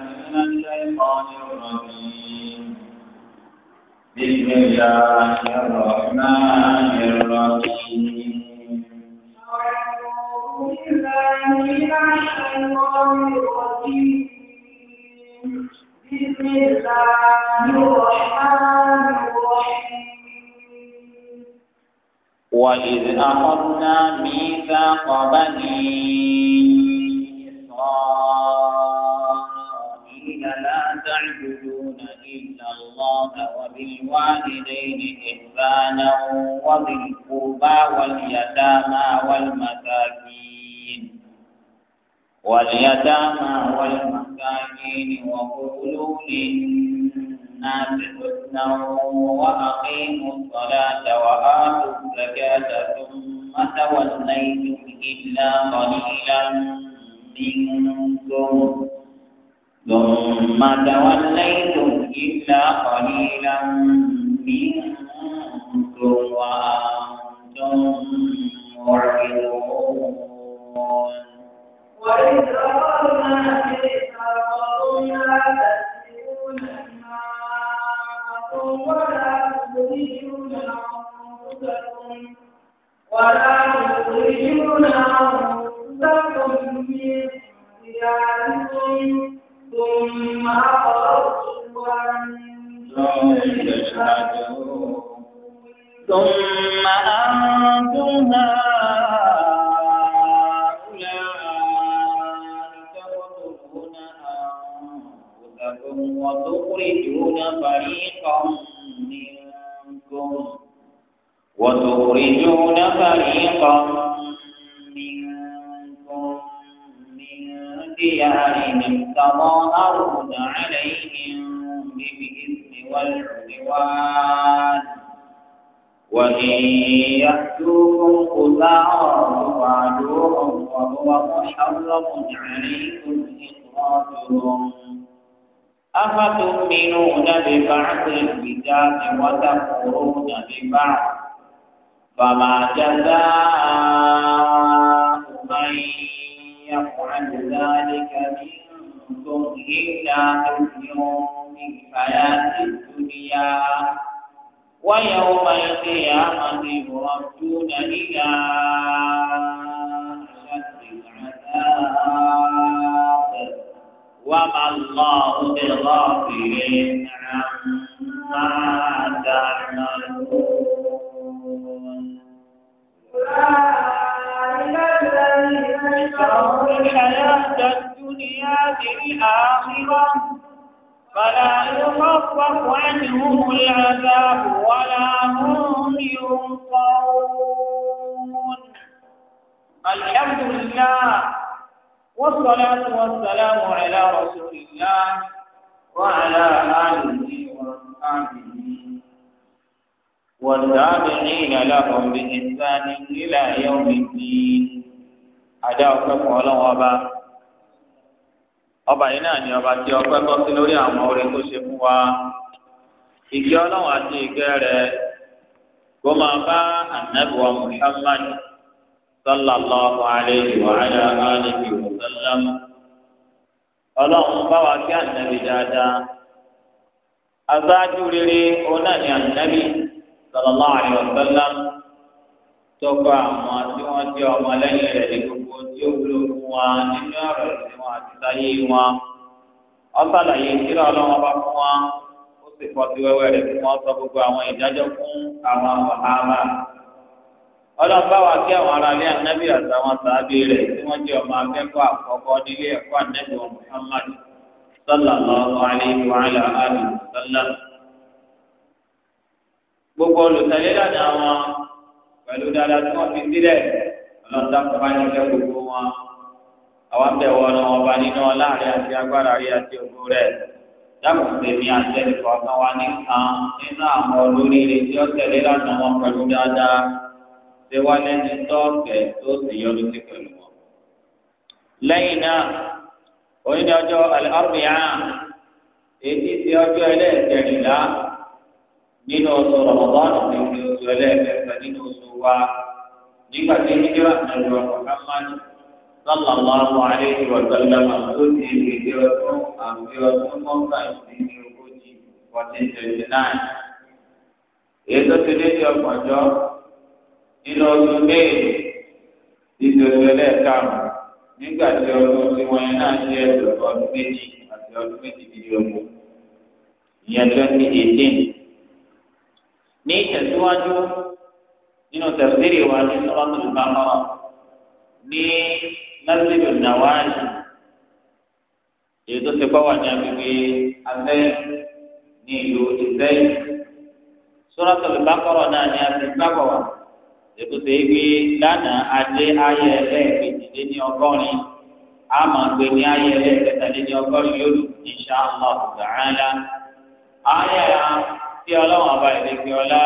من الشيطان الرجيم بسم الله الرحمن الرحيم أعوذ بالله من الشيطان الرجيم بسم الله الرحمن الرحيم وإذ أخذنا ميثاق بني إسرائيل تعبدون إلا الله وبالوالدين إحسانا وذي القربى واليتامى والمساكين واليتامى والمساكين وقولوا للناس حسنا وأقيموا الصلاة وآتوا الزكاة ثم توليتم إلا قليلا منكم ثم توليتم إلا قليلا منكم وأنتم معرضون وإذ قالنا لإسرائيل لا تسلكون دماءكم ولا تخرجون أنفسكم ولا تخرجون أنفسكم من دياركم ثم أقررتم وأنتم تشهدون ثم أنتم وتخرجون فريقا منكم وتخرجون فريقا من تظاهرون عليهم بالإثم والعدوان وإن يأتوكم قسارا تفعلوهم وهو محرم عليكم إخراجهم أفتؤمنون ببعض الكتاب وتكفرون ببعض فما جزاء من يفعل ذلك منكم إلا خزي في الحياة الدنيا ويوم القيامة يردون إلى أشد العذاب وما الله بغافل عما تعملون الحياة الدنيا بالآخرة فلا يخفف عنهم العذاب ولا هم ينصرون الحمد لله والصلاة والسلام على رسول الله وعلى آله وأصحابه والتابعين لهم بإحسان إلى يوم الدين àdá ọpẹ́ fún Ọlọ́run ọba ọba yìí náà ni ọba tí ọpẹ́ kọ sí lórí àwọn oore tó ṣe fún wa ìgbé Ọlọ́run àti ìgbé rẹ̀ kó máa bá anabiwa Muhammad sallallahu alayhi wa ala alihi wa sallam Ọlọ́run bá wa kí anabi dáadáa aṣáájú rere ọ náà ni anabi sallallahu alayhi wa sallam. tọ́ba àwọn tí wọ́n jẹ́ ọmọ lẹ́yìn rẹ̀ ní gbogbo tí ó wúlò fún wa nínú ọ̀rọ̀ ìsìn wọn wọn. wọ́n ṣàlàyé ọlọ́wọ́n bá fún wa ó sì fọ́ sí wẹ́wẹ́ rẹ̀ wọn sọ gbogbo àwọn ìdájọ́ fún àwọn ọ̀hánà. wa kí àwọn ilé àtàwọn sàábì rẹ̀ tí wọ́n jẹ́ ọmọ akẹ́kọ̀ọ́ àkọ́kọ́ nílé ẹ̀kọ́ pẹ̀lú dáadáa tí wọ́n fi sílẹ̀ ọlọ́dà kọ́ba ní ilé gbogbo wọn. àwọn bẹ̀wọ̀ ọ̀nà ọba nínú ọláàrin àti agbára rí àti ògo rẹ̀ dákùn tèmi àtẹnìkọ̀ kan wá nìkan nínú àwọn olóríire tí ó tẹ̀lé lánàá wọn pẹ̀lú dáadáa ṣé wá lẹ́ni tọ́ọ̀kẹ́ tó sì yọnu sí pẹ̀lú wọn. lẹ́yìn náà onídàájọ́ alárùbíà èyí ti ọjọ́ ẹlẹ́ẹ̀kẹrìnlá nínú oṣù rọmọdọ́nù ní orí oṣù ẹlẹ́ẹ̀kẹta nínú oṣù wa nígbà tí nígbà pẹ̀lú Muhammad sallallahu alayhi wa sallam tó ti èdè ọdún àti ọdún mọ́kàndínlẹ́ ogójì fourteen twenty nine. èyí tó ti dé ní ọgbọ̀njọ́ nínú oṣù méèlì nínú oṣù ẹlẹ́ẹ̀karùn-ún nígbà tí ọdún tí wọ́n yẹn náà jẹ́ ọdún méjì àti ọdún méjì nínú ogun ìyẹn twenty eighteen ní ìtẹ̀síwájú nínú tẹ̀síìrì wa ní sọ́wọ́tò ìbámọ́ ní lásìkò nàwáàjì èyí tó ti pọ́wà ní agbègbè afẹ́ ní ìlú ìsẹ́yìn sọ́wọ́tò ìbákọ́rọ̀ náà ní agbègbè wa èyí tó ti gbé lánàá adé ayé ẹlẹ́ẹ̀kejì ní ọgọ́rin a máa gbé ní ayé ẹlẹ́ẹ̀kẹta ní ọgọ́rin yóò lù ní sàmúlò àbùdá ààlà ayé a tí ọlọ́wọ́n ọba ìlẹ́kẹ̀ ọlá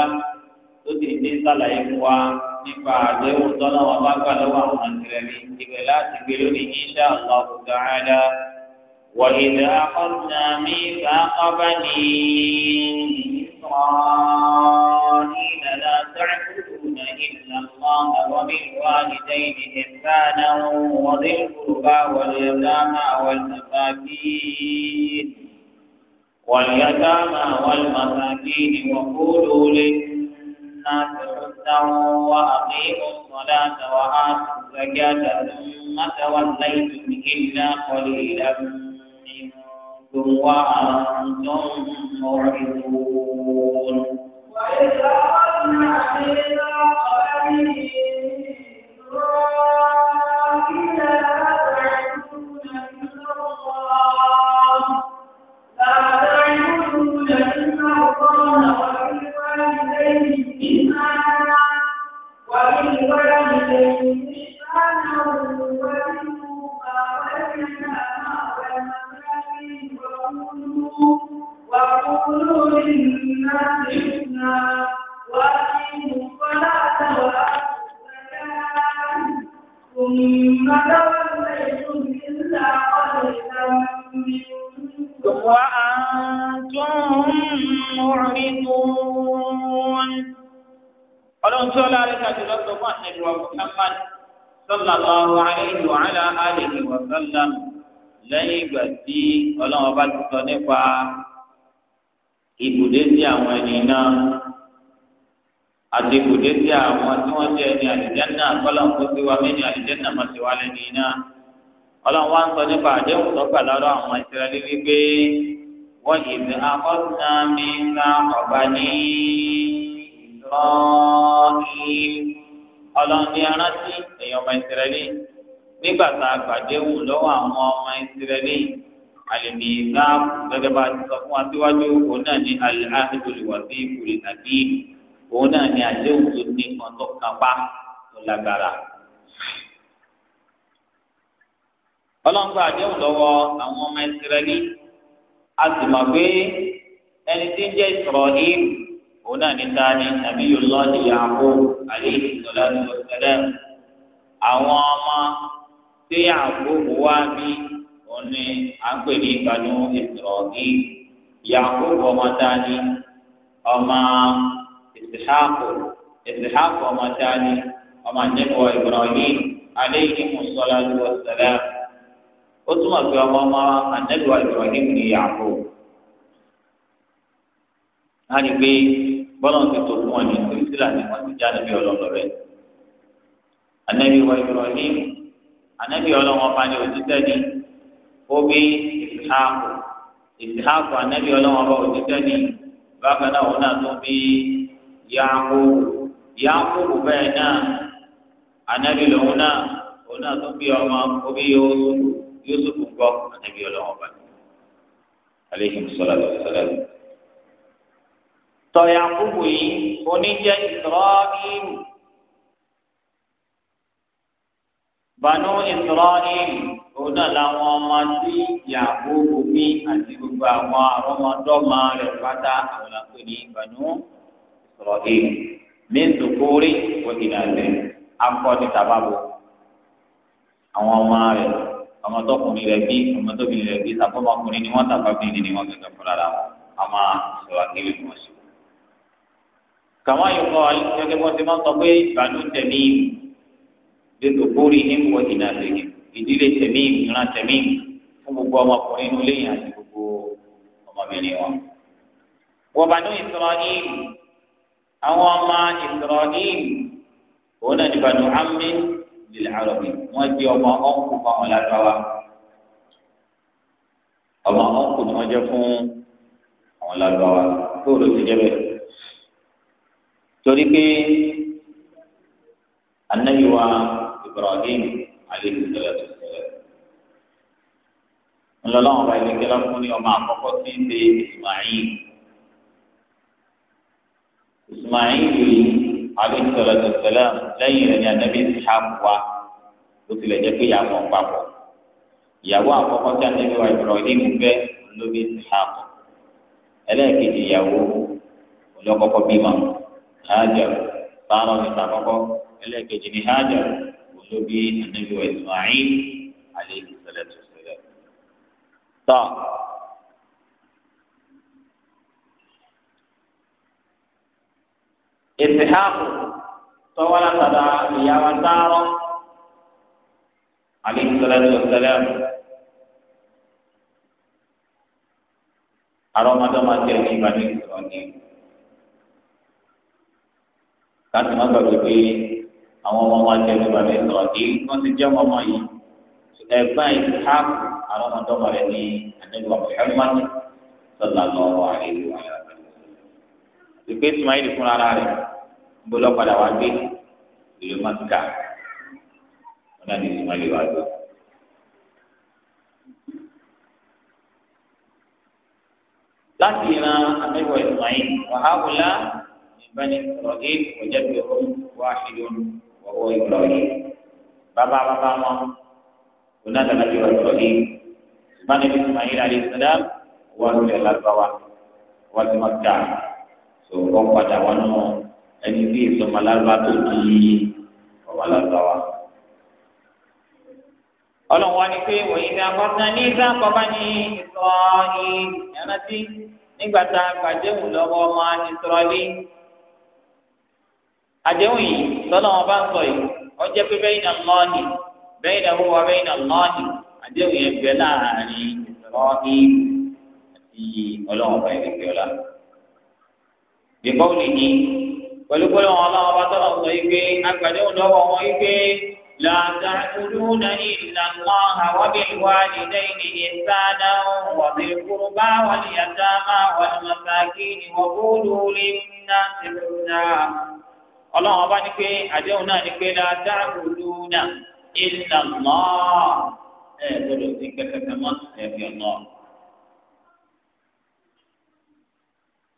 tó ti ní sàlàyé fún wa nípa àdéhùn tọ́lọ́wọ́n ọba gbà lọ́wọ́ àwọn àtìrẹ́lì ìbẹ̀ láti gbé lónìí insha Allah ta'ala. وإذا أخذنا ميثاق بني إسرائيل لا تعبدون إلا الله وبالوالدين إحسانا وذي القربى واليتامى والمساكين واليتامى والمساكين وقولوا للناس حسنا وأقيموا الصلاة وآتوا الزكاة ثم توليتم إلا قليلا منكم وأنتم معرضون وإذا أخذنا إلى قليل وقولوا للناس ọlọ́run tí ọlá rẹ̀ kájú lọ́sọ̀ fún àtẹ̀lẹ́ wa Muhammad sallallahu alayhi wa ala alihi wa sallam lẹ́yìn ìgbà tí ọlọ́run ọba ti sọ nípa ibùdé sí àwọn ẹni náà àti ibùdé sí àwọn tí wọ́n jẹ́ ẹni àlìjẹ́nà kọ́lọ́n kó sí wa mẹ́ni àlìjẹ́nà má ti wá lẹ́ni náà ọlọ́run wá ń sọ nípa àdéhùn tó gbà lọ́rọ̀ àwọn ìsirẹ́lí wípé wọ́n yìí ní akọ́sùnà mi ń ká ọ̀gbà ní í. Isra'il ọlọ́ni arántí ẹ̀yìn ọmọ ìsirẹ́lì nígbà tá a gbàdéwù lọ́wọ́ àwọn ọmọ ìsirẹ́lì àlèmí náà gẹ́gẹ́ bá a ti sọ fún wa síwájú òun náà ní al-ahdul wasiqul hakim òun náà ní àdéhùn tó ní kan tó kápá tó lágbára. ọlọ́ngbà àdéhùn lọ́wọ́ àwọn ọmọ ìsirẹ́lì a sì mọ̀ pé ẹni tí ń jẹ́ Isra'il òun náà ní tani Nabiyullahi Yaqub alayhi salatu wa salam àwọn ọmọ tí Yaqub wá bí òun ni à ń pè ní Banu Isra'il Yaqub ọmọ tani ọmọ Ishaq Ishaq ọmọ tani ọmọ àjẹkọ̀ọ́ Ibrahim alayhi salatu wa salam ó ọmọ ọmọ àjẹkọ̀ọ́ Ibrahim ni Yaqub. láti gbé bọ́lá ti tó fún wọn ní kírísílà ni wọ́n ti jáde bí ọlọ́run rẹ̀. anabi wa ibrahim anabi ọlọ́run ọba ni òtítẹ́ ni ó bí ìsìláàkù ìsìláàkù anabi ọlọ́run ọba òtítẹ́ ni bákan náà òun náà tó bí yaakub yaakub bẹ́ẹ̀ náà anabi lòun náà òun náà tó bí ọmọ ó bí yusuf yusuf ń gbọ́ anabi ọlọ́run ọba aleyhi salatu wa salam tọ̀yà kúkú yìí oníjẹ́ Isra'il banu Isra'il òun náà làwọn ọmọ tí yàgò omi àti gbogbo àwọn àrọ́mọdọ́mọ rẹ̀ pátá àwọn àpè ní banu Isra'il mẹ́tòkórè wọ́gìdàgbẹ́ akọni tàbábọ̀ àwọn ọmọ rẹ̀ ọmọdọ́kùnrin rẹ̀ bí ọmọdọ́bìnrin rẹ̀ bí sàkọ́mọkùnrin ni wọ́n tàbábìnrin ni wọ́n gẹ́gẹ́ fúnra wọn àmọ́ Isra'il kàwọn ayọkọ gẹ́gẹ́ bí wọn ti máa ń sọ pé ìbànú tẹmí lẹtọ kórì ní ìwọ ìnà lẹ́yìn ìdílé tẹmí ìran tẹmí fún gbogbo ọmọkùnrin inú lẹ́yìn àti gbogbo ọmọbìnrin wọn. wọ́n bá ní Isra'il àwọn ọmọ Isra'il òun náà ní bànú amí lílẹ̀ àròbí wọ́n jẹ́ ọmọ ọ̀kú fún ọmọ làdọ́wà ọmọ ọ̀kú ni wọ́n jẹ́ fún ọmọ làdọ́wà tó o lò ti jẹ́ bẹ́ẹ̀ torí pé anabi wa ibrahim aleyhi salatu salam ńlọlọ́wọ́n ọba ìlẹ́kẹ́lá fún ní ọmọ àkọ́kọ́ tí ń de ismail ismail aleyhi salatu salam lẹ́yìn rẹ̀ ní anabi ishaq wa ó tilẹ̀ jẹ́ pé ìyàwó papọ̀ ìyàwó àkọ́kọ́ tí anabi wa ibrahim fẹ́ ló bí ishaq ẹlẹ́ẹ̀kejì ìyàwó olókọ́kọ́ bímọ hajar sáárọ̀ níta kọ́kọ́ ẹlẹ́ẹ̀kejì ní hajar olóbi anabi wa ismail aleyhi salatu salam. tọ́ ìsìháàfù tọ́wọ́ látàdá ìyáwá sáárọ̀ aleyhi salatu salam. àrọ́mọdọ́mọdé ní ìbàdí ìsọ̀rọ̀ ní káàtì má gbàgbé pé àwọn ọmọ wa jẹ nípa rẹ sọ̀rọ̀ kí wọn ti jẹ ọmọ yìí ẹgbẹ́ ìhàk àwọn ọmọdọ́mọ rẹ ní àdéhùn Muhammad sallallahu alaihi wa sallam. ìpè Ismail fúnra rẹ ń bọ́ lọ́padà wá gbé ìlú Mákà wọn náà ní Ismail wá gbé. láti ìran àdéhùn Ismail wàhálà bani israel wajadihum wahidun wa huwa ibrahim bàbá bàbá wọn kò náà dàgbà jù ibrahim bani ismail alayhi salam wà lórí alágbáwa wà lórí mọ́tà tó wọ́n padà wọn nù ẹni bí ìsọmọlágbá tó di ọmọlágbáwa. ọlọ́run wá ní pé wòye ní akọ́tán ní sáàpọ̀ bá ní ìsọ̀rọ̀ ní ìrántí nígbà tá a gbàdéhùn lọ́wọ́ ọmọ ìsọ̀rọ̀ ní àdéhùn yìí lọ́nà wọn bá ń sọ yìí ó jẹ́ pé bẹ́yìn náà lọ́ọ̀nì bẹ́yìn náà wọ́wọ́ bẹ́yìn náà lọ́ọ̀nì àdéhùn yẹn bẹ láàrin lọ́ọ̀nì àti ọlọ́wọ́n bá yẹn bẹ ọ̀la. bíbọ́ọ̀lì ni pẹ̀lú pẹ̀lú àwọn ọlọ́wọ́n bá tọ́lọ̀ sọ yìí pé agbàdéhùn lọ́wọ́ wọn yìí pé لا تعبدون إلا الله ọlọ́run ọba ní pé àdéhùn náà ní pé látàkùn lúnà ìlànà ẹ̀ gbọ́dọ̀ ti kẹ̀kẹ́ mọ́ ẹ̀fì ọ̀nà.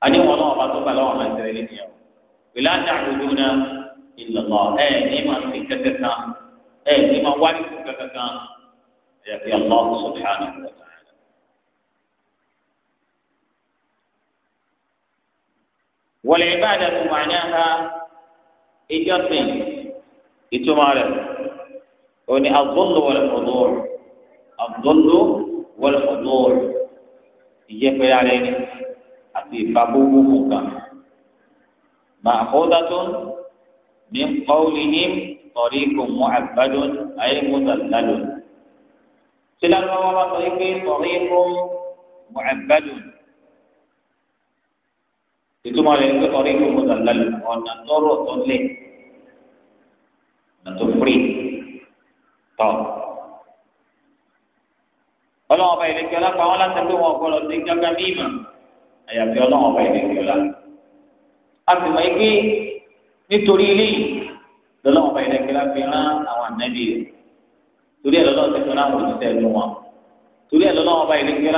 àdéhùn ọlọ́run ọba tó bá lọ́wọ́ máa ń tẹ̀lé ní ìyàwó pẹ̀lú látàkùn lúnà ìlànà ẹ̀ ní ma ń fi kẹ̀kẹ́ kan ẹ̀ ní ma wá ní kẹ̀kẹ́ kan ẹ̀fì ọ̀nà sọ̀tàn والعبادة معناها ìjọsìn ìtumọ̀ rẹ̀ òní àgbọ̀lù wọlé fọdúr àgbọ̀lù wọlé fọdúr ìyẹ́pẹ̀rẹ́ ara ẹni àti ìfagbogbo fúnkan máa kódà tó ní kọ́ọ̀lì ní tọ̀rí kò mú àgbàdùn ayé mùsàlùmí. sílẹ̀ lọ́wọ́ bá sọ yìí pé tọ̀rí kò mú àgbàdùn ìtumọ̀ rẹ̀ ní ọ̀rẹ́ ìlú mọ̀tàlálù ọ̀nà tọrọ tó lẹ̀ ọ̀nà tó fúri tọ̀. ọlọ́wọ́n ọba ìlẹ́kẹ́ ọlá pa wọ́n láti pé wọn gbọ́dọ̀ sí gbàgbà ní ìmọ̀ àyàfi ọlọ́wọ́n ọba ìlẹ́kẹ́ ọlá. a sì mọ̀ ike nítorí ilé yìí lọ́lọ́wọ́n ọba ìlẹ́kẹ́ ọlá fi rán àwọn ànábì rẹ̀ torí ẹ̀ lọ́lọ́wọ́n ti fún àwọn òṣìṣẹ́ ẹnu wọn torí ẹ̀ lọ́lọ́wọ́n ọba ìlẹ́kẹ́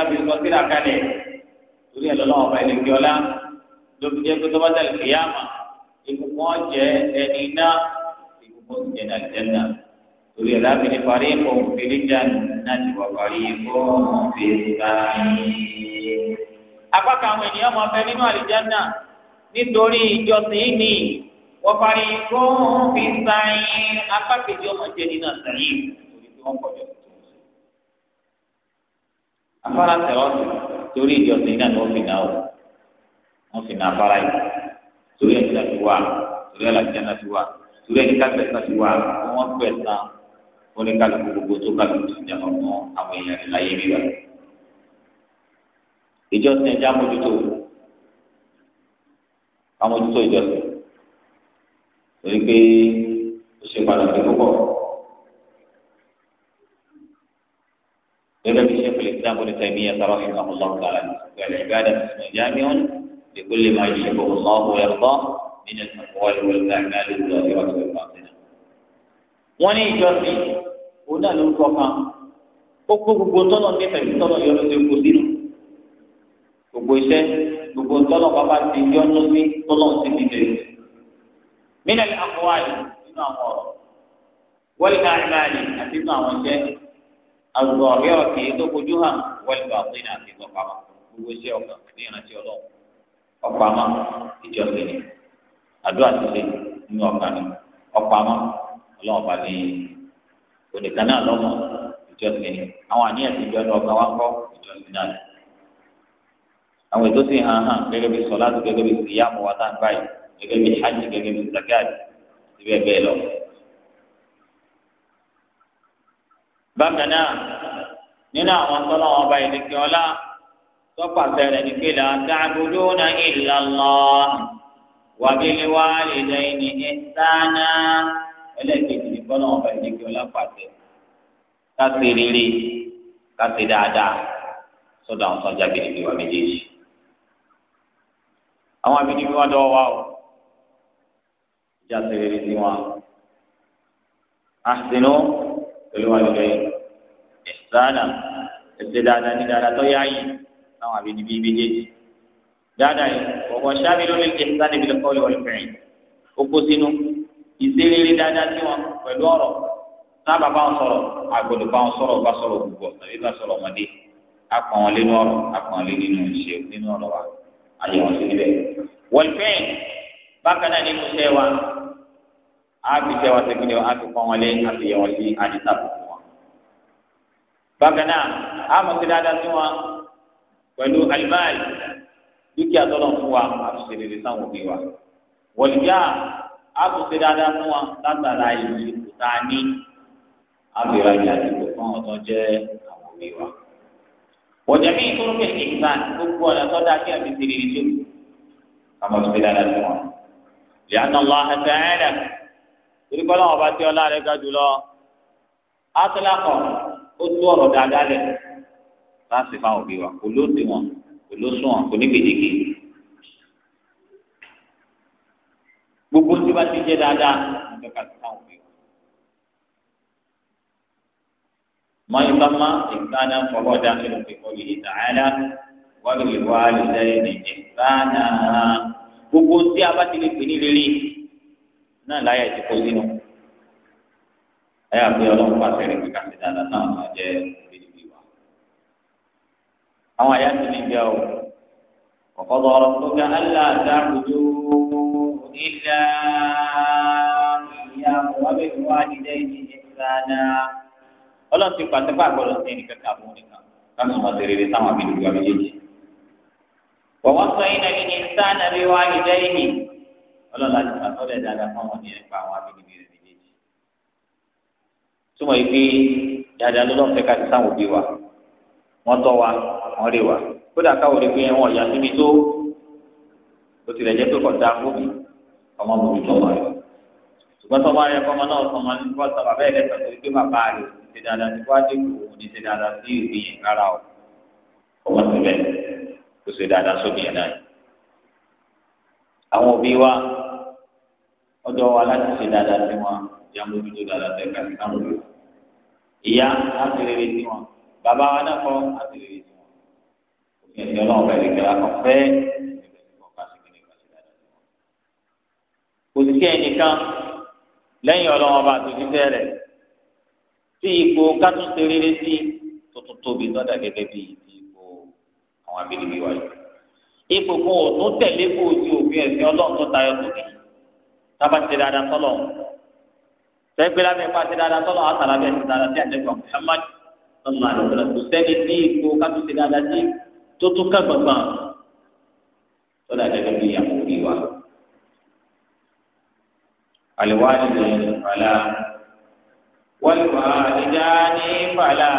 ọlá fi sọ lóbi jẹ́ pé tọ́ba dàlù kìyàmà ìkùnkùn jẹ́ ẹni náà ìkùnkùn jẹ́ nàìjẹ́nà torí ẹ̀ láti ní parí ẹ̀kọ́ òfìrí jáde láti wà parí ẹ̀kọ́ òfìrí báyìí. apákan àwọn ènìyàn máa fẹ́ nínú àlìjáná nítorí ìjọsìn ní wọ́n parí ẹ̀kọ́ òfìrí sáyé apákejì ọmọ jẹ́ nínú àtàyè torí pé wọ́n kọjọ tó ń sọ. afárá torí ìjọsìn náà ni wọ́n fi náà wọ̀ wọn fi nà afárá yìí torí ẹ̀jẹ̀ ti wà torí ẹ̀làjẹ̀ náà ti wà torí ẹ̀jẹ̀ kápẹ́ náà ti wà wọ́n pẹ̀ tán oníkàlùkù gbogbo tó kàlùkù ti jẹ́ ọmọ àwọn èèyàn rẹ̀ láyé rírà. ìjọsìn ẹja mójútó amójútó ìjọsìn torí pé ó ṣe pàtàkì púpọ̀. gẹ́gẹ́ bí sẹ́kùlẹ̀ ìsìlámù ní tẹ̀míyà sábà fún ọmọ ọlọ́run kàlá ní لكل ما يحبه الله ويرضاه من الأقوال والأعمال الظاهرة والباطنة wọ́n ní ìjọsìn òun náà ló ń kọ́ kan ó kó gbogbo tọ́lọ̀ nífẹ̀ẹ́ tọ́lọ̀ yọ lóṣù kò sínú gbogbo iṣẹ́ gbogbo tọ́lọ̀ bàbá ti yọ lóṣù tọ́lọ̀ ti di bẹ̀rẹ̀ mílẹ̀ àkọ́wáyé nínú àwọn ọ̀rọ̀ wọ́lì náà ẹ̀ máa lè àti nínú àwọn iṣẹ́ àwùjọ ọ̀rẹ́ ọ̀kẹ́ tó kojú hàn wọ́lì bàbá àti ìgbà pàmò gbogbo iṣẹ́ ọ̀gá ní ìrántí ọlọ́run. ọ̀pamọ́ ìjọsìn ni àdúrà ṣíṣe ní ọ̀kan ni ọ̀pamọ́ ọlọ́run bá onìkan náà lọ́mọ ni àwọn àníyàn ti jọ ní kọ́ ni. àwọn ètò sì hàn hàn gẹ́gẹ́ bí gẹ́gẹ́ bí lọ. bákan náà nínú àwọn tọ́lọ́wọ́n tọ́pà bẹ̀rẹ̀ ní pé la ta'buduna illa Allah wa bil walidayni ihsana ẹlẹ́ẹ̀kejì ní bọ́lá ọ̀bà ìdíkẹ́ ọlápàtẹ káṣe rere káṣe dáadáa sọ́dọ̀ àwọn sọ́jà bìrìbì wa méjèèjì. àwọn abínibí wọn dọ́wọ́ wa o ìjà ṣe sí wọn. ahsinu pẹ̀lú wa lóye ihsana ẹ̀ṣẹ̀ dáadáa ní dáadáa tó yá yìí táwọn àbínibí méjèèjì dáadáa yìí ọ̀wọ́ sábẹ́ ló lè jẹ́ sáré bí lọ́kọ́ ìwọ̀lẹ̀ fẹ̀yìn ó kó sínú ìṣeréré dáadáa tí wọn pẹ̀lú ọ̀rọ̀ sábà bá wọn sọ̀rọ̀ àgbọ̀dọ̀ bá wọn sọ̀rọ̀ bá sọ̀rọ̀ gbogbo tàbí bá sọ̀rọ̀ ọmọdé akpọ̀n wọn lé nínú ọ̀rọ̀ akpọ̀n lé nínú ìṣe nínú ọ̀rọ̀ wa ayé wọn sí níbẹ̀. wọ̀lfẹ́ẹ̀ bákan náà nínú iṣẹ́ wa á fi iṣẹ́ wa sẹ́kìlẹ̀ á fi pọ́n wọn lé á fi yẹ wọn sí àdìsá fún wọn. bákan náà á pẹ̀lú alimai dúkìá tọ́lọ̀ fún wa àtúnṣeré sáwọn òbí wa wọ̀lìyá àtúnṣe dáadáa fún wa látara ìlú ìkúta ní àbẹ̀rẹ̀ ayé àdìgbò fún ọ̀tọ́ jẹ́ àwọn òbí wa. wọ̀jẹ̀mí ìtúrúkẹ̀ ìgbà gbogbo ọ̀nà tó dáa kí ẹ̀mí ti rí ìjọ kàmọ́ tó fi dáadáa fún wa. lẹ́yìn ọ̀la ẹ̀fẹ̀ ẹ̀rẹ̀ torí kọ́lá wọn tí ọlá rẹ̀ ga jùlọ. àtúnlá láti fáwọn òbí wa kò ló tiwọn kò ló sún wọn kò ní gbèdéke. gbogbo tí wàá ti jẹ dáadáa nígbà ká ti fáwọn òbí wa. máa yọta má ìgbàna fọwọ́ dá nínú ìkọ́ yìí tààlà wọ́n lè wá lè lẹ́yìn ìgbàna gbogbo tí a bá ti lè pè ní rere náà láyà ti kọ ẹ yà pé ọlọ́run pàṣẹ rẹ̀ kíkà sí dáadáa náà máa jẹ́ ẹ̀ àwọn àyà ti ní ìjà o ọ̀kọ́ lọ́rọ̀ tó ga allah dáhùjú ilà ìyá wàbẹ̀ wà nílẹ̀ ìdí ìsànà ọlọ́run ti pàṣẹ fún àgbọ̀dọ̀ sí ẹnì kẹta àbúrò nìkan láti mọ̀ sí rere sáwọn àbí ìdúgbà méjèèjì. wọ́n sọ iná ní ní sáànà bí wà nílẹ̀ ìdí ọlọ́run láti pàṣẹ ọ̀dẹ̀ dáadáa fún àwọn ènìyàn pa àwọn àbí ìdúgbà méjèèjì. túmọ̀ yìí pé dáadáa lọ́lọ́run wọ́n tọ́ wa wọ́n rí wa kódà káwọn rí pé wọn ọ̀yà síbi tó o tilẹ̀ jẹ́ pé kọ̀dá fóbi ọmọ bòbí tó wà rẹ̀ ṣùgbọ́n tó bá yẹ kọ́mọ náà sọmọ ní kọ́ sọ bàbá ẹ̀ lẹ́sọ̀ torí pé bàbá rẹ̀ ti dáadáa sí wájú òun ní ti dáadáa sí ìwé yẹn rárá o ọmọ síbẹ̀ kò sí dáadáa sóbì yẹn náà àwọn òbí wa ọ̀dọ̀ wa láti ṣe dáadáa sí wọn ìyá mójútó dáadáa sí ẹ̀ka sí káwọn ìyá láti rere sí wọn bàbá wa náà kọ àti rèé tí wọn òfin ẹsẹ Ọlọ́run bẹ́ẹ̀ lè kẹlá kan fẹ ẹgbẹ tí wọn kà sí kí ni ìgbà tí dáadáa tí wọn. kò sí kí ẹnìkan lẹ́yìn Ọlọ́run ọba àtòjú fẹ rẹ tí ipò kátúnṣe rere sí tuntun tóbi lọdà gẹ́gẹ́ bí ipò àwọn abínibí wáyé ipò kan ò tún tẹ̀lé kó o ti òfin ẹsẹ Ọlọ́run tó tayọ tó tába ti dáadáa sọlọ sẹgbẹ́ lábẹ́ pàṣẹ dáadáa ọmọ àlùfẹ́lẹ̀ kò sẹ́ni ní ipò kátúnṣe dáadáa tí tó tún ká gbọ̀ngbọ̀n sọ́dà gẹ́gẹ́ bí ìyàwó rí wa. àlùwáàdì lè fàlà wàlùwà ìdáni fàlà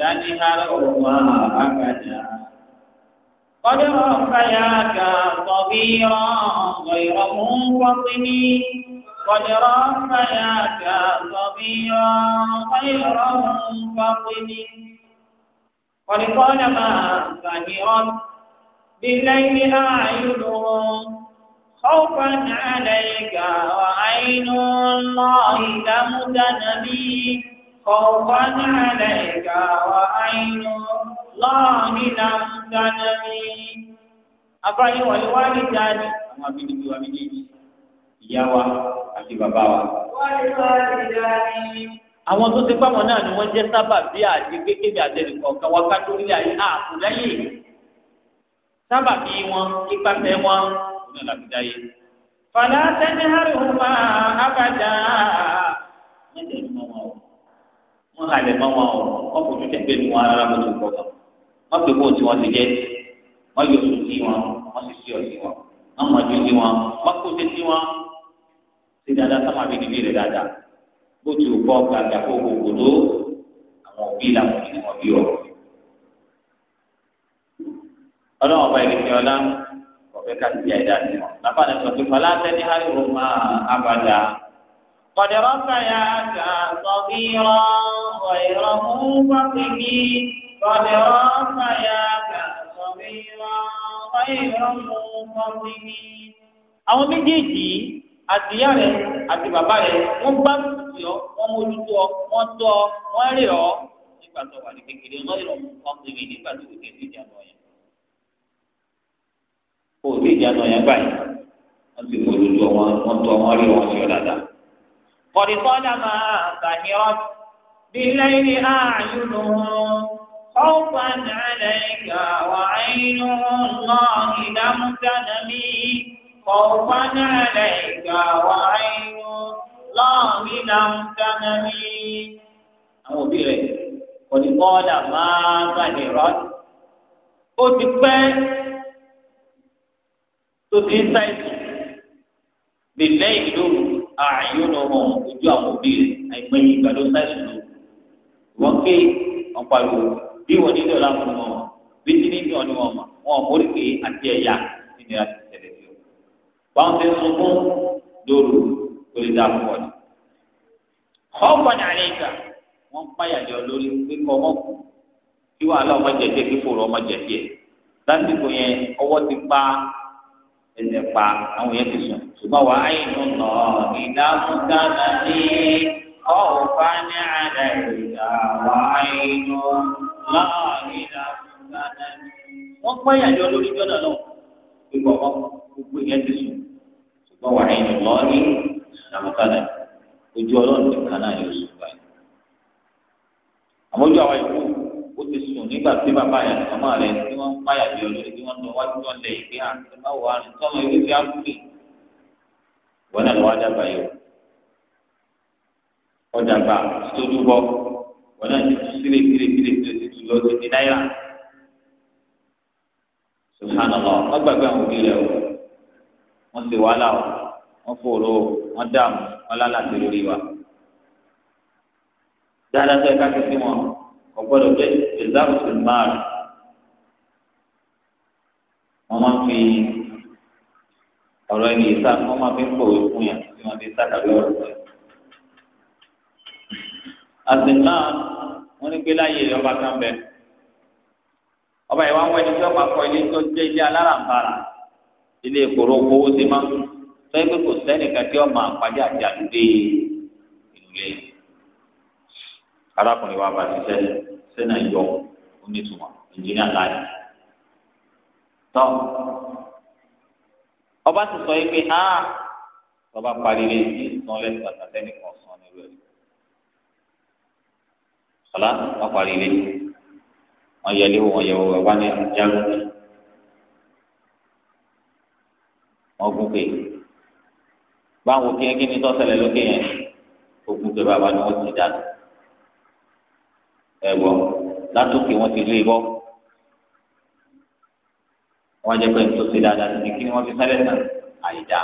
dání àrùn máa àgàdà. قد ربياك صغيرا غير منفطن قد ربياك صغيرا خيرا فقد قد قال ما سهرت بالليل أعينهم خوفا عليك وعين الله لمتنبي خوفا عليك وعين الله لمتنبي أبي والوالدان أما بني وبنيتي ìyá wa àti bàbá wa. àwọn tó ti pàmò náà ni wọ́n jẹ́ sábà bí àti kékeré àtẹnì kọ̀ọ̀kan wá ká lórí ayé ààbò lẹ́yìn sábà bí wọn ipasẹ̀ wọn ní ọ̀làbídá yìí. fàlà sẹ́ni hàrùn máa àbàdà. wọ́n tẹ̀lé mọ́ wọn o wọ́n halẹ̀ mọ́ wọn o wọ́n kò tún tẹ̀gbẹ́ nu wọn rárá bó ti kọ̀ wọn. wọ́n pè bóun tí ti jẹ́ wọ́n yọ sùn sí wọn wọ́n sì sí ọ̀sìn wọn wọ́n mọ̀jú sí wọn wọ́n kó sí wọn ṣe dáadáa sáwọn abínibí rẹ dáadáa bó ti rò kọ́ gbàgbà kó gbogbo tó àwọn òbí làwọn òbí wọn bí ọ. ọlọ́run ọba ìrìnkè ọlá ọ̀fẹ́ káàdì bí àìdá sí wọn. bàbá rẹ sọ pé fọlá tẹ́lẹ̀ hàrí òun máa abàdà. قدر رفعك صغيرا غيره فقه قد رفعك صغيرا غيره فقه àwọn méjèèjì àtìyá rẹ àti bàbá rẹ wọ́n bá tì ọ́ wọ́n mójútó ọ wọ́n tọ́ ọ wọ́n rè ọ́ nígbà tó wà ní kékeré lọ́yọ̀ ọkùnrin nígbà tó kò tẹ̀lé ìjà lọ yẹn. kò tẹ̀lé ìjà lọ yẹn báyìí wọ́n ti mójútó ọ wọ́n tọ́ wọ́n rè wọ́n sí ọ dáadáa. kọ̀dìkọ́dà máa àtàyọ́ bílẹ̀ ní ààyùnú ọ̀pọ̀ àná خوفا عليك وعين الله لم تنمي àwọn òbí rẹ̀ kọ̀dìkọ́dà máa gbàdé rọ́ọ̀tì. ó ti pẹ́ tó ti ń ṣàìsàn bìlẹ̀ ìlú àyùnú hàn ojú àwọn òbí rẹ̀ àìpẹ́ yìí gbàdó ṣàìsàn lò. wọ́n ké ọ̀pọ̀lọpọ̀ bí wọ́n nílò láwọn ọmọ bí tí ní ìjọ ni wọ́n mọ̀ wọ́n mórí pé àti ẹ̀yà ìnira ti báwọn ti sunkún lóru lórí dàpọ̀ ni. ọ̀pọ̀ ní àlẹ́ ìgbà wọ́n páyà jọ lórí pípọ̀ ọmọkù kí wàhálà ọmọ jẹjẹ kí fòrò ọmọ jẹjẹ lásìkò yẹn ọwọ́ ti pa ẹsẹ̀ pa àwọn yẹn ti sùn ṣùgbọ́n wàá àyìnbó nà ìdààmú dáná ní ọ̀pá ní àlẹ́ ìgbà wàá àyìnbó nà ìdààmú dáná ní. wọ́n páyà jọ lórí jọ́nà náà pípọ̀ ọmọkù gbogbo yẹn ti sùn wọ́n wà ní ìlọ́ọ̀lì àlàmùkálà ojú ọlọ́run nìkan náà yóò sùn báyìí. àmójú àwọn ìlú ó ti sùn nígbà tí bàbá yẹn màmá rẹ̀ tí wọ́n ń páyà bí ọlọ́run tí wọ́n ń lọ wájú wọn lẹ̀ ìgbé àti báwo wà ní tọ́mọ ìwé tí a ń pè wọ́n náà lọ́wọ́ dábàá yìí ọjà gbà tójú bọ́ wọ́n náà ti tú sílé sílé sílé sílé ti ti wọ́n ti wàhálà o wọ́n fòrò o wọ́n dààmú wọ́n lálàtì lórí wa. dáadáa tó ẹ̀ka kẹsí wọn kò gbọ́dọ̀ pé ìzáàbù sí máàrù wọ́n máa ń fi ọ̀rọ̀ ẹni ìsá wọ́n máa fi ń pòwe fún yàn tí wọ́n ti sàkàbí ọ̀rọ̀ rẹ̀. àsìmá wọ́n ní pé láyé ọba kan bẹ ọba ìwà wọn ẹni tí wọ́n máa kọ́ ilé tó jẹ́ ilé alárànbarà ilé ìkóró kówó sí má tó yẹ pé kò sẹ́nìkan tí ọmọ àpàdé àti àdúgbò ìnulẹ̀ arákùnrin wa bá ṣiṣẹ́ sẹ́nà yọ onítùmọ̀ ìjìnlẹ̀ láàyè tọ́ ọba ti sọ yìí pé á tọba parí lé ní ìsan lẹ́sìn àtàtẹ́nì kan san nílùú ẹ̀ ọ̀la wọ́n parí lé yẹ léwu wọ́n yẹ wọ́n wá ní ìjánu wọn gún pé báwo kí kí ni tọ́sẹ̀lẹ̀ lókè yẹn ogun pé bàbá ni wọ́n ti dànù ẹ gbọ́ látòkè wọ́n ti lé bọ́ wọ́n jẹ́ pé tó ti dáadáa sí ni kí ni wọ́n fi sẹ́lẹ̀ tán àyídá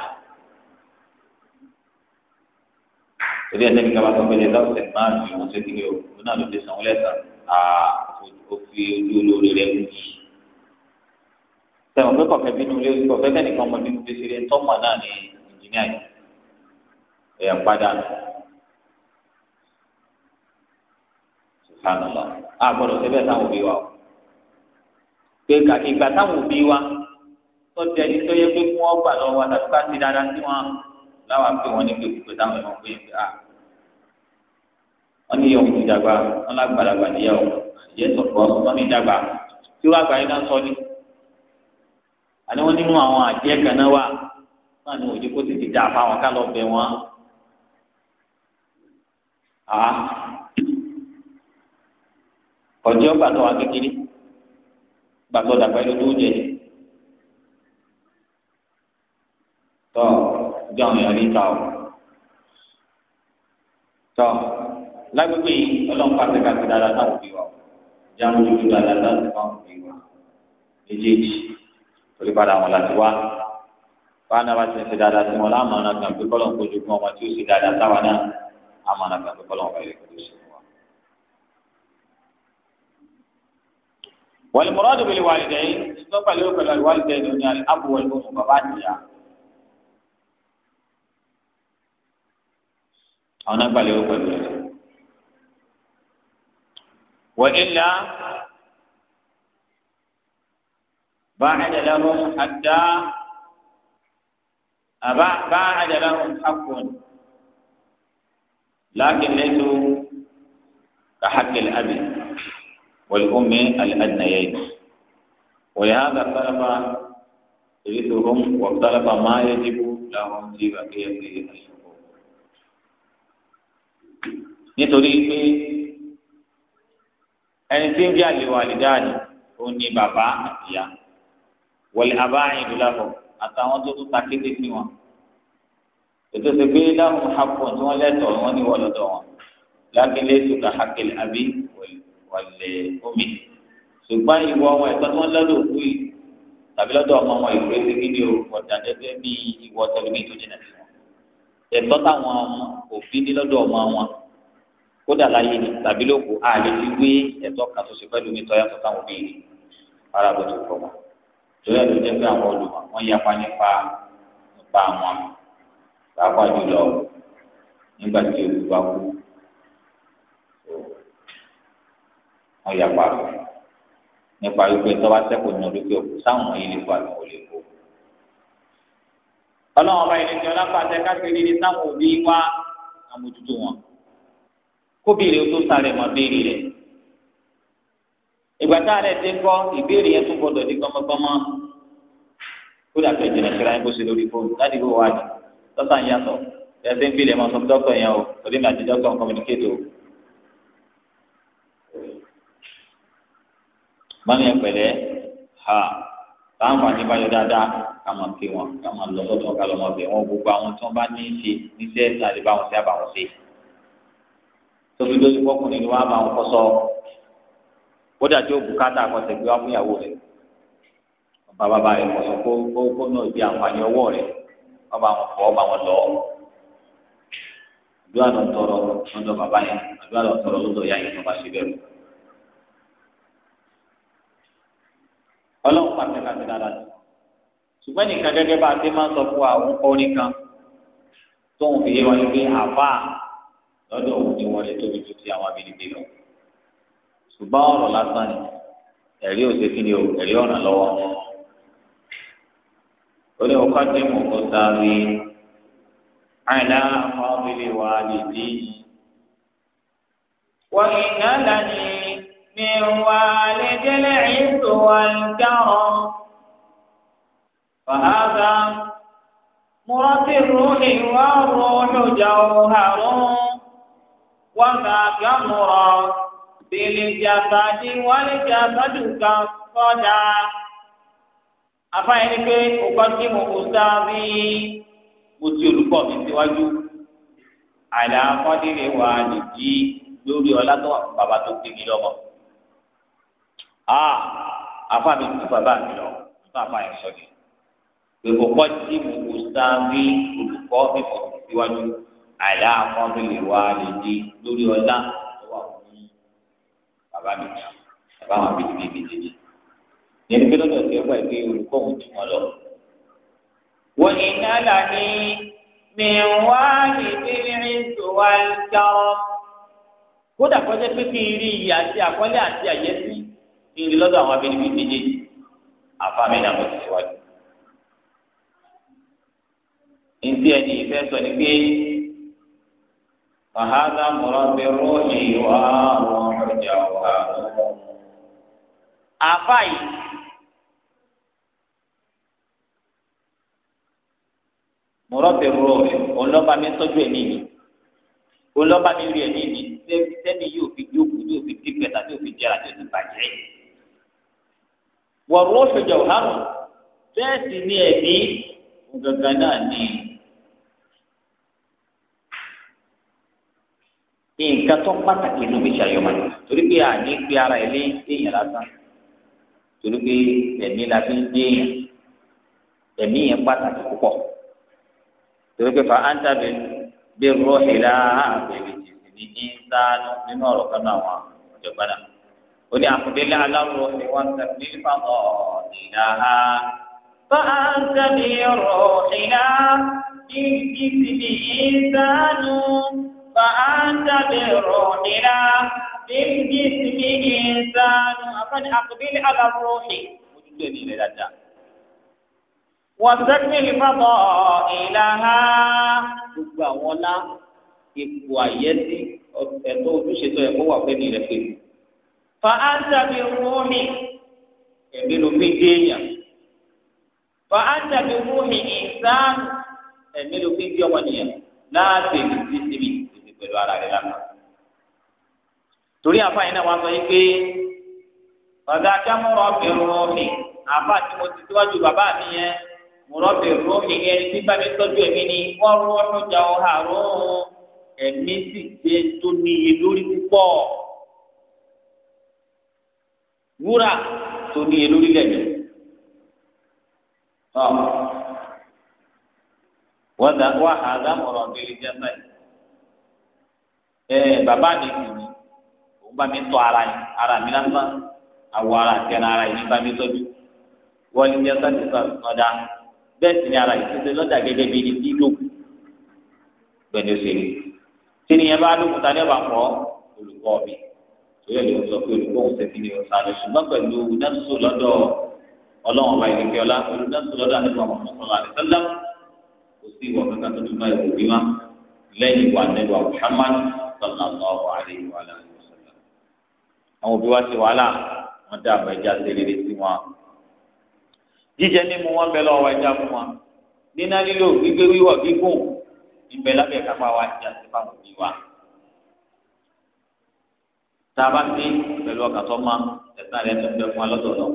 torí ẹsẹ̀ nígbà máa sọ pé máa ń fi wọ́n ṣe kí ni o náà ló dé sanwó lẹ́sàn-án àà ó fi ojú olórí rẹ̀ wù yìí sẹ̀wọ̀n pé kọ̀fẹ́ bínú lé kọ̀fẹ́ kẹ́nìkan mọ̀ nínú gbèsè rẹ̀ tọ́mọ̀ náà ní ìjìnìá yìí ẹ̀yà padà sùhánàlá a gbọ́dọ̀ síbẹ̀ táwọn òbí wa o pé kàkí ìgbà táwọn òbí wa tó tẹ ẹni tó yẹ pé kí wọ́n gbà lọ́wọ́ àti bá ti dáadáa sí wọn láwa pé wọ́n ní pé táwọn ẹ̀wọ̀n pé a wọ́n ní ìyẹ̀wò ti dàgbà wọ́n lágbàlagbà níyàwó ìyẹ́ sọ̀kọ́ wọ́n ní dàgbà tí wọ́n àgbà yín náà sọ ní àní wọn nínú àwọn àjẹ kan náà wà náà ni òjò kó tètè dà fáwọn ká lọ bẹ̀ wọ́n. ọjọ́ gbàtọ́ wa kékeré gbàtọ́ dàgbà ẹni tó jẹ tọ́ ìjọ àwọn èèyàn rí ta o tọ́ lágbègbè yìí ọlọ́run pàṣẹ kàṣẹ dáadáa táwọn òbí wa o ìjà ń lójú dáadáa láti fáwọn òbí wa méjèèjì torí padà wọn láti wá báwọn náà bá ti ń ṣe dáadáa sí wọn láàmú ọ̀nà kan pé kọ́lọ̀ ń kojú fún ọmọ tí ó ṣe dáadáa sáwa náà àmọ́ ọ̀nà kan pé kọ́lọ̀ ń fẹ́lẹ́ kojú sí wọn. wàlùmọ́rọ́ dùbìlì wàlìdẹ́yìn tó pẹ̀lú pẹ̀lú wàlìdẹ́yìn ló ní àbú wàlùmọ́sù bàbá àtìyà. àwọn náà gbàlẹ́ wọ باعد لهم حتى باعد لهم حق لكن ليسوا كحق الأب والأم الأدنيين ولهذا اختلف إرثهم واختلف ما يجب لهم في بقية الحقوق لتريد أن تنجح لوالدان ń bí àlè wọlé abáyìn ìlú láfọ àtàwọn tó tún ta kété sí wọn ètò ìsèpé láwọn hapò tí wọn lẹtọ wọn ní wọlọdọ wọn lákìlẹ ìtòkà hakil àbí wọlé omi ṣùgbọ́n ìwọ ọmọ ẹ̀tọ́ tí wọn lọ́dọ̀ òkú yìí tàbí lọ́dọ̀ ọmọ wọn ìwé ti kí ni o ọjà gẹ́gẹ́ bí ìwọ tẹlifí tó jìnnà sí wọn ẹ̀tọ́ táwọn òfin ní lọ́dọ̀ ọmọ wọn kódà láyé ni tàbí lóko àlè fi wé ẹ̀tọ́ kan ṣe pẹ̀lú mi tọyàtọ táwọn òbí rẹ̀ ara bó ti kọ wọn torí ẹ̀ ló jẹ́ pé àwọn olùmọ̀ wọ́n yapa nípa nípa àwọn pàápàá jùlọ nígbà tí olùkú bá kú wọ́n yapa rẹ̀ nípa wípé tọ́ba sẹ́kùn ní olùkú òkú sáwọn yìí lè kó àti olè kó. ọlọ́run ọba ìrètí ọlápàtẹ káfíìrì ní sáwọn òbí wá àmójútó wọn kóbìnrin tó sáré mọ́ béèrè rẹ̀ ìgbà tá a lè ti kọ́ ìbéèrè yẹn tún gbọdọ̀ di gbọmọgbọmọ kó dàtọ̀ ìjìnlẹ̀ síra yín bó ṣe lórí fóònù láti gbọ́ wá jù lọ́sà ń yàtọ̀ ẹsẹ̀ ń bílẹ̀ mọ́ sọ dọ́kítọ̀ yẹn o torí mi àti dọ́kítọ̀ ń kọ́míníkéètò o. bámi ẹ pẹ̀lẹ́ ha táwọn àti bá yọ dáadáa ká máa pè wọn ká máa lọ sọ́dọ̀ ká lọ máa bẹ̀ wọn gbogbo àwọn tí wọ́n bá ní ṣe níṣẹ́ ìtàlẹ́ bá wọn ṣe àbàwọn ṣe. tóbi lóṣù fọkùnrin ni wọ́n á bá wọn kọ́ sọ́ọ́ kódà tí ó bùkátà àkọsẹ̀ gbé wá fún ìyàwó rẹ̀ ọba bàbá rẹ̀ kò sọ kó kó kó náà di àǹfààní ọwọ́ rẹ̀ ọba àwọn fọ ọba àwọn lọ àdúrà lọ tọrọ lọ́dọ̀ bàbá yẹn àdúrà lọ tọrọ lọ́dọ̀ ìyá yẹn tó bá ṣe bẹ̀rù. ọlọ́run pàṣẹ kàṣẹ dáadáa ṣùgbọ́n nìkan gẹ́gẹ́ bá a ti máa ń sọ fún àwọn orin kan tóun fi yé wọn pé àbá lọ́dọ̀ òun ni wọ́n lè tóbi ju ti àwọn abínibí lọ ṣùgbọ́n ọ̀rọ̀ lásán ni ẹ̀rí òsè kí ni o ẹ̀rí ọ̀ràn lọ́wọ́ ó ní ọkọ tí mo kó sáré àìlá fáwọnìlì wà lèdí wọ́n iná lani mi wà lẹ́jẹ̀lẹ̀ ìṣó wà lùdáwọ̀ fàhádà mùrọ́tì rúhì wà rúhì jàù hàrún wọ́n gbàgbà mùrọ̀ bìlìjàbàdì wàlìjàbàdù kan kọ́dà. afáyín ni pé ọkọ tí mo kò sáré mo ti olùkọ́ mi síwájú àlàkọ́dìrì wà nìjí lórí ọlá tó wà fún bàbá tó gbé mi lọ́wọ́. afá ah, mi kú bàbá mi lọ fún afá yẹn sọ ni gbogbo kọ́ tí mo kò sáré olùkọ́ mi kò síwájú àlàkọ́dìrì wà nìjí lórí ọlá bàbá mi jà bàbá wọn bí ibi ibi níbi nínú pé lọ́dọ̀ tí ó gbà pé olùkọ́ òun ti wọn lọ. wọ́n ní nálà ní mi wá ní bíbí tó wá ń já ọ́. kódà kọjá pé kí n rí iyì àti àkọ́lé àti àyẹ́sí kí lọ́dọ̀ àwọn abínibí méjèèjì àfàmì náà mo ti síwájú. ntí ẹni ìfẹ́ sọ ni pé. فهذا مراد الروح وروح جوهر أفاي مراد الروح ọlọ́ba mi tọ́jú ẹ̀mí mi ọlọ́ba mi rí ẹ̀mí mi sẹ́ni yóò fi yókù yóò fi dípẹ́ tàbí yóò fi jẹ́ra tó ti bàjẹ́ wọ̀rọ̀ ṣèjọ́ hàn bẹ́ẹ̀ sì ni ẹ̀mí gangan náà ni. nǹkan tó pàtàkì ló fi ṣàyọmọ torí pé àní pé ara ẹ lé èèyàn lásán torí pé ẹ̀mí la fi ń dé èèyàn ẹ̀mí yẹn pàtàkì púpọ̀ torí pé fa áńtàbẹ bí rọ́ọ̀hì láàbẹ̀ lè ti sì ní ní sáánú nínú ọ̀rọ̀ kan náà ọ̀jọ̀gbọ́n náà ó ní àkùdélé aláwọ̀ ni wọ́n ń tẹ̀lé fáwọn ọ̀nìyàn ha fa áńtàbẹ rọ́ọ̀hì láàbẹ̀ lè ní sáánú. فأنت بروحنا بالجسم إنسان فقد أقبل على الروح wọ́sẹ̀kì ìfọ̀tọ̀ ìlànà. gbogbo àwọn ọlá ipò àyẹ́sí ẹ̀tọ́ ojúṣe tó yẹ kó wà fẹ́mi rẹ̀ pé. fa ánjàbí rúmi ẹ̀mí ló fi dé èèyàn. fa ánjàbí rúmi ìsáàlù ẹ̀mí ló fi dé ọmọnìyàn láti èdè sí síbi pẹ̀lú ara rẹ̀ lánàá. torí àfààní náà wọ́n sọ yìí pé ọ̀gá kámúrọ̀ bẹ̀rù omi àbá tí mo ti síwájú bàbá mi yẹn mùrọ̀ bẹ̀rù omi yẹn ní bíbá mi tọ́jú ẹ̀mí ni wọ́n rú ọdún jà ó àrùn ẹ̀mí sì jẹ́ tó níye lórí púpọ̀ wúrà tó níye lórí lẹ́yìn wọ́n dà wá àdámọ̀ràn bẹ̀rẹ̀ jẹ́ báyìí ẹ bàbá mi sì ni òun bá mi tọ́ ara yìí ara mi lásán àwọ̀ ara àtẹ̀rẹ̀ ara yìí bá mi tọ́jú wọ́n ní jẹ́ sátìsà lọ́dà bẹ́ẹ̀ sì ni ara yìí títí lọ́dà gẹ́gẹ́ bí ibi ìlú gbẹ̀ni òṣèré tí nìyẹn bá lókun ta ní ọ̀bà pọ̀ mi torí ẹ̀ lóun sọ pé olùkọ́ òun ṣe fi ní ọ̀sán rẹ̀ ṣùgbọ́n pẹ̀lú nẹ́sùn lọ́dọ̀ ọlọ́run ọba ìdíkẹ́ ọlá pẹ̀lú nẹ́sùn lọ́dọ̀ àdébọ̀ ọmọ sọ̀rọ̀ àdìsẹ́lẹ̀ kò sí ìwọ̀ kankan tó tún bá ìwò bí wá lẹ́yìn ìwà nẹ́wà Muhammad sallallahu alaihi wa alihi wasallam. àwọn òbí wa ti wàhálà wọn dá àwọn ẹja tẹlẹrẹ sí wọn. jíjẹ mímu wọn bẹ lọ́wọ́ ẹja fún wọn níná lílo gbígbé wíwọ̀ gígùn ìbẹ̀ lábẹ́ kápá wa ti àti fáwọn òbí wa. tá a bá ti pẹ̀lú ọkà tó máa ẹ̀sán rẹ̀ tó ń bẹ fún alọ́dọ̀ọ́dọ̀.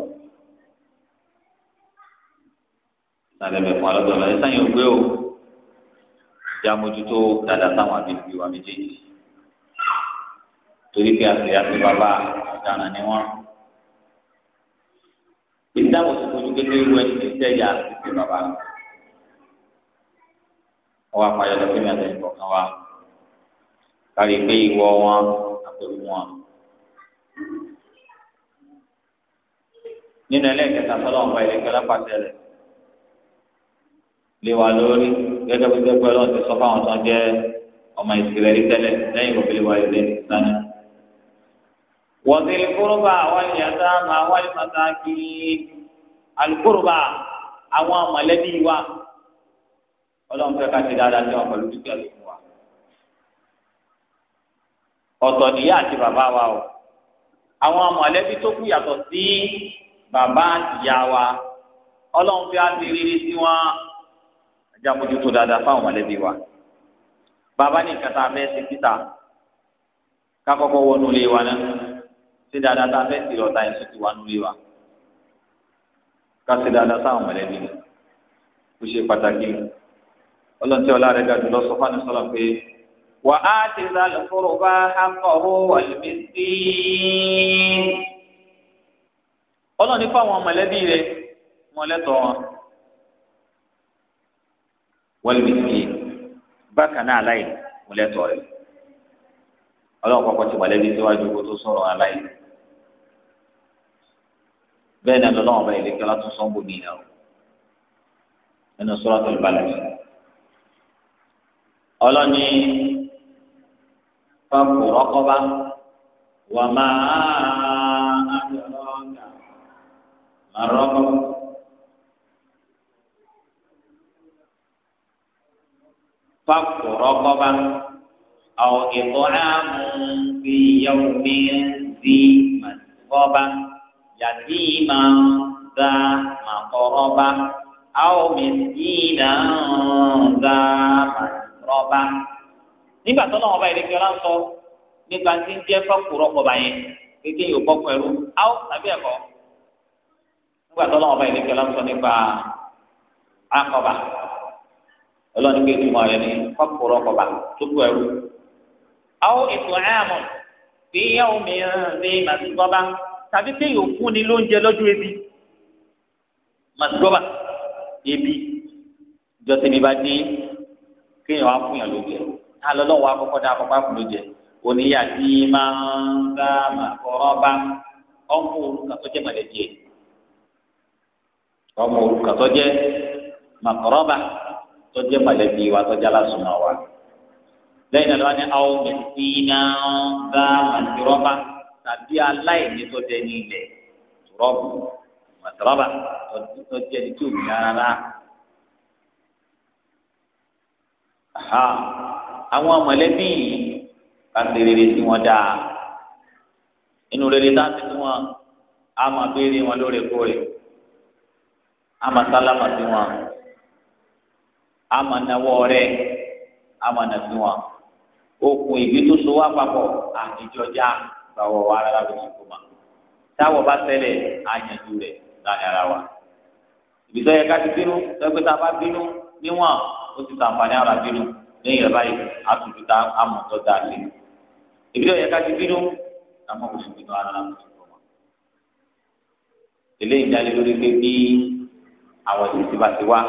ẹ̀sán rẹ̀ bẹ fún alọ́dọ̀ọ́dọ̀ ẹ̀sán yóò gbé o. ìjà mójútó dáadáa sáwọn àbí ìbí wa méjèèjì torí pé àti àti bàbá ọ̀daràn ni wọ́n. ìdáwọ̀ tó kojú kékeré wọ ẹni tí tẹ̀yà àti ti bàbá. ọwọ́ àpáyọ̀ lọ́kẹ́ mi àtẹ̀yìn kọ̀ọ̀kan wa kárí pé ìwọ wọn àtòlù wọn. nínú ẹlẹ́ẹ̀kẹta sọ́lá ọ̀gbà ìlẹ́kẹ́ lápàṣẹ rẹ̀ lé wa lórí gẹ́gẹ́ bí gbẹ́gbẹ́ lọ́sẹ̀ sọ́fà wọn tán jẹ́ ọmọ ìsirẹ́lí tẹ́lẹ̀ lẹ́yìn òbí wa ìlẹ́yìn sánà. وذي القربى واليتامى والمساكين القربى àwọn mọ̀lẹ́bí wa ọlọ́run fẹ́ ká ti dáadáa ní wọn pẹ̀lú dúkìá lókun wa ọ̀tọ̀ nìyá àti bàbá wa o àwọn mọ̀lẹ́bí tó kù yàtọ̀ sí bàbá ìyá wa ọlọ́run fẹ́ á ti rírí sí wọn ajá mójútó dáadáa fáwọn mọ̀lẹ́bí wa bàbá ní ìkàtà abẹ́ ṣe títà ká kọ́kọ́ wọnú ilé wa náà ṣé dáadáa tá a fẹ́ tìrì ọ̀tá yẹn tó ti wà nílé wa ká ṣe dáadáa sáwọn mọ̀lẹ́bí kó ṣe pàtàkì ọlọ́ntì ọlá rẹ̀ gàdú lọ sọ fáni sọlọ pé wà á ti ra lọ́kọ́rọ̀ bá akọ̀rọ̀ wàlúmi sí i ọlọ́ni fáwọn mọ̀lẹ́bí rẹ̀ mọ̀lẹ́tọ̀ wọn wàlúmi sí i bákan náà láì mọ̀lẹ́tọ̀ rẹ̀ ọlọ́run kọ́kọ́ ti mọ̀lẹ́bí síwájú kó tó sọ̀rọ̀ aláìsí bẹ́ẹ̀ náà lọ́wọ́ ọba ìlẹ́kẹ́ látún sọ́ńgbò mi náà nínú Suratul Balad ọlọ́ni fáwọn ọkọ̀ọ́bá wà máa àrọ́kọ̀ fáwọn ọkọ̀ọ́bá àwọn ìtọ́ àmú fi yẹ̀wò mi ń di màtí yàtìmá dá màkọ́rọ́bá àwòmẹ̀sìnà dá màkọ́rọ́bá. nígbà tó náà wọn bá ìrèké ọlá ń sọ nípa tí ń jẹ́ fọ́kùrọ́pọ̀ báyẹn kékeré yóò bọ́kùn ẹrú áwò tàbí ẹ̀kọ́ nígbà tó náà wọn bá ìrèké ọlá ń sọ nípa akọba ọlọ́ni pé ìtumọ̀ rẹ̀ ni kọ́kọ́rọ́ kọba tó kú ẹrú. àwọn ètò ẹ̀mọ̀ fi yẹ́wò mi rìn ní màsíkọ́ba tàbí kéèyàn fún ni lóúnjẹ lọ́jọ́ ebi màsígọ́bà ebi jọ́sẹ̀ mi bá dé kéèyàn wá fún yàn lóúnjẹ alọ́ lọ́wọ́ akọ́kọ́ dá akọ́kọ́ àkùn lóúnjẹ oníyà tí máa ń bá màkọ́rọ́bà ọmọ orúkà tó jẹ́ mọ̀lẹ́bí ẹ̀ ọmọ orúkà tó jẹ́ màkọ́rọ́bà tó jẹ́ mọ̀lẹ́bí wa tó jẹ́ alásùnmọ̀ wa lẹ́yìn náà lọ́wọ́ ni àwọn mẹ̀sìn náà bá màkọ́rọ́bà tàbí aláìní tó jẹ ní ilẹ̀ rọ́ọ̀bù màtírọ́bà tó jẹ ní tí ò ní rárá. àwọn mọ̀lẹ́bí yìí ká ṣe rere tí wọ́n dáa inú rere tá a ti fún wọn a máa béèrè wọn lóòrèkóòrè a máa sálámà sí wọn a máa náwó ọrẹ a máa nà sí wọn okùn ìbí tó so wá papọ̀ àtijọ́ àtàwọ̀ wa ara lábẹ́ ìṣòro ma táwọ̀ bá tẹ́lẹ̀ á yanjú rẹ̀ láàrin ara wa ìbísọ̀ yẹ ká ti bínú lọ́gbẹ́ tá a bá bínú níwọ̀n ó ti sàǹfààní ara bínú lẹ́yìn rẹ̀ báyìí àtúntò tá a mọ̀ tó dáa lé ìbísọ̀ yẹ ká ti bínú àmọ́ kò sí bínú ara lábẹ́ ìṣòro ma eléyìí dá lé lórí pé bí àwọn ìṣèṣì bá ti wá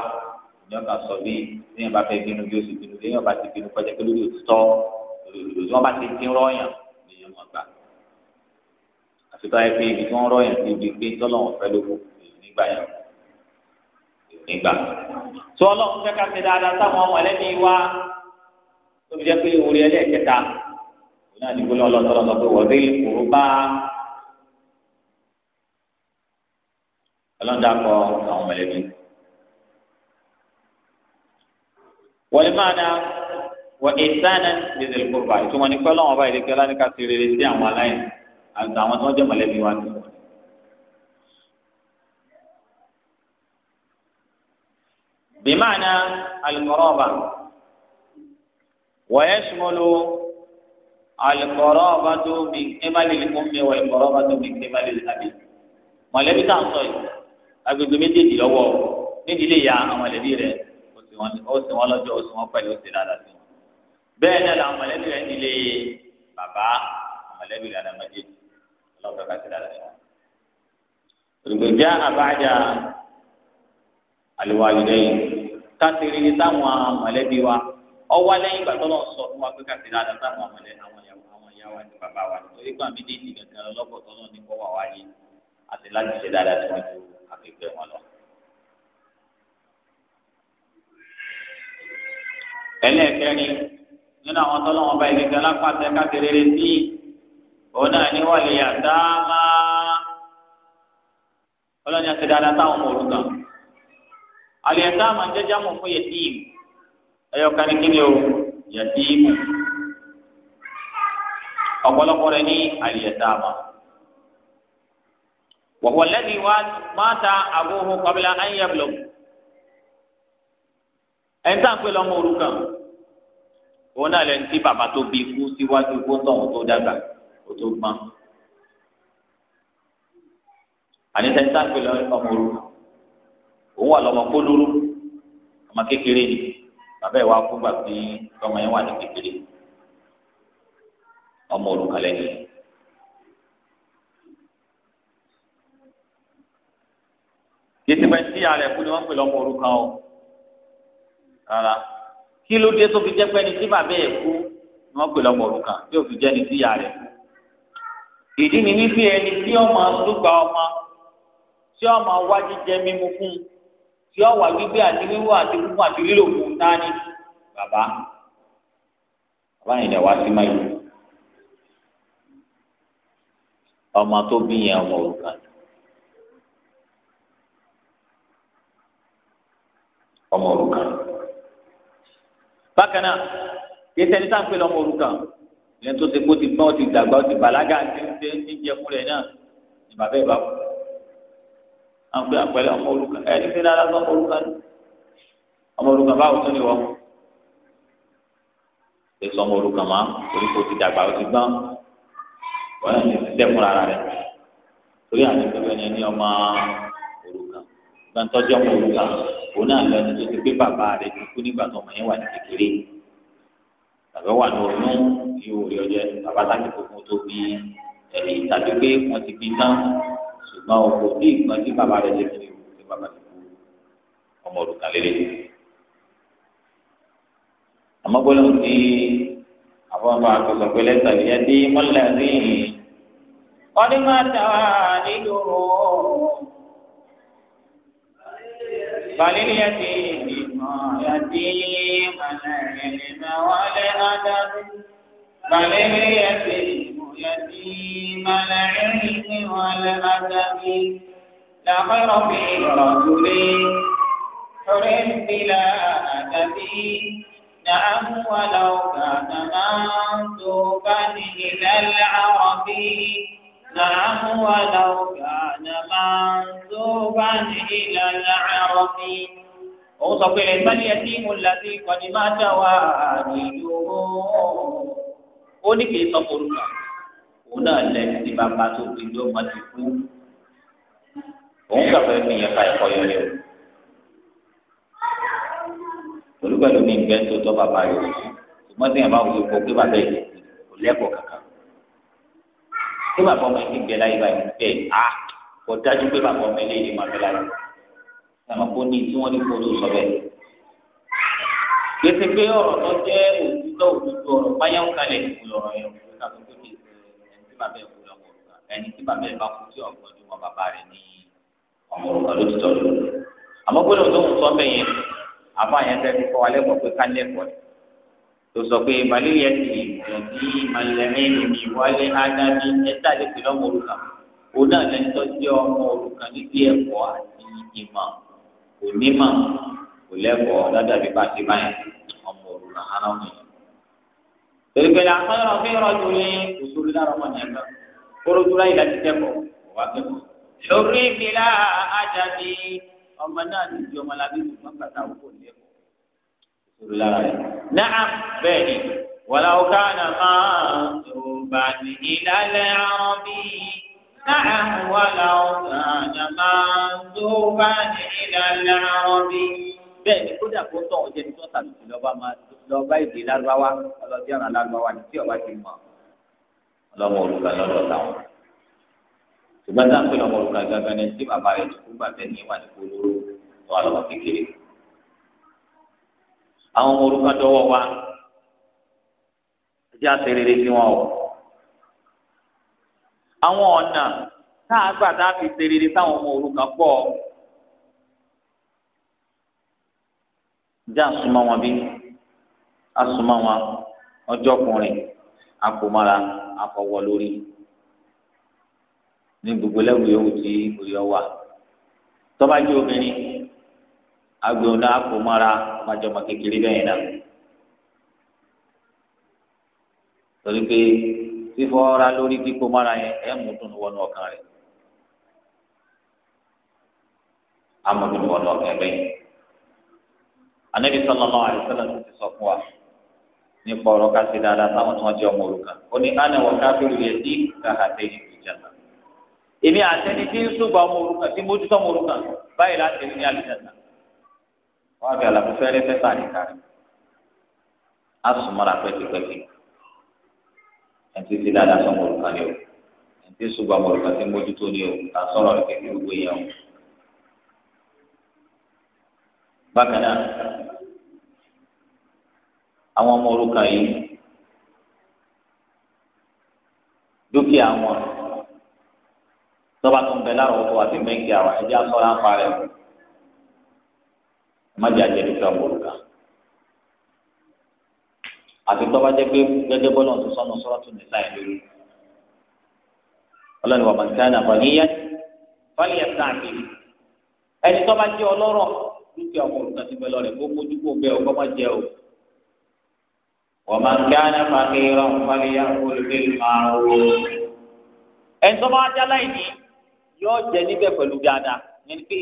ìyọ́n kan sọ bí lẹ́yìn bá fẹ́ bínú bí ó sì bínú lẹ́yìn bá ti bínú kọjá pé lórí òtítọ́ lórí òdodo tí bá ti dín rọ́ọ̀yàn lèèyàn mọ̀ gbà àfi báyìí pé ibi tí wọn rọ yẹn ti di pé tọ́lọ̀ wọn fẹ́ ló kú nígbà yẹn nígbà. tó ọlọ́run fẹ́ ká ṣe dáadáa sáwọn ọmọ ẹlẹ́ni wá tóbi jẹ́ pé orí ẹlẹ́ẹ̀kẹta òun náà nígbó lọ́wọ́ lọ́tọ́ lọ́tọ́ pé wọ́n rí kúrú bá ọlọ́dà kọ àwọn mọ̀lẹ́bí. wọ́n máa na wọ́n ìsáná lè dèrè bá ìtumọ̀ ní pẹ́ lọ́wọ́ bá ìdíkẹ́ lá àtàwọn tó ń jẹ mọ̀lẹ́bí wa ni. bimana alikọrọba wọyẹsumolo alikọrọba tó bi kébàlì lẹkùnmi wọyẹkọrọba tó bi kébàlì lẹkàbí mọ̀lẹ́bí tá à ń sọ yìí agbègbè méjèèjì lọ́wọ́ nídìílé ya àwọn mọ̀lẹ́bí rẹ ó sì wọn lọ́jọ́ ó wọn pẹ̀lú ó sì dáadáa sí wọn bẹ́ẹ̀ náà làwọn mọ̀lẹ́bí rẹ nílé bàbá mọ̀lẹ́bí rẹ ọlọ́pàá bá ti dára sí wọn. olùgbèjà àbájá àlùwàlùdẹ́yìn kátìrì ní táwọn mọ̀lẹ́bí wa ọwọ́ lẹ́yìn ìgbà tọ́lọ́ sọ fún wa pé kátìrì àdá táwọn mọ̀lẹ́ àwọn ìyàwó àwọn ìyá wa ní bàbá wa nítorí pé àmì déjì gàgà ọlọ́pọ̀ tọ́lọ́ ní kọ́ wà wáyé àti láti ṣe dáadáa sí wọn ju akẹgbẹ́ wọn lọ. ẹlẹ́ẹ̀kẹrin nínú àwọn tọ́lọ́wọ́n bá ilé gan lápá tẹ kákeré sí ọ̀nà ni wọ́n lè yàtá máa ọlọ́ni àti dáadáa táwọn ọmọ òrukàn àlìyàtá máa ń jẹ́jà mọ̀ fún yẹtìm ẹ̀yọ̀kan ní kíni o yẹtìm ọ̀pọ̀lọpọ̀ rẹ̀ ní àlìyàtá máa wọ̀wọ̀ lẹ́ni wá máta àbúrò kọ́bílà ayélujára ẹ̀ńtà ń pè lọ́mọ òrukàn òun náà lẹ́ni tí bàbá tó bí kú síwájú kó tọ̀hún tó dàgbà kó tó gbọ́n. àníṣe ń sáfì lọ ọmọ òru òun wà lọmọ kólóró ọmọ kékeré ni bàbá ẹ̀ wá kú gbà pé ọmọ yẹn wà ní kékeré ọmọ òru kalẹ̀ ni. yìí ti pẹ́ sí kú ni wọ́n pè lọ́mọ òru kan o rárá kí ló dé tó fi jẹ́ pé ẹni tí bàbá ẹ̀ kú ni wọ́n pè lọ́mọ òru kan tí ò fi jẹ́ ẹni tí ìyá rẹ̀ kú ìdí ni wípé ẹni tí ọmọ lùgbà ọmọ tí ọmọ wá jíjẹ mímu fún tí ọwà gbígbé àti wíwọ àti fífún àti lílò fún dání bàbá bàbá yìí lè wá sí máyì ọmọ tó bí yẹn ọmọ òrukàn ọmọ òrukàn bákan náà kí ẹsẹ̀ ní sáà ń pè lọ́mọ òrukàn ìyẹn tó ṣe kó ti gbọ́n ti dàgbà ó ti bàlágà ti ń ṣe ń jẹ fún rẹ̀ náà ni bàbá ẹ̀ bá kú. àwọn pé àpẹẹrẹ ọmọ olùkà ẹ̀ ní sinadá sọ ọmọ olùkà ni ọmọ olùkà báwo tún ni wọ́n. ṣe sọ ọmọ olùkà máa torí kó ti dàgbà ó ti gbọ́n wọ́n náà ti ṣiṣẹ́ fún ara rẹ̀ torí àti pẹ̀lú ẹni ní ọmọ olùkà gbọ́ntọ́jọ́ ọmọ olùkà òun náà lọ ẹni tó ti gbé bàbá rẹ̀ kú nígbà tó ọmọ yẹn wà ní kékeré tàbí wà ní oyún yóò rí ọjẹ bàbá láti gbogbo tó bí ẹni tàbí pé wọn ti bí tán ṣùgbọ́n o kò ní ìgbọ́n tí bàbá rẹ lè fi ṣe bàbá ti kú ọmọ òrùka lélẹ̀. àmọ́ gbọ́dọ̀ ní àfọwọ́fà àtọ̀sọ pé lẹ́tà ní ẹdí mọ́lẹ̀ rí ọdún máa tà nínú rò. Balẹ̀ ni ẹ ti ní. يتيم والعلم والأدب بل اليتيم يتيم العلم والأدب لغر في رسول حرم بلا أدب نعم ولو كان منسوبا إلى العربي نعم ولو كان منسوبا إلى العربي òun sọ pé ẹ̀gbọ́n yẹn tí mo là sí ìkọ́ni máa dá wa nìyó. ó ní kì í sọ forúkọ òun náà lẹ́yìn tí bàbá tó fi ló máa ti kú. òun kàfẹ́ mi yẹn ka ẹ̀kọ́ yọ yọ. olùgbàdo mi gbẹ́ tó tọ́ bàbá yọ ṣùgbọ́n tí yẹn bá wúlò pé bàbá yẹn kò lẹ́kọ̀ọ́ kankan. tí bàbá ọmọ yẹn ti gbẹ láyé báyìí bẹ́ẹ̀ a ah! kò dájú pé bàbá ọmọ yẹn lè máa gbẹ láyé àwọn kò ní tí wọ́n ní kó tó sọ bẹ́ẹ̀. gbèsè pé ọ̀rọ̀ tó jẹ́ òtítọ́ òtítọ́ ọ̀rọ̀ báyà ń kalẹ̀ ìlọrọ̀ yẹn kò tó kó kí ẹni tí bàbá ẹ̀ kú lọ kó gbà ẹni tí bàbá ẹ̀ bá kú sí ọ̀gbọ́n tí wọ́n bàbá rẹ̀ ní ọmọ òrùka ló ti tọ́ lọ. àmọ́ gbọ́dọ̀ tó ń sọ bẹ́ẹ̀ yẹn àbá yẹn tẹ́ fi kọ́ alẹ́ kọ́ pé ká lẹ́kọ̀ọ́ tó sọ pé balẹ̀yẹ ti ẹ̀bí malẹ̀rin mi wálé ádámi ẹ̀ta lè fi lọ́mọ òrùka òun náà lẹ́ni kò nímọ̀ kò lẹ́kọ̀ọ́ ládàbí bá ti báyìí ọmọ òru náà hánà wọn. pèlèpèlè àkọ́yọ̀rọ̀ fi rọ́jò ní òṣèlú dára ọmọ yẹn lọ kórójú láyé láti kẹ́kọ̀ọ́ wà kẹ́kọ̀ọ́. lórí mi lá ajá ni ọmọ náà ti di ọmọ lábí ṣùgbọ́n kàtà òkú lẹ́kọ̀ọ́ òṣèlú lára rẹ̀. náà bẹ́ẹ̀ ni wàlá ọ̀ká نعم ولو كان منسوبا إلى العرب bẹ́ẹ̀ ni kódà kó tọ̀ ọ̀jẹ̀ ní sọ́ọ̀tà lùtù lọ́ba máa lọ́ba èdè lárúbáwá ọlọ́dí ọ̀nà lárúbáwá ní tí ọba ti mọ̀ ọlọ́mọ òrùka lọ́dọ̀ táwọn. ṣùgbọ́n táwọn pé ọmọ òrùka gángan ni tí bàbá rẹ̀ tó gbà bẹ́ẹ̀ ní wà ní kúlóró tó wà lọ́wọ́ kékeré. àwọn ọmọ òrùka dọ́wọ́ wa ẹjẹ́ àṣẹ rere sí wọn o. àwọn ọ̀nà taa a gbà tá a fi ṣe rere sáwọn ọmọ òrukàn pọ̀ jẹ́ àsùnmọ́ wọn bí àsùnmọ́ wọn ọjọ́ àpòmọ́ra àfọwọ́ lórí ní gbogbo lẹ́wọ̀n yòówù tí òyò wà tọ́ba jẹ́ obìnrin agbóhùn náà àpòmọ́ra ọmọdéjọba kékeré bẹ́ẹ̀ fífọ ọra lórí kíkó mọ́ra yẹn ẹ̀ mú dùn wọnú ọkàn rẹ̀ amọ̀dún wọnú ọkàn rẹ̀ yìí. anabi sallallahu alaihi wasallam ti sọ fún wa nípa ọ̀rọ̀ ká ṣe dáadáa sáwọn tí wọ́n jẹ́ ọmọ òrukàn ó ní ana wọ káfíìrì yẹn ní káhàtẹ́ ìjàmbá. èmi àtẹni tí ń súgbà ọmọ òrukàn tí mójútó ọmọ òrukàn báyìí láti ní àlùjáde wọn àbí àlàfo fẹ́rẹ́fẹ́ sáà ní kárí asùnmọ́ra pẹ́kipẹ́kì ẹtí ti dáadáa sọ mọlùkà ni o ẹtí sùgbà mọlùkà ti mójútó ni o kà sọ̀rọ̀ rẹ kékeré gbogbo yẹn o. bákan náà àwọn ọmọ òrukàn yìí dúkìá wọn tọ́ba tó ń bẹ láàrọ̀ tó àti mẹ́ńkì àwọn ẹ̀jẹ̀ asọ́ra ń o má jẹ́ àjẹ́ dúkìá ọmọ àfi tọ́ba jẹ́ pé gẹ́gẹ́ bọ́lá ọ̀tún sọ́nà sọ́rọ́ tó ní sáyẹn lórí ọlọ́ni wà màtí àná àbàníyá fálíyà sáàkiri ẹni tọ́ba jẹ́ ọlọ́rọ̀ dúkìá ọkùnrin kan ti bẹ lọ rẹ̀ kó kójú kó bẹ ọ kọ́má jẹ o wà màtí àná fàkìrọ̀ fálíyà olùdílé máa ń wò ẹni tọ́ba ajá láì ní yọ jẹ níbẹ̀ pẹ̀lú dáadáa yẹn pé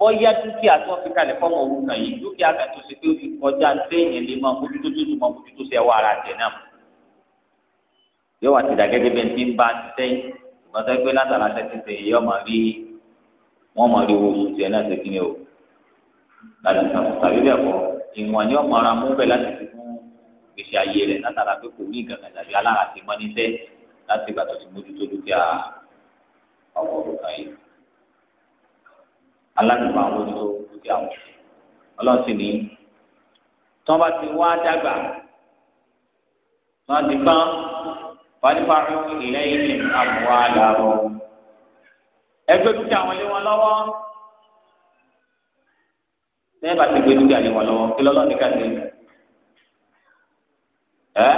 bọ́yá dúkìá tí wọ́n fi kalẹ̀ fọ́mọ òrukàn yìí dúkìá kan tó ṣe pé ó fi kọjá téèyàn lè máa mójútó tó tó máa mójútó sí ẹwà ara jẹ náà yóò wá ti dà gẹ́gẹ́ bẹ́ẹ̀ tí ń bá ti sẹ́yìn ṣùgbọ́n tó pé látara tẹ́tí tẹ èyí ọmọ rí wọ́n mọ̀ rí owó tiẹ̀ náà ṣe kíni o láti sàkó tàbí bẹ́ẹ̀ kọ́ ìwọ̀n ni ọmọ ara mú bẹ́ẹ̀ láti fi fún gbèsè ayé rẹ̀ látara pé kò rí ìgàngàn alágbèbá àwọn ojú dúkìá wọn ọlọ́run sì ní tí wọ́n bá ti wá dàgbà tí wọ́n ti tán fàdífàrú ilẹ̀ ìlú àbúwá làwọn ẹgbẹ́ dúkìá wọn lé wọn lọ́wọ́ lẹ́yìn bá ti gbé dúkìá lé wọn lọ́wọ́ kí lọ́lọ́ ní ká ṣe ẹ́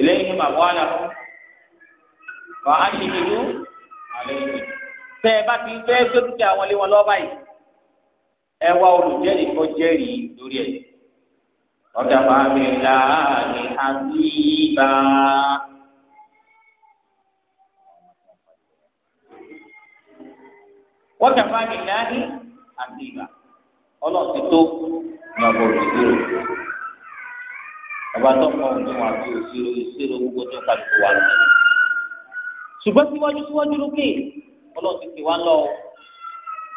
ilé ìlú àbúwá làwọn wà á ṣe ìlú àlẹ́ ìlú tẹ ẹ bá ti fẹ́ gbé dúkìá wọn lé wọn lọ báyìí ẹ wá olùjẹ́rìí kó jẹ́rìí lórí ẹ̀ ọ̀dà bàbá ìlà ní àbíbá. wọ́n kàfá ní láàyè àbíbá ọlọ́run ti tó ní ọgbọ̀n òṣèlú ọba tó kọ òun ní wọn àti òṣèlú ìṣèlú gbogbo tó kàlùkù wà lónìí. ṣùgbọ́n síwájú síwájú lókè ọlọ́run ti fi wá lọ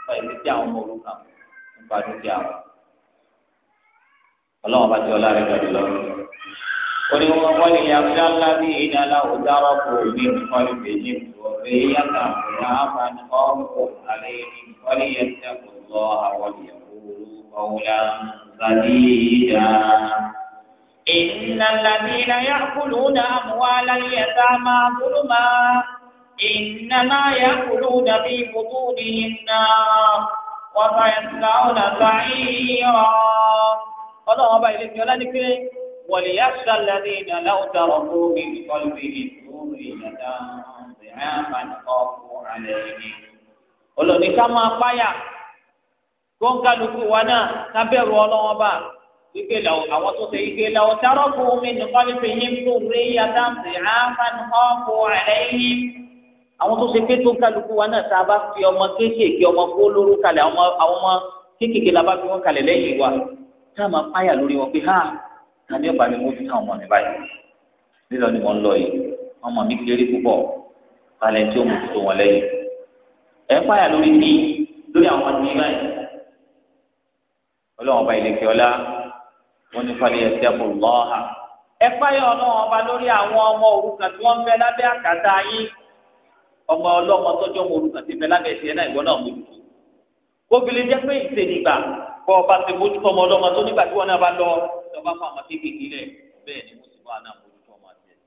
pẹ̀lú tí àwọn ọmọ olùkà nípa dúkìá wọn. ọlọ́run bá ti ọlá rẹ̀ lọ́dún lọ́dún. wọ́n ní wọ́n wọ́n ní yàtọ̀ aláàbí iná aláwọ̀ dárọ̀ kò ní ìfọ̀lù méjì lọ pé yàtọ̀ àkùnrin àbáni ọ̀pọ̀ àlẹ́ ìfọ̀lù yẹn tẹ̀kọ̀ lọ àwọn ìyàwó ọ̀wùlà sàdíyà. إن الذين يأكلون أموال اليتامى ظلما إنما يأكلون في بطونهم نار وسيصلون سعيرا ọlọ́run ọba ìlẹ́sìn ọlá ní pé wọ̀lẹ̀ yá ṣàlàyé ní aláwùjọ ọ̀rọ̀ mi kọlu ìdí ìṣòro ìyàtọ̀ ìrìn àbánikọ́ fún alẹ́ ìdí. olóòní ká máa páyà gbọ́ngàlùkù wa náà lábẹ́rù ọlọ́run ọba wípé àwọn tó ṣe ike làwọn tárọ́kù mi nìkan ní fi yín fún ìrìn àbánikọ́ fún alẹ́ ìdí àwọn tó ṣe pé tó kálukú wa náà tá a bá fi ọmọ kéékèèké ọmọ kó lóró kalẹ̀ àwọn ọmọ kéékèèké la bá fi wọn kalẹ̀ lẹ́yìn wa tá a máa páyà lórí wọn pé ha tani ọba mi mójú táwọn ọmọ mi báyìí lílọ ni mo ń lọ yìí ọmọ mi kéré púpọ̀ kalẹ̀ tí ó mú tó wọn lẹ́yìn ẹ̀ ń páyà lórí mi lórí àwọn ọmọ mi báyìí ọlọ́wọ́n ọba ìlẹ̀kẹ́ ọlá wọn ní falẹ̀ ẹ̀ sẹ́kù lọ́ha ẹ̀ páyà ọmọ ọlọ́mọ tọ́jú ọmọ olùkàn ti bẹ lábẹ́ ìṣẹ́ náà ìwọ náà mójútó obìnrin jẹ́ pé ìṣèlígbà kọ́ ọba ti mójútó ọmọ ọlọ́mọ tó nígbà tí wọ́n náà bá lọ ìjọba fún àwọn kéékèèké lẹ̀ bẹ́ẹ̀ ni mo sì wà náà mójútó ọmọ àti ẹ̀.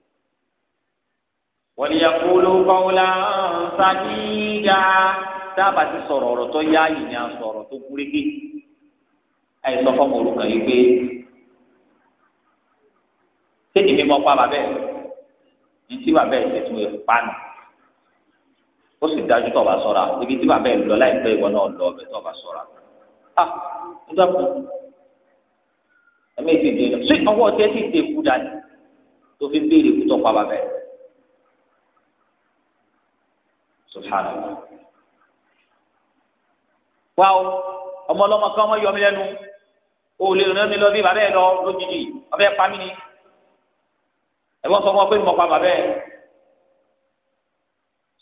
wọ́n yẹ kó ló kọ́wọ́lá ṣáàdìyà dábàá ti sọ̀rọ̀ ọ̀rọ̀ tó yá yìí ni a sọ̀rọ̀ tó gúrégé àìsàn fọmọ olùkàn yìí pé kéde mímọ́ pa bàbẹ́ ẹ̀ ní tí bàbẹ́ ẹ̀ ṣètò ẹ̀ pa nù ó sì dájú tọba ṣọ́ra ibi tí bàbá ẹ lọ láìpẹ́ ìwọ náà lọ ọbẹ tọba ṣọ́ra a ń dàpọ ẹmí ìdíje náà ṣé ọwọ́ tẹ ti dé kú dání tó fi béèrè ikú tọpa bàbá ẹ subhanallah wa ọmọ ọlọmọ kan wọn yọ mí lẹ́nu o lè rìn mí lọ bí bàbá ẹ lọ lójijì ọbẹ pa mí ni ẹ wọ́n sọ fún ọ pé mo pa bàbá ẹ.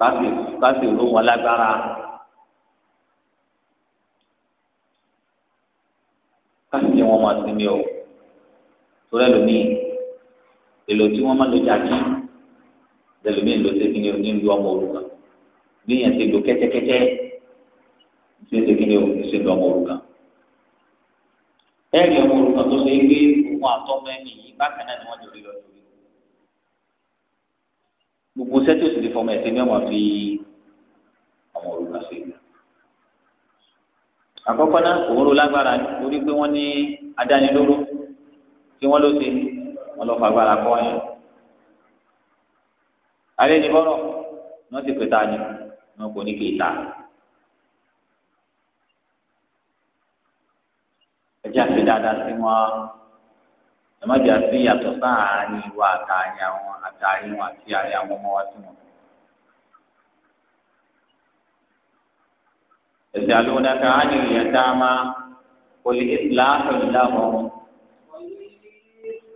káfí káfí ló wọn lágbára káfí ni wọn máa sinmi o torí ẹlòmíì èlò tí wọn máa lo jàdí ẹlòmíì ló ṣe kí ni o ní ìlú ọmọ òrukàn bí yẹn ti lo kẹ́tẹ́kẹ́tẹ́ ṣe ṣe kí ni o ní ṣe lu ọmọ òrukàn ẹ̀rí ọmọ òrukàn tó ṣe é gbé òun àtọ́mọ ẹni yìí bákan náà ni wọ́n jọ rí lọ lórí iṣẹ́ tí o sì lè fọmọ ẹ̀sìn ní ọmọ fi ọmọ òrùka sí i. àkọ́kọ́ náà òwúrò lágbára torí pé wọ́n ní adánilóró tí wọ́n ló ṣe wọ́n lọ́ọ́ fagbára kọ́ yẹn. alẹ́ ní bọ́rọ̀ wọ́n ti pèta ni wọ́n kò ní kí ìta. ẹjẹ́ àti dáadáa sí wọn ẹ má jà sí yàtọ̀ sáàárín ìwà àtàárín àwọn àtàárín wọn àti àárín àwọn ọmọ wa sí wọn. ẹsẹ̀ alóńdàkà á ní ìyẹn tá a máa kọlí ìsìláàfù ìdáhùn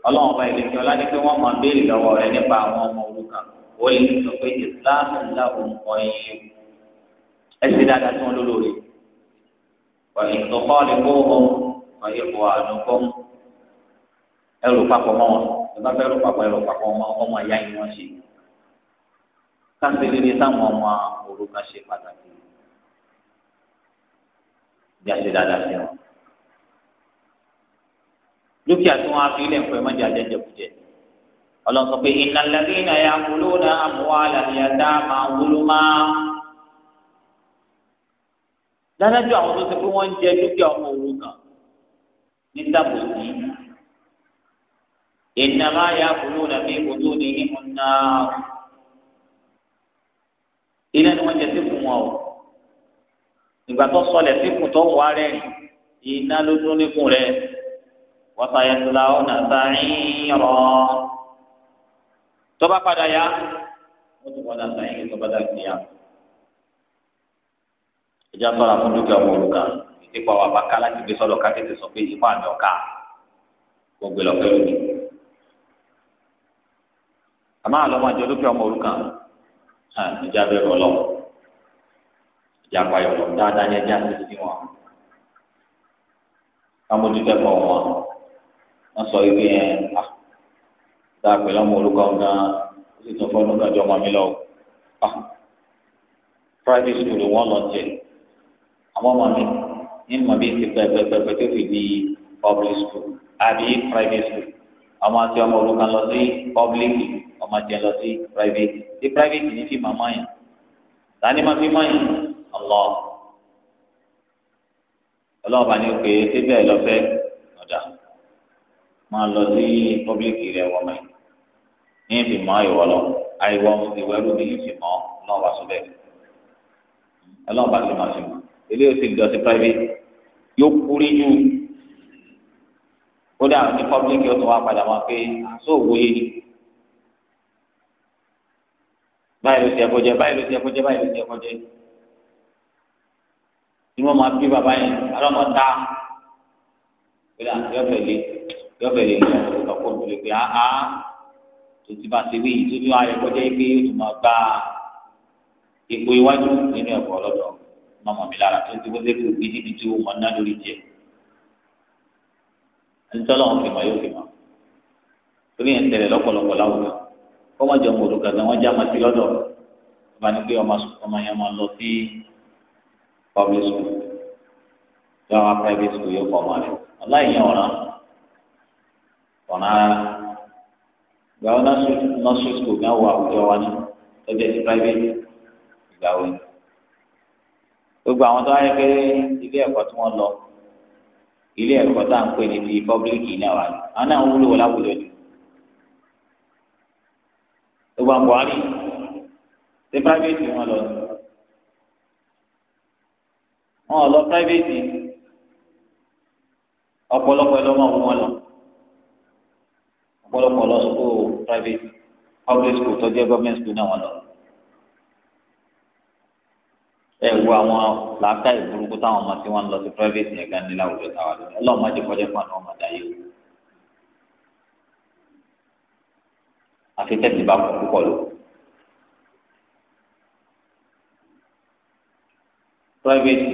ọlọ́run ọba ìlẹ̀kẹ́ ọlá pé wọ́n máa béèrè lọ́wọ́ rẹ nípa àwọn ọmọ òrukàn ó lè sọ pé ìsìláàfù ìdáhùn kan yìí ẹsẹ̀ dáadáa tí wọ́n lólórí wọ́n ìtọ́kọ́ ọ̀lẹ́kọ́ ọ̀hún wọ́n ìbò ẹrù papọ̀ mọ́ wọn ẹ̀ka fẹ́ ẹrù papọ̀ ẹrù papọ̀ ọmọ ọmọ ìyá yìí wọ́n ṣe. káṣí líle táwọn ọmọ òrukàn ṣe pàtàkì jáde dáadáa sí wọn. dúkìá tí wọ́n á fi ilé ẹ̀kọ́ ẹ̀ má jẹ́ àjẹjẹkújẹ. ọlọ́sọ pé innal ladhina ya'kuluna amwala al-yatama zulma. dáadájú àwọn tó ti pé wọ́n ń jẹ dúkìá ọmọ òrukàn ní dábòsí إنما يأكلون في بطونهم النار iná ni wọ́n jẹ síkùn wọn o ìgbà tó sọlẹ̀ síkùn tó wà rẹ̀ iná ló dún níkùn rẹ̀ wọ́sàyẹ̀tìlá ọ̀nà sàáyìn rọ̀ tó bá padà yá wọ́n ti wọ́n dá yín tó bá dá sí yá. ìjà sọ̀rọ̀ fún dúkìá ọmọ olùkà ìdíkọ̀ àwọn abàká láti gbé sọ́dọ̀ ká tètè sọ pé ìfọ̀ àdọ̀ká gbogbo àmọ́ àlọ́ máa jẹ olókè ọmọ òrukàn ìjà bẹ̀rù ọlọ́wọ́ ìjà payọ̀ lọ dáadáa ní ẹja ti sí wọn amójútẹ́kọ̀ wọn wọ́n sọ ibi yẹn à dáa pẹ̀lú ọmọ òrukàn gan ó sì tún fọ́nù gàjọ́ ọmọ mi lọ à private school wọn lọ jẹ àmọ́ ọmọ mi ní mọ̀ bí ti pẹ́ pẹ́ pẹ́ tó fi di public school àbí private school àwọn àti ọmọ òrukàn lọ sí public school ọmọ jẹ lọ sí private sí private ní fi màmá yẹn tani ma fi mọ yẹn ọlọ ọlọ́wọ́ bá ní o pé síbẹ̀ lọ́fẹ́ ọ̀dà máa lọ sí pọ́blíkì rẹ̀ wọ́n mẹ́ ní ìfì mọ́ ìwọ lọ àìwọ ìwọ ẹrú ní ìfì mọ́ ọlọ́wọ́ bá sọ sì máa fi mọ́ eléyìí sì lọ sí private yóò kúrí ju kódà ní public ó tún wá padà wọn pé àṣọ òwòye ni báyìí ló ti ẹkọ jẹ báyìí ló ti ẹkọ jẹ báyìí ló ti ẹkọ jẹ ni wọn máa bí bàbá yẹn alọmọ tá gbéra yọfẹlẹ yọfẹlẹ lọ ọkọ òbílẹ pé áá tó ti bá ti wí yìí tó ní wàá ẹkọ jẹ pé yóò tún máa gba ipò iwájú nínú ẹ̀kọ́ ọlọdọ mọmọ mi lára tó ti wọ́n ṣe kó gidi ní tí ó mọ ná lórí jẹ ẹni tọ́lọ́ wọn fi yóò fi torí ẹ̀ ń tẹ̀lé lọ́pọ̀lọpọ̀ láwùjọ kọ́mọ̀jọ mòdù kàgbọ́n wọ́n já ọmọ sí lọ́dọ̀ ọba ní pé ọmọ ọmọ yẹn máa lọ sí public school tí wọ́n wá private school yóò fọmọ rẹ̀ ọláìyàn ọ̀ràn ọ̀ràn ara ìgbà wọn nursery school gan wọ àwùjọ wa ní ọjọ́ ti private ìgbà wo ni gbogbo àwọn tó wáyé pé ilé ẹ̀kọ́ tí wọ́n lọ ilé ẹ̀kọ́ tá à ń pè ní ti public náà wà ní àwọn náà wúlò wọlé àwùjọ ni tó bá buhari ṣe private wọn lọ wọn lọ private ọ̀pọ̀lọpọ̀ ẹ lọ máa wọ wọn lọ ọ̀pọ̀lọpọ̀ lọ school private public school tó jẹ́ government school náà wọn lọ ẹ wo àwọn làákà ìburúkú táwọn ọmọ tí wọn lọ sí private yẹn gan ní láwùjọ táwa lọ ọlọ́run má jẹ́ kọjá fún àwọn ọmọdé ayé wọn. àfi tẹ́tí bá kú púpọ̀ lò. private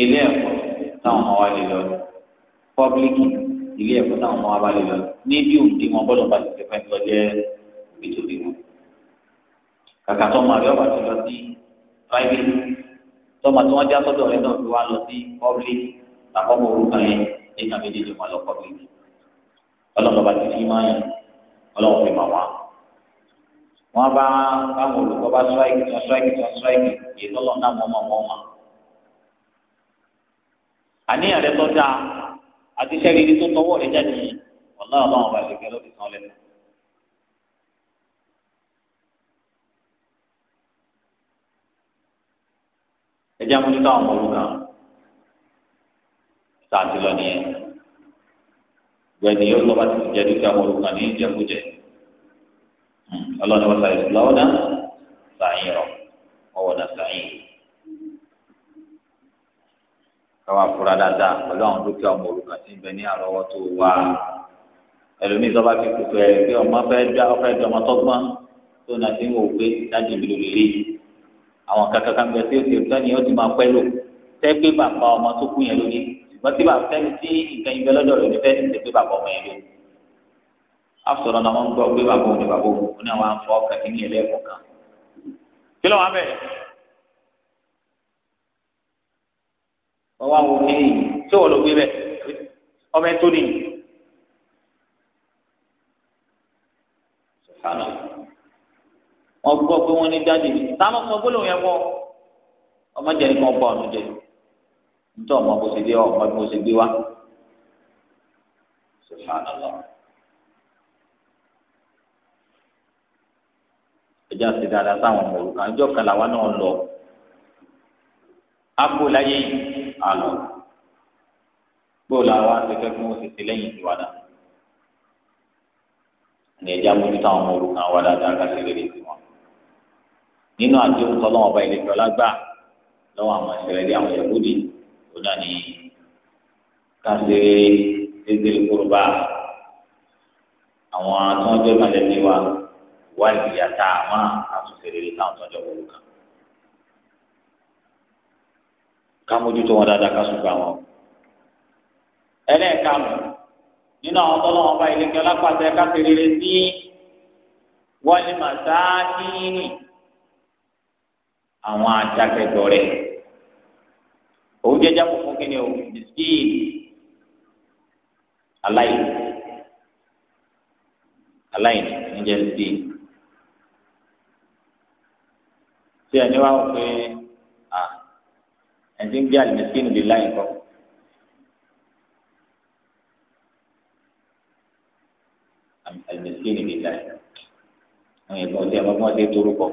ilé ẹ̀kọ́ táwọn ọmọ wa lè lọ public ilé ẹ̀kọ́ táwọn ọmọ wa bá lè lọ níbi òǹdí wọn gbọ́dọ̀ bá ti fẹ́ lọ jẹ́ ìtòlè wọn. kàkà tó máa rí ọ̀bà tó lọ sí private tọ́mà tí wọ́n já sọ́dọ̀ rẹ̀ náà fi wá lọ sí public làkọ́kọ́ orúkọ yẹn nígbà méjèèjì wọn lọ public ọlọ́run bá ti fi máa yàn ọlọ́run fi máa wá. wọ́n bá báwọn olùkọ́ bá sọ́ọ̀kì tó sọ́ọ̀kì tó sọ́ọ̀kì yìí lọ́lọ́ náà mọ́ mọ́ mọ́ mọ́. àníyàn rẹ tó dáa àti iṣẹ́ rere tó tọwọ́ rẹ jáde yìí ọ̀la ọlọ́run bá lè gẹ́ lóbi kan lẹ́nu. ẹ jẹ́ àmójútó àwọn olùkọ́ tá ti lọ nìyẹn gbẹ̀dì yóò tọ́ bá ti jẹ́ dúkìá wọn lùkà ní ìjẹkújẹ ọlọ́ni wọn sàyè fúláwọ́ náà sàyìn rọ ọwọ́ náà sàyìn káwá fura dáadáa pẹ̀lú àwọn dúkìá ọmọ òrùka tí ń bẹ ní àrọ́wọ́tó wa ẹlòmíì tó bá fi kú fẹ́ pé ọmọ fẹ́ dá ọfẹ́ dọmọ tọ́gbọ́n tó náà ti ń wò pé dájú ìbílẹ̀ lélẹ̀ àwọn kankan kan bẹ tí ó ti rú sẹ́ni ti máa pẹ́ lò tẹ́gbẹ́ bàbá ọmọ tó kú yẹn lónìí ṣùgbọ́n tí bàbá fẹ́ni tí nǹkan ìgbẹ́ lọ́dọ̀ rẹ̀ nífẹ̀ẹ́ ní ìdẹ́gbẹ́ bàbá ọmọ yẹn lé afọ̀rọ̀ náà wọ́n gbọ́ pé bàbá òní bàbá òun náà wọ́n á fọ́ kàkí ní ẹlẹ́ẹ̀kọ́ kan kí ló wọn bẹ̀rẹ̀ wọ́n wá wo ní ìyí tí wọ́n lọ gbé bẹ̀ ọmọ ẹ̀ tó ní ìyí. wọ́n gbọ́ pé wọ́n ní dájú ní táwọn ọmọ gbólóhùn yẹn wọ́ ọmọ jẹ́ ní kí bọ́ ọ̀nù jẹ́ ní nítorí ọmọ kò sì dé ọmọ bí mo sì gbé wá subhanallah ẹjẹ àti dáadáa sáwọn ọmọ òrùka ẹjọ kan làwa náà lọ ápò láyé àlọ gbọ́dọ̀ làwa ti fẹ́ kí wọ́n ti ti lẹ́yìn tiwa náà ní ẹjẹ àmójútó àwọn ọmọ òrùka wa dáadáa ká sí rere tiwọn nínú àdéhùn tọ́lọ́wọ́n ọba ìlẹ̀kọ́ lágbà lọ́wọ́ àwọn ìṣẹ̀lẹ̀ àwọn Yahudi ọ̀nà ni káṣe dédé kóróbá àwọn tí wọ́n jẹ́ mọ̀lẹ́bí wa wá ìyàtà àwọn àtúnṣe rere táwọn tó ń jọ wọlé kan. ká mójútó wọn dáadáa ká sùn gbà wọn. ẹlẹ́ẹ̀kanu nínú àwọn tọ́lọ́ wọn bá ilé kí ọlápàtẹ ká ṣe rere wọ́n ní màsáàkì ní àwọn ajakẹ́gbọ̀ rẹ̀ òun jẹjẹ kò fún kíni o bisikíìtì aláìní aláìní níjẹ bisikíìtì tí ẹni wá wọ pé à ẹni tí ń gbé àlùmísíìnì bíi láì kọ. àlùmísíìnì bíi láì àwọn ìbọn tí a bá fún wa dé torúkọ.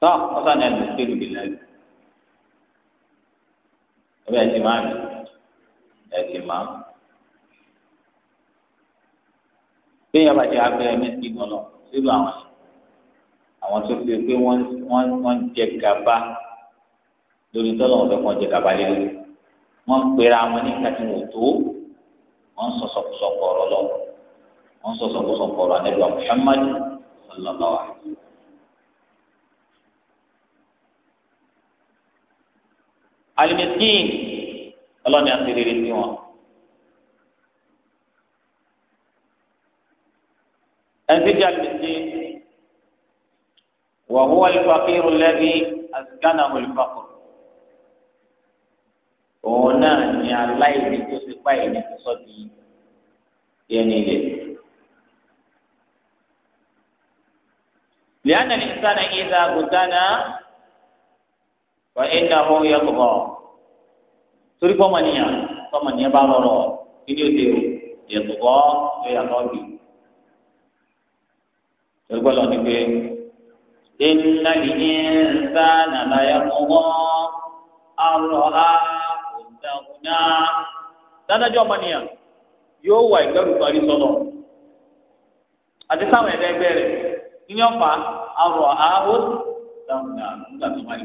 tọ́ ọ̀sán ni àlùmísíìnì bíi láì ẹbí ẹtì máa mi ẹtì máa bí yàrá ti abẹ́rẹ́ mẹ́tì gbọ́nà sílùú àwọn yìí àwọn tó fi pé wọ́n wọ́n jẹ gàba lórí tọ́lọ̀ wọn fẹ́ kọ́ jẹ gàba lé lórí wọ́n pera wọn ní kàtí wò tó wọ́n sọ̀sọ̀kọ̀sọ̀ kọ̀ọ̀rọ̀ lọ wọ́n sọ̀sọ̀kọ̀sọ̀ kọ̀ọ̀rọ̀ ànábì Muhammad sallallahu alaihi wasallam. alimiskin ọlọ́ni àtẹrẹrẹ sí wọn. ẹnití jẹ́ alimiskin wa huwa al-faqiru alladhi asganahu al-faqr. òun náà ní aláìní tó ti pa ìní tó sọ di ẹni ilé. لأن الإنسان إذا غتنى wà ẹnna hó ya kọkọ torí kọmọnìyàn kọmọnìyàn bá lọ́rọ̀ kíni ó dé o yẹ kọkọ yọ yà lọ bì torí kọlọ ni pé ẹnna nìyí nsá nàlá yẹ kọkọ àrò á kò dàgùnà dáadájọ ọmọnìyàn yóò wà ìgbẹrùgbọrí sọlọ àti sáwọn ẹ̀dá ẹgbẹ́ rẹ̀ ní ọ̀fà àrò àhó dàgùnà nígbà tó máa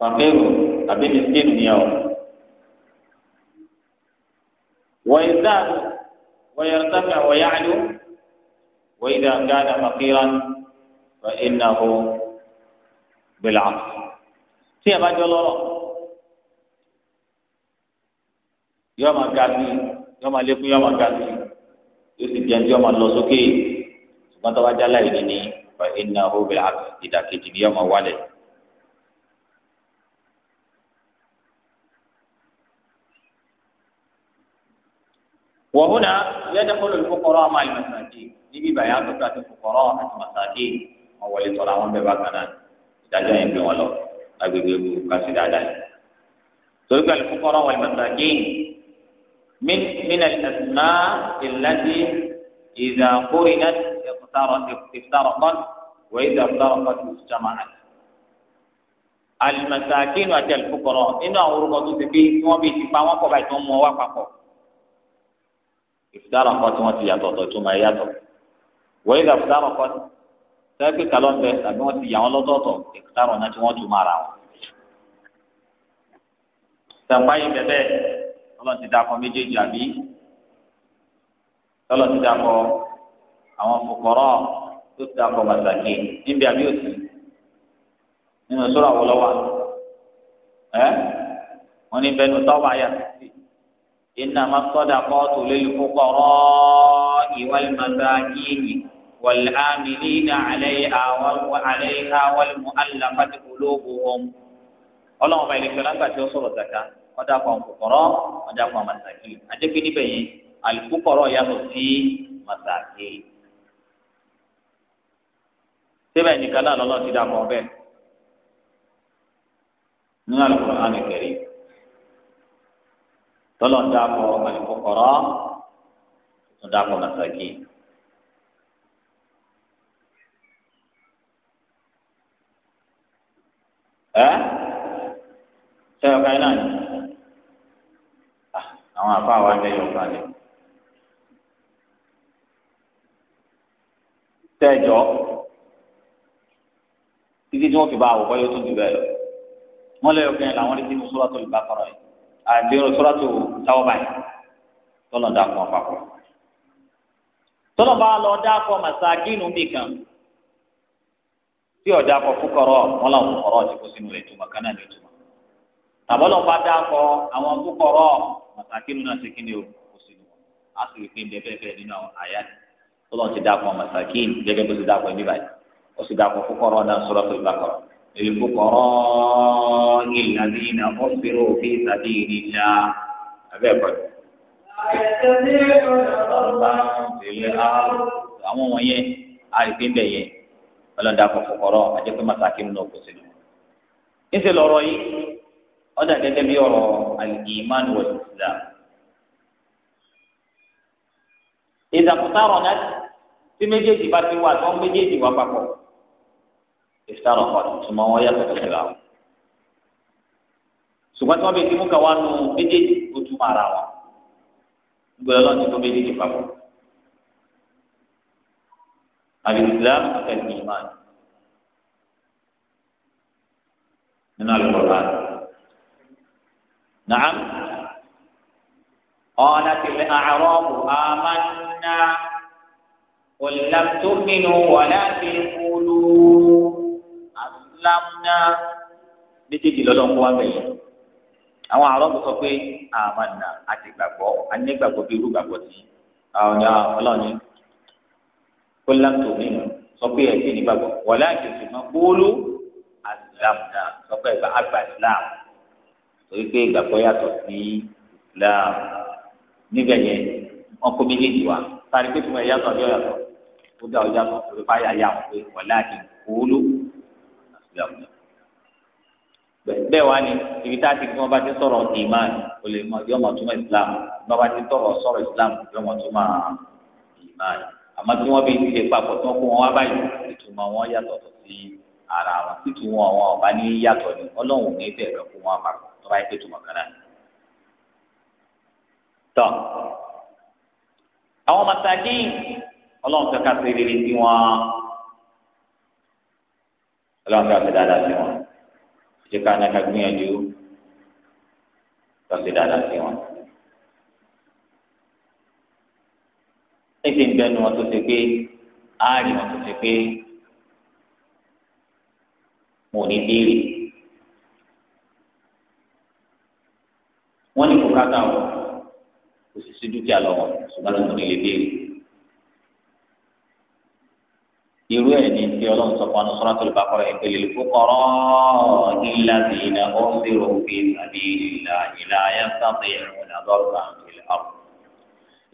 fàkẹ́rù àbí mìsíkìnì ni ọ. wọ́n ìdá wọ́n yẹn sáfà wọ́n yá àlú wọ́n ìdá gánà fàkìrán wọ́n ìnà hó bìlà. tí a bá jọ lọ́rọ̀ yọ máa ga sí yọ máa lékún yọ máa ga yóò sì jẹun tí yọ lọ sókè ṣùgbọ́n tó bá jálá ìdí ni wọ́n ìnà hó bìlà ìdàkejì ni yọ máa wálẹ̀. وهنا يدخل الفقراء مع المساكين níbi bàyà tó tó àti fòkòrò àti màsàkì wọn wọlé tọ́ra wọn bẹ́ẹ̀ bákan náà ìdájọ́ yẹn gbé wọn lọ agbègbè ewu kásì dáadáa yìí. torí pé alifokoro wọn màsàkì mina asma ìlàdí ìdá kórìíná ìfitarọ̀ kan wà ìdá ìfitarọ̀ kan tó sàmà á. alimasaki nu àti alifokoro nínú àwọn orúkọ tó ti gbé tí wọn bí ti pa wọn kọ báyìí tó ń mú ọ wá papọ̀ ìfúdàrà kọ́ tí wọ́n ti yàtọ̀ ọ̀tọ̀ tó máa yàtọ̀ wọ́n yìí ìfúdàrà kọ́ sẹ́ẹ̀kì kalọ́ ń bẹ tàbí wọ́n ti yà wọ́n lọ́tọ̀ọ̀tọ̀ ìfúdàrà náà tí wọ́n tún máa ra wọn. sàǹfààní bẹ́ẹ̀ tọ́lọ́ ti dakọ̀ méjèèjì àbí tọ́lọ́ ti dakọ̀ àwọn fòkọ̀rọ̀ tó ti dakọ̀ màsàkì níbi àbí òsì nínú sọ́rọ̀ àwòlọ́wà ẹ́ wọ́n ní bẹ́ẹ̀ ní إنما الصدقات للفقراء والمساكين والعاملين عليها وعليها والمؤلفة قلوبهم ọlọ́run ọba ìlẹ̀kẹ́ lágbà tí ó sọ̀rọ̀ zaka ọjà fún àkùkọ̀rọ̀ ọjà fún àmàsàkì àjẹpẹ́ níbẹ̀ yẹn àlùkùkọ̀rọ̀ yàtọ̀ sí màsàkì. síbẹ̀ nìkan náà lọ́lọ́ ti dàpọ̀ bẹ́ẹ̀ nínú àlùkùránì Kẹ́rímù tọ́lọ̀ ń dàpọ̀ àlùkòkòrọ́ ń dàpọ̀ màsàkì. ẹ sẹ́yọ̀ káyọ̀ náà ni àwọn àfa wa bẹ yọ̀ kalẹ̀. tẹ́jọ́ títí tí wọ́n fi bá àwòkọ́ yóò tún jù bẹ́ẹ̀ lọ. wọ́n lé ọkùnrin làwọn rí sínú sọ́wọ́tò ìbákọ́rọ̀ yìí. àti sọ́ràtò táwọn báyìí tọ́lọ̀ dákun àpapọ̀ tọ́lọ̀ bá lọ dákun màsàkínú bì kan tí ọ̀dà kọ fúkọ̀rọ̀ wọn làwọn fúkọ̀rọ̀ ti kó sínú rẹ̀ tuma kánà ní tuma bá àwọn màsàkínú náà ti kíni o sínú sì rí pé ń bẹ bẹ́ẹ̀ bẹ́ẹ̀ nínú àwọn àyà ti gẹ́gẹ́ bó ti báyìí ó sì náà sọ́ràtò ìbákọ̀rọ̀ الفقراء الذين أصبروا في سبيل الله أبي àwọn wọn yẹn àìsí bẹ yẹn ọlọ́dà kò fòkọrọ àti pé màsàkì ń lọ kó sínú. níṣẹ́ lọ́rọ̀ yìí ọ̀dà gẹ́gẹ́ bí ọ̀rọ̀ al-iman wal-islam. ìdàkùtà rọ̀ náà tí méjèèjì bá ti wà tó méjèèjì wà papọ̀ ìsàrọ̀ kan ìtumọ̀ wọn yàtọ̀ tó síra wọn. ṣùgbọ́n tí wọ́n bẹ ti mú kàwá nu méjèèjì ó tún máa ra wọn gbọ́dọ̀ náà ti tó méjèèjì papọ̀. àlìsílám àtẹ̀lẹ́ ìmáà nínú àlùkòrán. nàám ọ̀nà tìlẹ̀ àrọ́bù àmàna. قل لم تؤمنوا ولكن lámúná méjèèjì lọ́dọ̀ ń kó wá bẹ̀yẹ̀ àwọn àrọ́bù sọ pé àmàna àti gbàgbọ́ anígbàgbọ́ bí irú gbàgbọ́ ti àwọn ah, ọlọ́ọ̀ni kó láǹtò mí sọ pé ẹ̀sìn nígbàgbọ́ wọlé àjèjì mọ́ kóóló àtìlámùnà sọ pé ẹ̀gbà àgbà ìsìláàmù torí pé ìgbàgbọ́ yàtọ̀ sí ìsìláàmù níbẹ̀ yẹn wọ́n kó méjèèjì wá sáré pé fún ẹ̀ yàtọ̀ ọjọ́ yàtọ̀ ó dá ọjà mọ̀ torí báyà yà wọ́n pé wọlé àjèjì kóóló ìyàwó bẹ́ẹ̀ wá ní ibi tá a ti kí wọ́n bá ti sọ̀rọ̀ iman o lè mọ yọmọ tó mọ islam wọ́n bá ti tọrọ sọ̀rọ̀ islam yọmọ tó mọ iman àmọ́ tí wọ́n bí ti lè papọ̀ tí wọ́n kó wọn wá báyìí ìtumọ̀ wọn yàtọ̀ sí ara wọn títí wọn àwọn ọba ní yàtọ̀ ni ọlọ́run ní bẹ̀rẹ̀ kó wọn papọ̀ tó bá yẹ kó ìtumọ̀ kan náà. àwọn masakin ọlọ́run kankan ṣe rere sí wọn ọlọ́run ká ṣe dáadáa sí wọn ṣe ká ní ká gbìyànjú ká ṣe dáadáa sí wọn. ẹsẹ̀ ń bẹnu wọn tó ṣe pé áàrì wọn tó ṣe pé wọn ní béèrè. wọ́n ní kó ká dáwọ̀ kò sì sí dúkìá lọ́wọ́ ṣùgbọ́n lọ́wọ́ ní lè béèrè. irú ẹ̀ ní ti ọlọ́run sọ fún Suratul Baqarah ìpele ìfowópamọ́ ilá ti iná ó ń bèrò òfin tàbí ìlà ìlà ayé sáté ìrún àdọ́rùbá ìlà ọ̀rọ̀.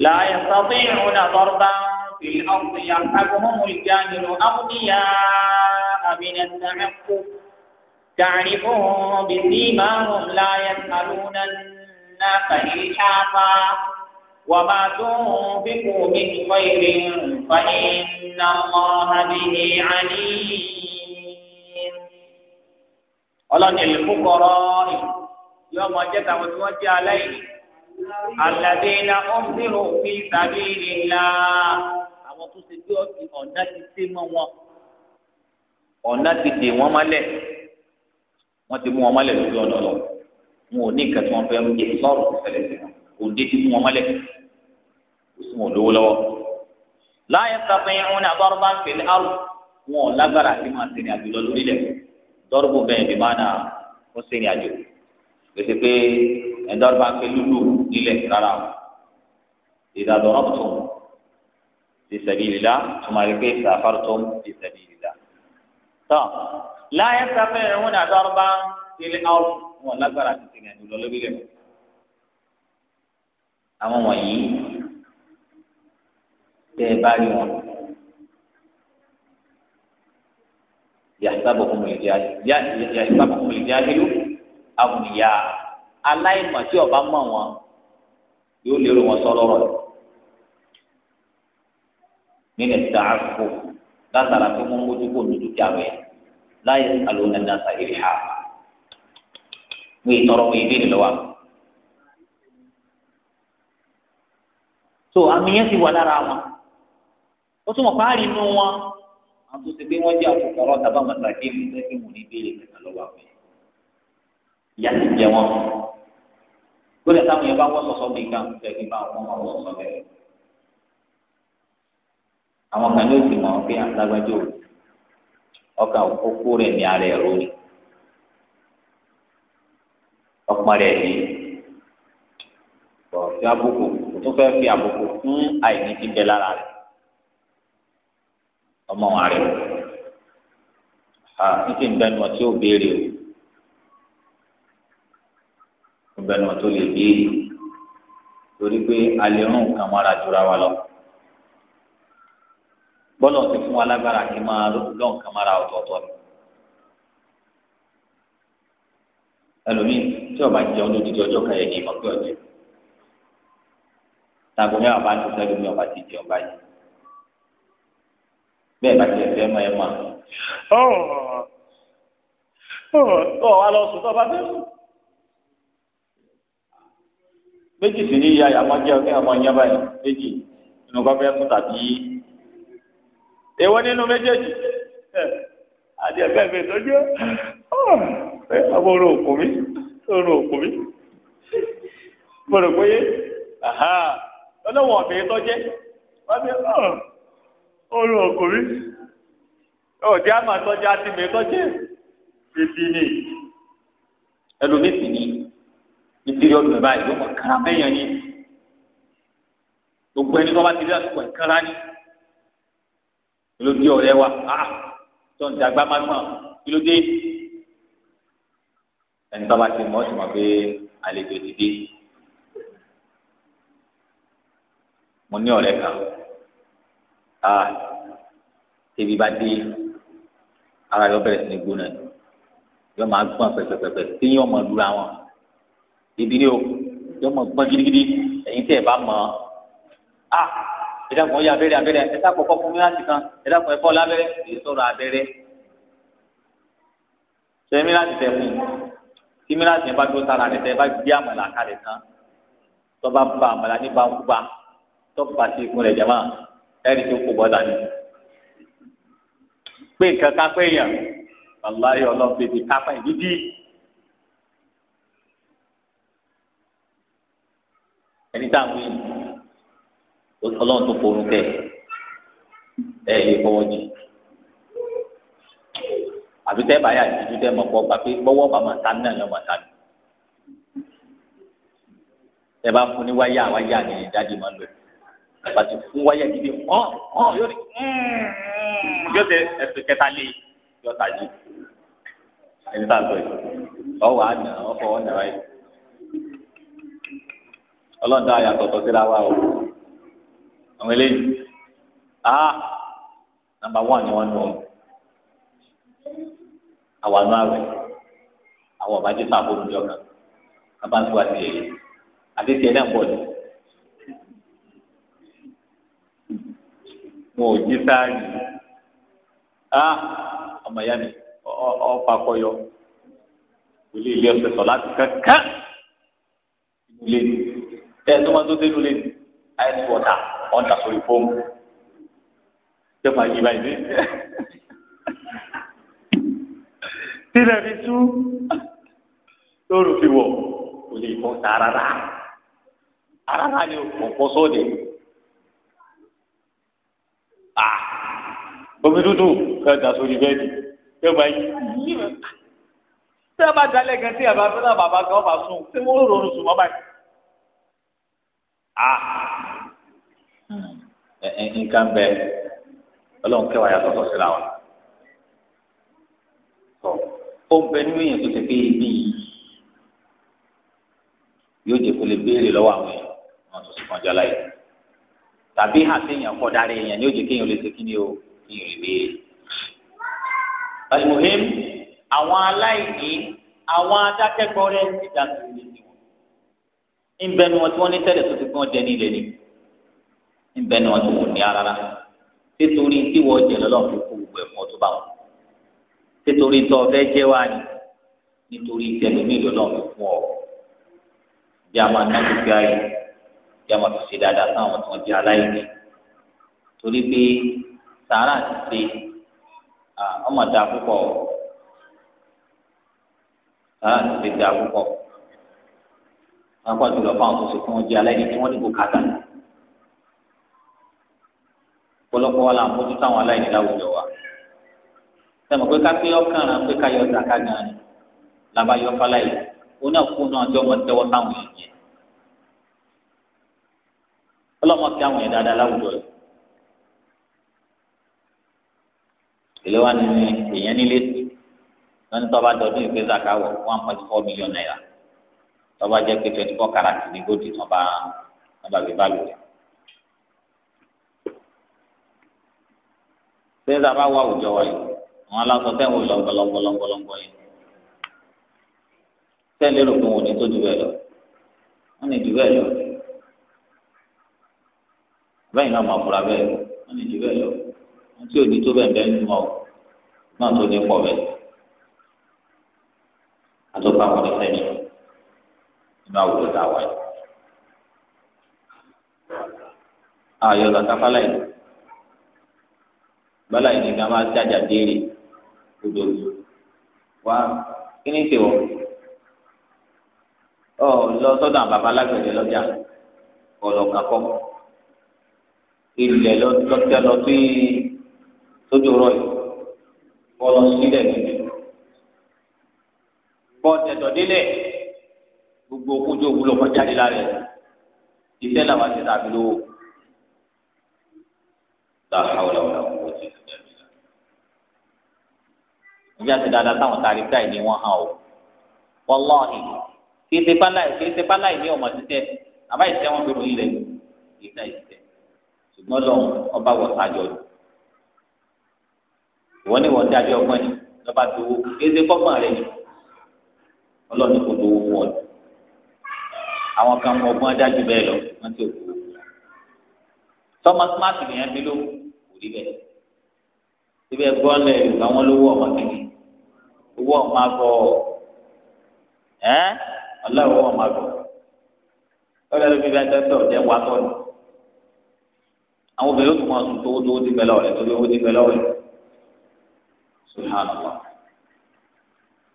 láyé sáté ìrún àdọ́rùbá ìlà ọ̀rọ̀ yàtàgùnmọ́ ìjánu àbúdíyà àbínà sàmẹ́kù تعرفهم بسيماهم لا naa الناس إلحافا وما تنفقوا من خير فإن الله به عليم ọlọ́ni ìlúkọ̀rọ̀ yóò mọ jẹ́ tàwọn tí wọ́n jẹ́ aláìní alladheena ọ̀húnbírò fi sabilillah àwọn tó ṣe bí ọ̀sìn ọ̀nà ti dé mọ́ wọn ọ̀nà ti dè wọ́n mọ́lẹ̀ wọ́n ti mú wọn mọ́lẹ̀ lójú ọ̀nà lọ wọn ò ní ìkàtí wọn fẹ́ mú ìsọ̀rọ̀ ìṣẹ̀lẹ̀ sí wọn òǹdè ti mú wọn mọ́lẹ̀ wọn ò lówó lọ́wọ́ láyé sàfihàn ìhun náà bọ́rọ̀ bá ń fèlè àrùn wọn ò lágbára àti máa ṣèrìn àjò lọ lórílẹ̀ dọ́rọ̀bù bẹ́ẹ̀ ni máa náà ó ṣèrìn àjò pèsè pé ẹ̀dọ́rọ̀ bá ń fẹ́ lúlù nílẹ̀ rárá o ìdádọ́rọ̀ tó fi pé sàfàrọ̀ tó fi sabilillah. láyé sàfihàn ìhun náà dọ́rọ̀ ń fèlè àrùn wọn ò lágbára àti ṣèrìn àjò lọ lórílẹ̀ àwọn wọ̀nyí tẹ ẹ bá rí wọn yàtọ̀ bọ̀ kùmùlì jáhìlú àwùyá aláìmọ̀ tí ọba mọ̀ wọn yóò lérò wọn sọlọ́rọ̀ nínú ìta àfọ látara tó mú mójú kó nu dúkìá rẹ láyé alóńdàdà sàyèrè ha wọ́n yìí tọrọ wọ́n yìí béèrè lọ́wọ́ so àmì yẹn ti wà lára wọn ó tún mọ̀ páàrí inú wọn àwọn tó ti gbé wọn jẹ àkókò ọ̀rọ̀ tàbá màtàkì ìlú lẹ́gbẹ̀ẹ́ wọn ní ìbéèrè kẹta lọ́wọ́ àpẹ ìyá ti jẹ wọn gbọ́dọ̀ táwọn yẹn bá wọ sọsọ bí nǹkan fẹẹ máa wọn máa wọ sọsọ bẹ́ẹ̀ àwọn kan yóò ti mọ̀ pé àtàgbàjọ ọkàn òkú rẹ ní ara ẹ ni ọpọn rẹ ní ọfẹ àbùkù tó fẹẹ fi àbùkù fún àìní ti bẹ lára rẹ. ọmọ wa rẹ ha títí ń bẹnu ọtí ó béèrè o ń ọtí ó lè béèrè torí pé alẹ́ rún nǹkan mọ́ra jura wa lọ bọ́lọ̀ ti fún wa lágbára kí máa lọ nǹkan mọ́ra ọ̀tọ̀ọ̀tọ̀ ni ẹlòmíì tí ọba jẹun lójijì ọjọ kan yẹ kí ọba ti bẹ́ẹ̀ bá tiẹ̀ fẹ́ mọ̀ ẹ mọ̀. ọ̀ oh. oh. wá lọ sùn tó bá fẹ́ sùn. méjì sì ní ìyá àmọ́ jẹ́ ọ̀kẹ́ àmọ́ ìyá báyìí méjì nínú kọ́ fẹ́ sùn tàbí. èwo nínú méjèèjì àti ẹ̀fẹ́ mi tó jẹ́ ọmọ orò òkú mi orò òkú mi mo rò pé ọlọ́wọ̀n ọ̀bẹ tó jẹ́ wọ́n fi oh orí ọkùnrin ọ̀dẹ́ àmà tọ́já ti mẹ́ tọ́jẹ́ ni ẹlòmíì sì ni nítorí ọdún ẹ̀ báyìí lọ́mọ kára mẹ́yàn ni gbogbo ẹni tó bá ti rí àsìkò ẹ̀ ni lóde ọ̀rẹ́ wa ah tó ń dàgbà máa gbọ́n kí ló dé ẹni tó bá ti mọ̀ ọ́ sì mọ̀ pé àlejò ti dé mo ní ọ̀rẹ́ kan ah tèbi bá dé ara yọ bẹ̀rẹ̀ sí ní gbóná yọ máa gbọ́n pẹ̀pẹ̀pẹ̀ tí yọ máa lura wọn ibi ni o yọ máa gbọ́n gidigidi ẹ̀yin tẹ́ ẹ bá mọ̀ ah ẹ̀dá kan yọ abẹ́rẹ́ abẹ́rẹ́ ẹ̀dá kan kọ́ fún mi láti kan ẹ̀dá kan ẹ̀fọ́ lábẹ́rẹ́ èyí sọ̀rọ̀ abẹ́rẹ́ sẹ́mi láti tẹ̀ fún tí mi láti yẹn bá dúró sára rẹ̀ tẹ́ ẹ bá gbé àmàlà kalẹ̀ tán tọ́ bá àmàlà ní bá ń gbà tọ́ bá ti ikùn rẹ̀ jẹ́ máa. ẹni tó kó bọ́dà ni. pé nǹkan kápẹ́ èèyàn aláyọ̀ ọlọ́run ìdídí. ẹni tá à ń wí ọlọ́run tó forún kẹ́ ẹ lè fọwọ́ jì. àbí tẹ́ báyà ìdíjú ta náà ta ni. ẹ bá fún ní wáyà wáyà ni ẹgbà ti fún wáyà gidi hàn hàn yóò ní hmm, yóò ṣe ẹsùn kẹta lé yóò ta jù ẹni tá a sọ yìí ọwọ́ àná ọkọ ọnà rẹ ọlọ́dún àyàtọ̀tọ̀ síra wa o àwọn eléyìí a nàmbà wà ni wọn nù ọ àwọn àánú àwẹ àwọn ọba jẹ fún àbójútó kan abáńtí ti yẹ àti tiẹ̀ náà bọ̀ ni. wọn ò jí sáájú á ọmọ ìyá mi ọ̀pá kọyọ ilé ilé ọ̀sẹ̀ sọ̀ láti kankan ilé ẹ̀ tó máa tó dénú lé ice water ọ̀dà sórí fóòmù jọba yìí báyìí dé tílẹ̀ fi tú lóru fi wọ̀ kò lè fọ́ sára rárá rárá ni òpó sóde. omi dúdú kẹta sórí bẹ́ẹ̀dì tí ó bá yí. tí a bá dalẹ̀ gan tí àbá fẹ́ràn bàbá gan ọba sùn tí wọ́n rò sùn mọ́ báyìí. a ah. nǹkan bẹ ọlọ́run kẹwàá yàtọ̀ sọ síra wa. ó ń bẹ nínú èèyàn tó ti pé ibi yìí yóò jẹ́ kó lè béèrè lọ́wọ́ àwọn èèyàn wọn tó sì kàn jálá yìí tàbí àti èèyàn kọ́ dára èèyàn yóò jẹ́ kéèyàn lè ṣe kí ni o ìrìn ìbéèrè. alimohim àwọn aláìní àwọn adákẹ́kọ̀ọ́ rẹ̀ ti dà sí ilé tiwọn. ńbẹ ni wọn tí wọn ní tẹ́lẹ̀ tó ti gbọ́n jẹ ní ilé ni ńbẹ ni wọn tí wọn ò ní ara rárá títorí tí wọ́n jẹ lọ́lọ́ fi kú gbogbo ẹ̀fọ́ tó bá wọn títorí tó ọbẹ̀ jẹ́ wá ni nítorí tẹlifí lọ́lọ́ fún ọ bí a máa dájú bí ayé bí a máa fi ṣe dáadáa sáwọn tí wọ́n jẹ́ aláìní torí pé sàárà ti ṣe ọmọ da púpọ̀ sàárà ti ṣe da púpọ̀ wọn kọ́ jùlọ fáwọn tó ṣe fún wọn jẹ alẹ́ ní tí wọ́n ní bùkátà ọ̀pọ̀lọpọ̀ wa là ń bójú táwọn aláìní láwùjọ wa sẹ́mi pé ká pé ọkàn rán pé ká yọ zaka gan ni làbá yọ fáláyé oní àkókò náà jọ wọn tẹ́wọ́ táwọn èèyàn ọlọ́mọ kí àwọn yẹn dáadáa láwùjọ yìí. èlé wa ni èèyàn nílé wọn ní tọ́ba dọdún ìpè zaka wọ one point four million naira tọ́ba jẹ́ pé twenty four karat ní góòdì tọ́ba tọ́ba fi bá lò rẹ̀. sẹ́ńsà bá wà àwùjọ wọ̀nyí àwọn aláṣọ tẹ̀ ń wò lọ́gbọ̀lọ́gbọ̀lọ́gbọ̀ yìí tẹ́lẹ̀ rò pé wọn ò ní tó ju bẹ́ẹ̀ lọ wọn ní ju bẹ́ẹ̀ lọ bẹ́ẹ̀ ni wọn máa fura bẹ́ẹ̀ wọn ní ju bẹ́ẹ̀ lọ tí ò ní tó bẹ́ẹ̀ bẹ́ẹ̀ ní mọ́ ọ náà tó ní pọ̀ bẹ́ẹ̀ àtọ́pá wọn ní sẹ́yìn nínú àwùjọ tá a wà yìí. ayọ̀ làkàfàlà yìí bala yìí nìkan máa jájà déèrè lójoojúmọ́ wá kí ni ìṣèwọ́ ọ lọ sọ́dọ̀ àwọn babalágbèdè lọ́jà ọ̀lọ́kàkọ́ ilẹ̀ lọ́tẹ́ lọ́tẹ́ lójú rọ yìí bọ́ọ̀lù sílẹ̀ níbi bọ́ọ̀lù tẹ̀tọ̀ délẹ̀ gbogbo kójú òwúlò kan jáde lára ẹ̀ iṣẹ́ làwọn ti tàbí lówó láàárọ̀ làwọn làwọn kò tí ì tẹ̀lé la. ìjà ti dáadáa táwọn tari káì ní wọ́n hàn o wọ́lọ́ọ̀hì kì í ṣe páláì kì í ṣe páláì ní ọmọ títẹ́ àbá ìṣẹ́ wọn fi ròyìn rẹ̀ kì í ṣùgbọ́n lọ́wọ́ ọba wọ̀ sájọ́ yìí ìwọ ni ìwọ dábí ọgbọ́n ni lọ́ba tó wó kéde kọ́gbọ́n rẹ ni ọlọ́ọ̀ni kò tó wó wọ́ọ̀lù àwọn kan mọ ọgbọ́n dájú bẹ́ẹ̀ lọ wọ́n ti òkú tọ́mọ smarti nìyẹn bí ló kò rí bẹ́ẹ̀ síbẹ̀ gbọ́nlẹ̀ yorùbá wọn lówó ọmọ kìíní owó ọmọ abọ ẹ́ ọlọ́wọ́ ọmọ abọ ọlọ́wọ́ bíbí ẹ tẹ́tọ̀ jẹ́ wàá tọ́nu àwọn obìnrin ó tún mọ̀ ọ́ sùn tó owó tó ó ti bẹ̀ lọ́wọ́ rẹ̀ torí owó ti bẹ̀ lọ́wọ́ rẹ̀ subhanallah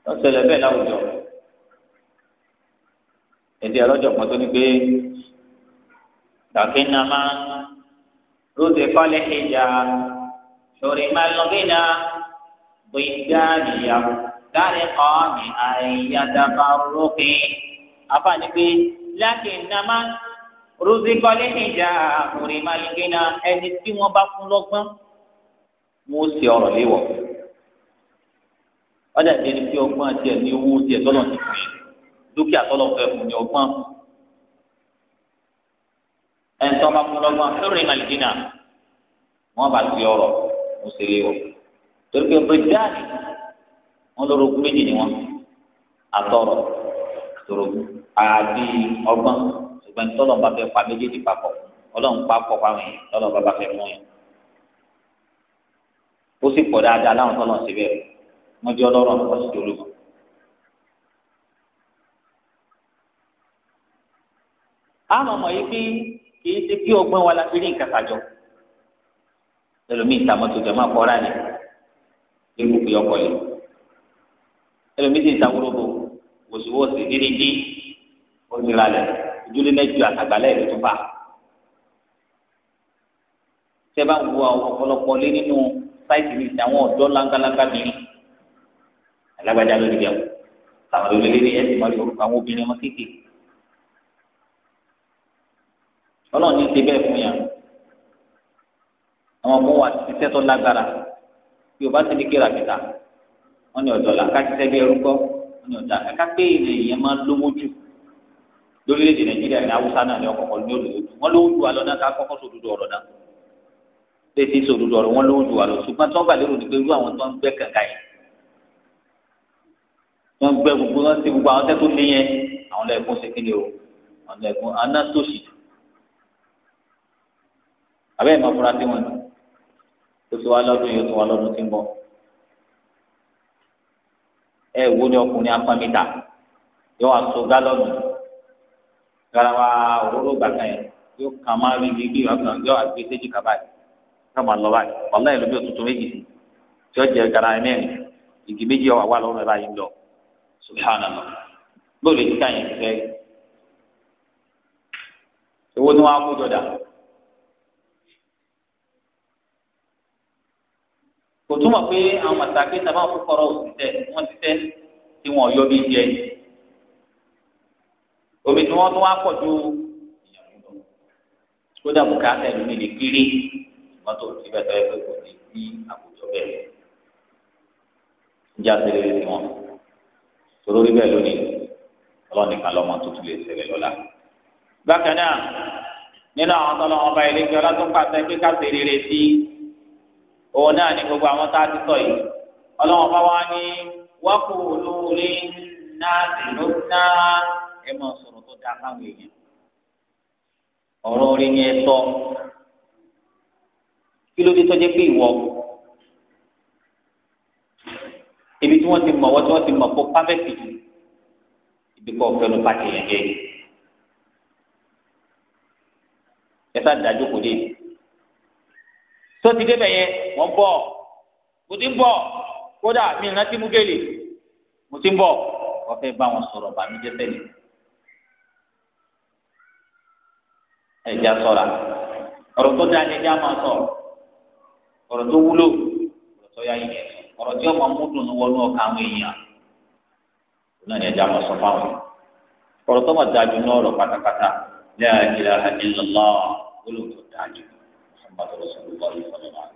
lọ́sẹ̀lẹ̀ bẹ́ẹ̀ láwùjọ èdè ọlọ́jọ̀ kan tó ní pé kàkínàmá lóde kọ́lé ìjà sórí malọ́gínà gbẹ̀dánìyà dárí kọ́ ní àyàdàbàrókè àfààní pé lákínàmá lóde kọ́lé ìjà sórí malọ́gínà ẹni tí wọ́n bá fún lọ́gbọ́n mo sì ọ̀rọ̀ léwọ̀ ọdẹ tí ẹni tí ọgbọ́n àti ẹni owó tiẹ̀ tọlọ ti fún yẹn dúkìá tọlọ fẹ́ fún yẹn ọgbọ́n ẹnitọ́ bá fún lọ́gbọ́n fẹ́rẹ̀ màlìkínà wọn bá ti ọ̀rọ̀ mo sì lè wọ torí pé bẹjáàdì wọn lọ rogún méjì ni wọn àtọrọ àtọrọgún àbí ọgbọ́n ṣùgbọ́n tọlọ bá fẹ́ pa méjèèjì papọ̀ Ọlọ́run pa pọ pàmì yẹn ó wọn jẹ ọlọ́rọ̀ wọn sì dolóko. àmọ́ mọ̀ yìí pé kì í ṣe kí ọgbọ́n wa la fi rí nǹkan kàjọ ẹlòmíì ta mọ́tò jẹ máa kọ́ra ni ewu fi ọkọ̀ yìí ẹlòmíì ti ta wúrobo wòsíwòsí dídí ó ti ra lẹ̀ ojúlé mẹ́jọ àtàgbálẹ̀ ìlú tó bá tẹ́ bá wo àwọn ọ̀pọ̀lọpọ̀ lé nínú sáìtì ní ìsìn àwọn ọ̀dọ́ langalanga mìíràn alágbájá ló dìgbà àwọn ló lélẹ ẹ sì máa rí orúkọ àwọn obìnrin ọmọ kéékèèké Ọlọ́run ní ti bẹ́ẹ̀ fún yàn àwọn ọmọ wa ti sẹtọ lágbára bí o bá ti ní kéra kíta wọn ní ọdọ la ká ti sẹbi ẹrúkọ wọn ní ọdọ àká pé ilẹ̀ yẹn máa lówó jù lórílẹ̀-èdè Nàìjíríà ní Haúsá náà ní ọkọọkọ ní olùdó wọn lówó jù alọ náà ká kọ́kọ́ sòdodo ọ̀rọ̀ náà lè ti sòdodo ọ̀rọ̀ wọn lówó jù alọ ṣùgbọ́n tí wọn bá lérò ní pé irú àwọn tó ń gbẹ́ kànga yìí wọn gbẹ gbogbo wọn ti gbogbo àwọn tẹkùn ní yẹn àwọn lẹkùn ṣe kíni o àwọn lẹkùn aná tòṣì abẹ́ẹ̀ máa fura sí wọn tó ti wá lọ́dún yìí ó ti wá lọ́dún tí ń bọ̀ ẹ wo ni ọkùnrin apamita yóò wá so gálọ́nù garawa òróró gbàgbà yẹn yóò kàn máa rí ibi yóò kàn yóò àgbé séjì kaba yìí yóò máa lọ báyìí wàláyé lóbi òtútù méjì sí tí ó jẹ garawa mẹ́rin igi méjì ọ̀wà wà lọ́rùn ẹ̀ báyìí lọ. subhanallah bóòlù ìdíkà yẹn ti fẹ́ owó ni wọ́n á kó kò túmọ̀ pé àwọn màtàkì tàbá kọ́kọ́rọ́ òsì tẹ wọ́n ti tẹ́ tí wọn yọ bí jẹ omi tí wọ́n tún wá pọ̀ ju kódà bùkátà ẹ̀mí lè kéré mọ́tò tí bẹ́ẹ̀ tọ́ kò ní sí àkójọ bẹ́ẹ̀ sọ̀rọ̀ rí bẹ́ẹ̀ lónìí ọlọ́run nìkan lọ́mọ tuntun lè ṣẹlẹ̀ lọ́la. bákan náà nínú àwọn tọ́lọ́ ọba ìlẹ́jọ́ ọlọ́tún pàṣẹ pé ká ṣe rere sí òun náà ní gbogbo àwọn tá a ti sọ yìí ọlọ́run bá wá ní wákò olóore náà sì ló ná ẹ sọ̀rọ̀ tó dáa fáwọn èèyàn ọ̀rọ̀ orin yẹn sọ kí ló dé tọ́jú pé ìwọ ibi tí wọ́n ti mọ̀ wọ́n tí wọ́n ti mọ̀ kó pámẹ́tì jù ibi kọ́ fẹnu pàtì yẹn jẹ́ ẹ sá dájú kò dé tó ti débẹ̀ yẹn wọ́n bọ̀ mo ti ń bọ̀ kódà mi ìrántí mú gèlè mo ti ń bọ̀ wọ́n fẹ́ bá wọn sọ̀rọ̀ bàmíjẹ́ fẹ́lẹ̀ ẹ̀já sọ̀ra ọ̀rọ̀ tó dáa ni ẹ̀já máa sọ ọ̀rọ̀ tó wúlò ọ̀rọ̀ tó yá yìí ẹ̀ sọ ọ̀rọ̀ tí ọmọ múdùn wọnú ọkà àwọn èèyàn náà ni ẹja mọ̀ sọ fáwọn ọ̀rọ̀ tó máa dájú ní ọ̀rọ̀ pátápátá la ilaha illallah olóòtú dájú sọ́mbàtò lọ́sọ̀rọ̀ lọ́wọ́ ìfọ̀nà náà.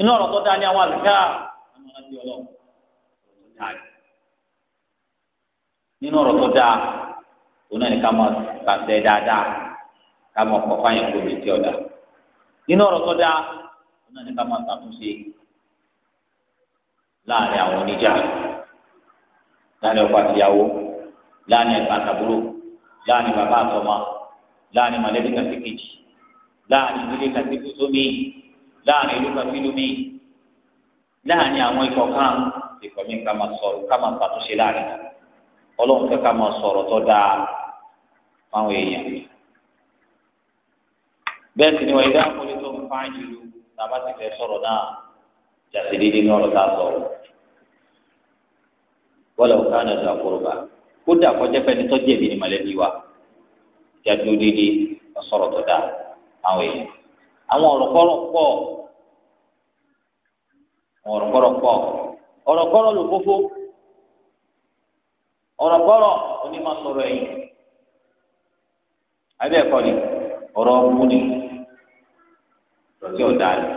inú ọ̀rọ̀ tó dáa ní àwọn àlùkà àwọn ọ̀rọ̀ tó dáa nínú ọ̀rọ̀ tó dáa òun náà ni ká máa pàṣẹ dáadáa ká máa pọ̀ fáyẹn kó lè tí ọ̀dà nínú ọ̀rọ̀ tó dáa náà ní ká máa ṣàtúnṣe láàrin àwọn oníjà láàrin ọkọ àtìyàwó láàrin ẹ̀ka àtàbúrò láàrin bàbá àtọmọ láàrin mọ̀lẹ́bí kàtí kejì láàrin ìdílé kàtí kùsómi láàrin ìlú kàtí lómi láàrin àwọn ikọ̀ kan ìkọ̀mí ká máa sọ̀rọ̀ ká máa ṣàtúnṣe láàrin ọlọ́run fẹ́ ká máa sọ̀rọ̀ tó dáa fáwọn èèyàn bẹ́ẹ̀ sì ni wọ́n ìdá àkọlé tó ń fa ìlú tàbá ti fẹ́ sọrọ náà jàdé dídí ní sọrọ tá a sọ wọlé òkú àná ìdá kórópa kódà kọjá pé ní tọ́jú ẹ̀mí ni mọ̀lẹ́bí wa jàdé dídí ọ̀sọ̀rọ̀ tó dáa àwọn èèyàn àwọn ló fófó abẹ́ ẹ̀kọ́ ni tí ọ̀dà rẹ̀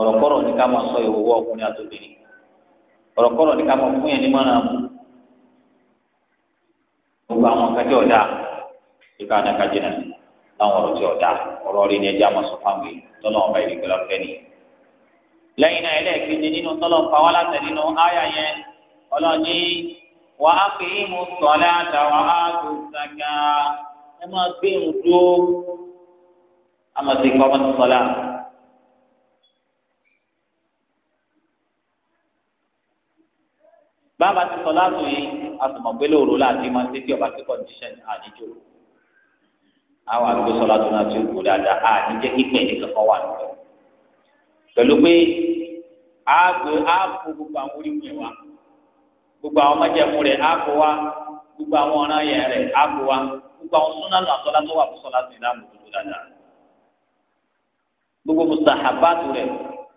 ọ̀rọ̀kọ̀rọ̀ ní ká máa sọ ìwòwò ọkùnrin àtòbìnrin ọ̀rọ̀kọ̀rọ̀ ní ká máa fún yẹn ní mọ́ra gbogbo àwọn kájọ ọ̀dà ìka àdàkà jìnnà láwọn ọ̀rọ̀ tí ọ̀dà ọ̀rọ̀ rí ni ẹja máa sọ fáwọn èèyàn tọ́lọ́ ọba ìdígbẹ́lá fẹ́ nìyẹn lẹ́yìn náà ẹlẹ́ẹ̀kejì nínú tọ́lọ́n pa wá láti nínú àyà yẹn ọlọ́ọ̀ni wà á fi ìmú sọ̀lá àtàwà á sàgà ẹ máa gbé ìmú dúró àmọ̀tí kọ́mọ́tì sọ̀lá bàbá ti sọ láàtò yìí àtùmọ̀gbélé òru láti máa ṣe tí ọba ti kọ́ndíṣẹ́n àdíjò àwọn àgbẹ̀ sọ láàtò náà ti wò dáadáa àdíjẹ́ kíkẹ́ nìkan kan wà níbẹ̀ pẹ̀lú pé àgbò àpò gbogbo àwọn oríwì wa gbogbo àwọn májẹ̀mú rẹ̀ àpò wa gbogbo àwọn ọ̀ràn yẹn rẹ̀ àpò wa gbogbo àwọn súnà àtọ́lá tó wà fún sọ láti ní àmójútó dáadáa gbogbo mustahabatu rẹ̀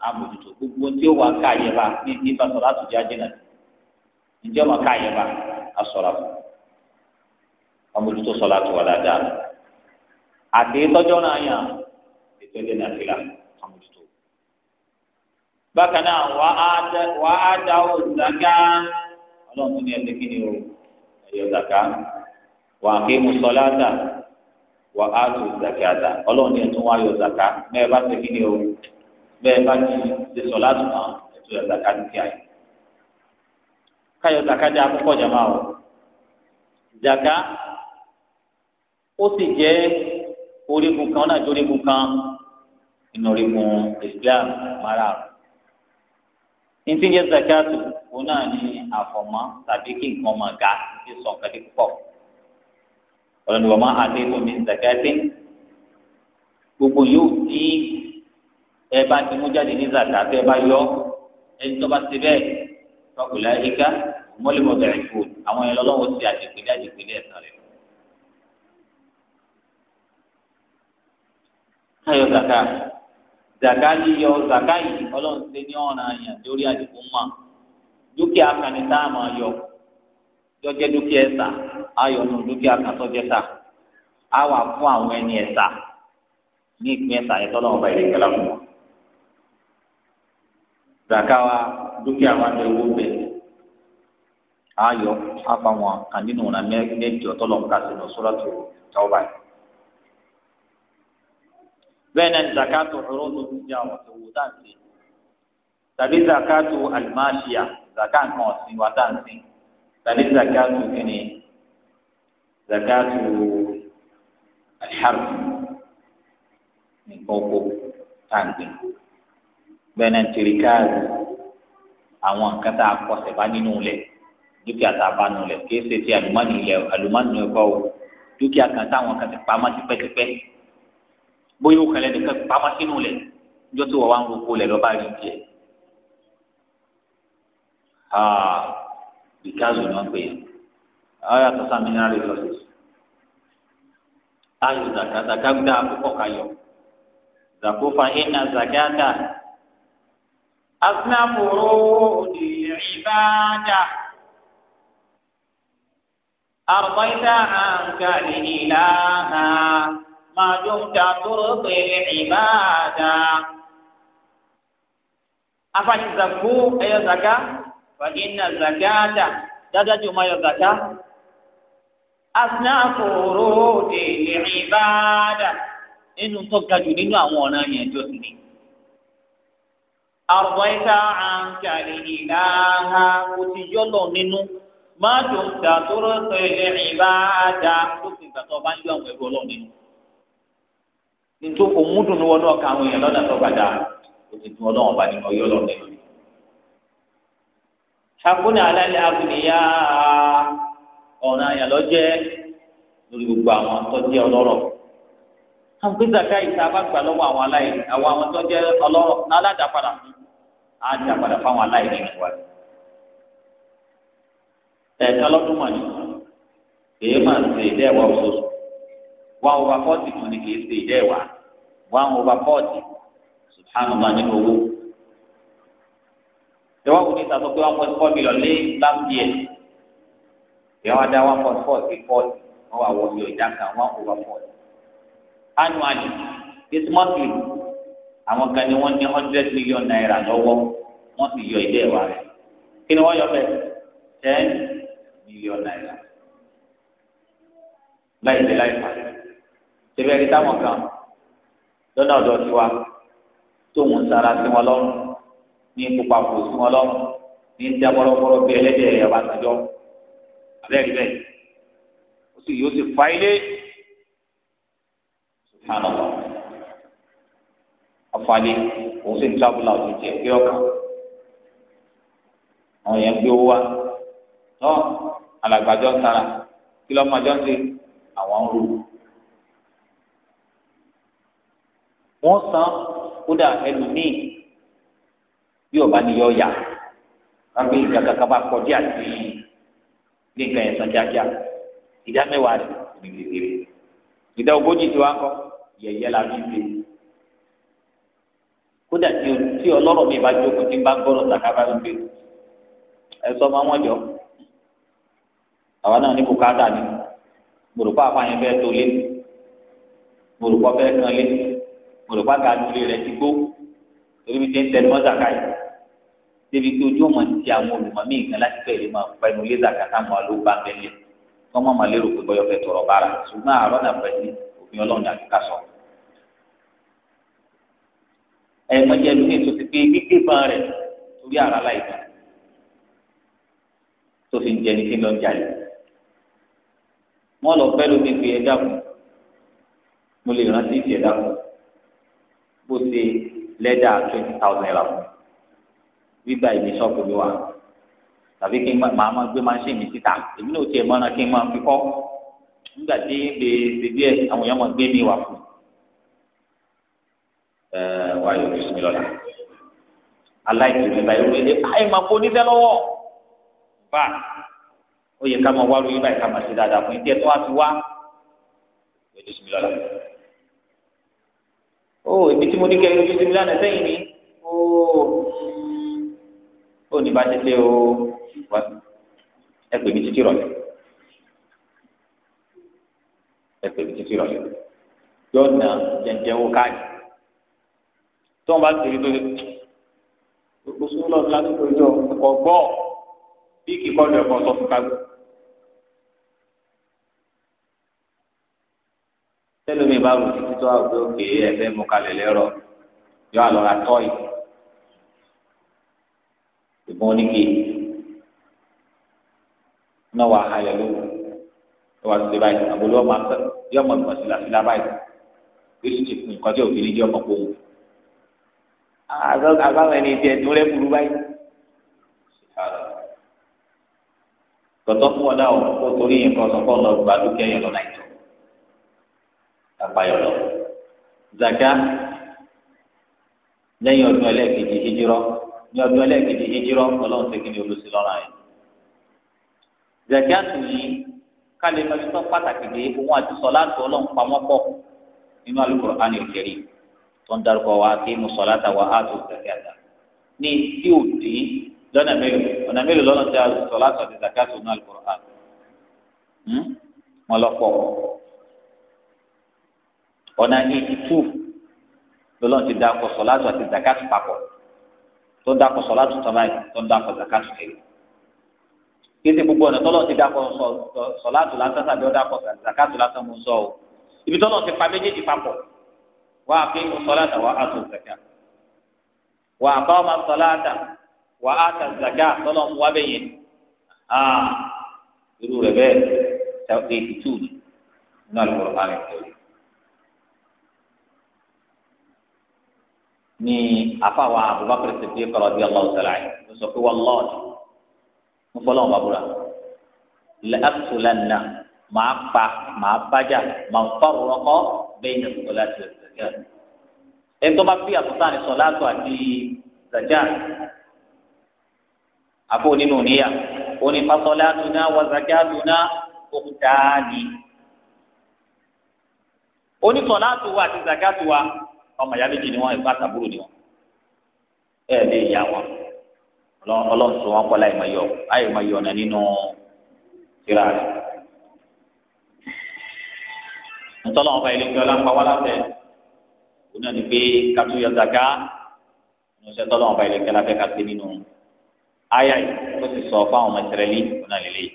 àmójútó gbogbo tí ó wà káyẹ̀ bá ní ìbásọ̀ láti ǹjẹ́ ọmọ káyọ̀ bá a sọ̀rọ̀ fún ọmọdútó sọlá tó wà dáadáa àti tọ́jọ́ náà yàn ètò ẹ̀dẹ̀ náà fìlà ọmọdútó. bákan náà wà á dá o zàká ọlọ́run tó ní ẹ̀ lẹ́kìn ní o ẹ̀yọ zàká wà á kí musọ́lá dà wà á tó zàká dà ọlọ́run ní ẹ̀ tó wá yọ zàká mẹ́ẹ̀ bá tẹ̀kìn ní o mẹ́ẹ̀ bá ti sọlá tó náà ẹ̀ tó dúkìá yìí káyọ̀ zaka dá púpọ̀ jàmá o zaka ó sì jẹ́ orígun kan náà jórígun kan nínú orígun Islam mara ntí jẹ́ zaka tó o náà ní àfọ̀mọ́ tàbí kí nǹkan máa ga ti sọ nǹkan ti púpọ̀ ọlọ́ni wọ́n máa àti ètò mi zaka dé gbogbo yóò di ẹ bá ti mú jáde ní zaka tó ẹ bá yọ ẹni tó bá ti bẹ́ẹ̀ fọkùlà ẹ̀ka mọ́lẹ́mọ́ bẹ̀rẹ̀ kú àwọn ẹ̀rọ lọ́wọ́ sí àdìpínlẹ̀ àdìpínlẹ̀ ẹ̀sán rẹ̀. káyọ̀ zaka zaka yíyọ zaka yìí ọlọ́run ṣe ní ọ̀ràn àyàn lórí àdìpọ̀ mọ́ dúkìá kan tá a máa yọ jọjẹ dúkìá ẹ̀sà ayọ̀ nù dúkìá kan tọ́jẹ́ ta á wà fún àwọn ẹni ẹ̀sà ní ìpín ẹ̀sà yẹn tọ́lọ́wọ́ bá ìrèké lọ́kùnrin zaka wa dúkìá wa bẹ owó bẹ ayọ apá wọn kan nínú ọ̀nà mẹ́jọ tọ́lọ́mùká sínú sọ́lọ́tò tọ́ba yìí. bẹ́ẹ̀ náà zakato ọ̀rọ̀ tó ti jẹ́ àwọn tó wù dáǹtì tàbí zakato alimáṣíà zaka nǹkan ọ̀sìn wa dáǹtì tàbí zakato kìíní zakato alihamdu nǹkan oko táǹtì bẹ́ẹ̀ náà tìrìkáàzì àwọn nǹkan tá bá nínú ilẹ̀ dúkìá tá a bá nù lẹ̀ kí ṣe ti àlùmọ́nì ilẹ̀ àlùmọ́nì ẹ̀kọ́ o dúkìá kan táwọn kan ti pamọ́ tipẹ́tipẹ́ bóyá ó kẹlẹ́ nìkan pamọ́ sínú lẹ̀ níjọ́ tí wọ́n wá ń roko lẹ̀ lọ́ba rí tiẹ̀. bìkázù ni wọ́n pè é ọ̀yà tó sá mineral resources ayò zaka zaka gbé àkókò kayọ̀ zako fa ina zakata asinamu ro di ibada. أرضيت عنك لإلها ما دمت ترضي العبادة أفتزكوا أي زكاة فإن الزكاة تدج ما يزكى أصناف فروض العبادة إن تقتل لنا وأنا يجوزني أرضيت عنك لإلها وتجلو منه má dùn dà tóró pèlè ìbáadà tó fi gbà tó bá ń yọ àwọn ẹrú ọlọ́run nínú. nítorí òun dùn ní wọnú ọkà àwọn èèyàn tó kò sì dùn ọlọ́run bá ọyọ́ ọlọ́run nínú. lórí gbogbo àwọn ọlọ́rọ̀. bá gbà lọ́wọ́ àwọn aláìní àwọn àwọn fún fáwọn aláìní ẹ̀ẹ̀kan lọ́dún mọ̀ ní èyí máa ń ṣe ìdẹ́ẹ̀wá oṣooṣù one over forty kan ní kìí ṣe ìdẹ́ẹ̀wá one over forty subhanallah nínú owó. ìwà wo ni ìtàkùn pé one point four million lé last year ìyàwó adá one point four sí forty wọ́n wà wọ́n yọ ìdá kan one over forty. annually this monthly àwọn kan ni wọ́n ní hundred million naira lọ́wọ́ wọ́n sì yọ ìdẹ́ẹ̀wá rẹ̀ kí ni wọ́n yọ bẹ́ẹ̀ mílíọ̀nù náírà láìpẹ́ láìpẹ́ tẹ́lẹ̀ ẹni táwọn kan lọ́nà ọ̀dọ̀ tiwa tóun sara sí wọn lọ́rùn ní pupa kò sí wọn lọ́rùn ní dábọ́rọ́bọ́rọ́ bí ẹlẹ́dẹ̀ẹ́ ẹ̀yàwó àtijọ́ abẹ́rẹ́ bẹ́ẹ̀ ó sì yóò ti fa ilé subhanallah afali òun sì ń tábùlà òtítì ẹ̀ pé ọkàn àwọn yẹn gbé owó wa tọ́ alàgbàjọ sara kí lọ́mọdé ń ṣe àwọn ń ro wọ́n san kódà ẹlòmíì bí ọba ni yọ ya wọn gbé ìjà kankan bá kọjú àti ní nǹkan yẹn san kíákíá ìdá mẹ́wàá rẹ̀ ní ìdá ogójì tí wọ́n kọ́ yẹ̀yẹ́ la fi gbé kódà tí ọlọ́rọ̀ mi bá jókòó tí ń bá gbọ́dọ̀ sàkábà ń gbé ẹ̀ sọ ma jọ àwa náà ní bukata ni mòrùkọ àfààyàn fẹẹ tó lé mòrùkọ fẹẹ kan lé mòrùkọ àgàdúlé rẹ ti gbó torí mi ti ń tẹnu mọ́sàkà yìí débi tí ojú ọmọ ti àwọn olùmọ̀mí nǹkan láti fẹ́ lè máa fẹnu lé zàkàtà mọ́ ló bá mẹ́lẹ̀ wọ́n mọ̀ máa lérò pé bọ́yọ̀ fẹ́ tọrọ bára ṣùgbọ́n àárọ̀ náà fẹ́ sí òfin ọlọ́run àti kásọ̀. ẹ̀ẹ́dẹ́gbẹ́jẹ́ ló ní ètò pé gbígbé ban rẹ̀ torí àrà láì tó fi ń jẹ ní kí lọ́ọ́ jalè wọn lọ fẹ́ lómi fi ẹ̀dá kù mo lè rántí fi ẹ̀dá kù bó ṣe lẹ́dà twenty thousand naira kù gbígba ìdí ṣọ́ọ̀bù mi wà tàbí kí n máa máa gbé machine mi síta èmi náà tiẹ̀ mọ́ná kí n máa fi kọ́ nígbà tí lè ṣe díẹ̀ àwọn èèyàn máa gbé mi wà fún ẹ wáyé òfin mi lọ́la aláìsí mi báyìí wọlé ayé máa fọ oníṣẹ́ lọ́wọ́ ó yẹ ká máa wá lóyún báyìí ká máa ṣe dáadáa fún ìdí ẹ tó wá fi wá ojú sí mi lọ́la. ó ibi tí mo ní kẹ́ ojú sí mi lánàá sẹ́yìn ni ó ó ní bá ṣe ṣe o wá ẹ pè mí títí rọ̀lẹ́ ẹ pè mí títí rọ̀lẹ́ yóò na jẹjẹ wo káàdì tí wọn bá tẹ̀lé tó gbogbo sọ́lọ́ọ̀tì lásìkò ìjọ ẹ̀kọ́ gbọ́ bí kíkọ́ lọ ẹ̀kọ́ sọ fún kágbó. bá rò títí tó àgbẹ̀ òkè ẹ̀fẹ́ mú kalẹ̀ lẹ́rọ yọ àlọ́ra tọ́ì ìbọn oníke náà wà á yẹ lówó ẹ wà síbi báyìí àbúrò ọmọ akẹ́ yọ ọmọ ìmọ̀ sílàsílà báyìí yóò sì ti fún nǹkan tí òbí ní jẹ́ ọmọ kóhùn. àgbàwọn ẹni tiẹ̀ tó rẹ̀ burú báyìí tọ̀tọ̀ fún ọ náà kó torí yẹn kan sọ fún yẹn lọ láìtọ́ apayọ lọ zaka lẹ́yìn ọdún ẹlẹ́ẹ̀kejì hijirọ ní ọdún ẹlẹ́ẹ̀kejì hijirọ Ọlọ́run ṣe kíni olùsí lọrọ yẹn zaka tù yí kálí mẹsítọ pàtàkì dé òun àti sọlá tó Ọlọ́run pamọ́ pọ̀ nínú Al-Qur'ani al tó ń darúkọ wa kí musalata wa á tó zakata ní tí ò dín lọ́nà mélòó ọ̀nà mélòó lọ́nà tí a sọlá tó àti zaka tó ní Al-Qur'an hmm? wọn ọ̀nà eighty two lọ́lọ́run ti da ọkọ̀ sọ̀láàtù àti zakatu papọ̀ tó ń dakọ̀ sọ̀láàtù tọ́ báyìí tó ń dakọ̀ zakatu kiri kéde gbogbo ọ̀nà tọ́lọ́ ti dakọ̀ sọ̀láàtù lásán tàbí ó dakọ̀ zakatu lásán mú sọ o ibi tọ́lọ́ ti pa méjèèjì papọ̀ wà á fi sọ̀láàtà wà á tó zaka wà á bá ọmọ sọ̀láàtà wà á tà zaka tọ́lọ́ mú wá bẹ́yẹn irú rẹ̀ bẹ́ẹ̀ eighty two nínú àlùkò ní afáwa Abubakar Siddiq radiyallahu ta'ala anhu sọ pé wallahi ń fọlọ́ wọn bàbúrà lẹ́ẹ̀tùlẹ́nà màá pa màá bájà màá fọ́ọ̀rọ̀ ọkọ bẹ́ẹ̀ ní ọ̀sọ̀ láti ọ̀sẹ̀ ẹni tó bá fi àtúntà ní sọ̀láàtù àti zàjà àbó nínú níyà ó ní fasọ́láàtù náà wà zàjáàtù náà ó ní. ó ní sọ̀láàtù wa àti zàjáàtù wa ọmọ ìyá méjì ni wọn ìgbà àtàbúrò ni wọn ẹ lè yà wọn ọlọ́run sọ wọn kọ́ láì máa yọ láì máa yọ ọ̀nà nínú ìra rẹ̀. ntọ́lá wọn báyìí lẹ́gbẹ̀ẹ́ ọlọ́pàá wá láfẹ́ òun náà ní pé kátó yọ zaka ní oṣù tọ́lá wọn báyìí lẹ́gbẹ̀ẹ́ láfẹ́ ká sí nínú àyà yìí ó sì sọ fáwọn ọmọ ìsirẹ́lì òun náà lélẹ̀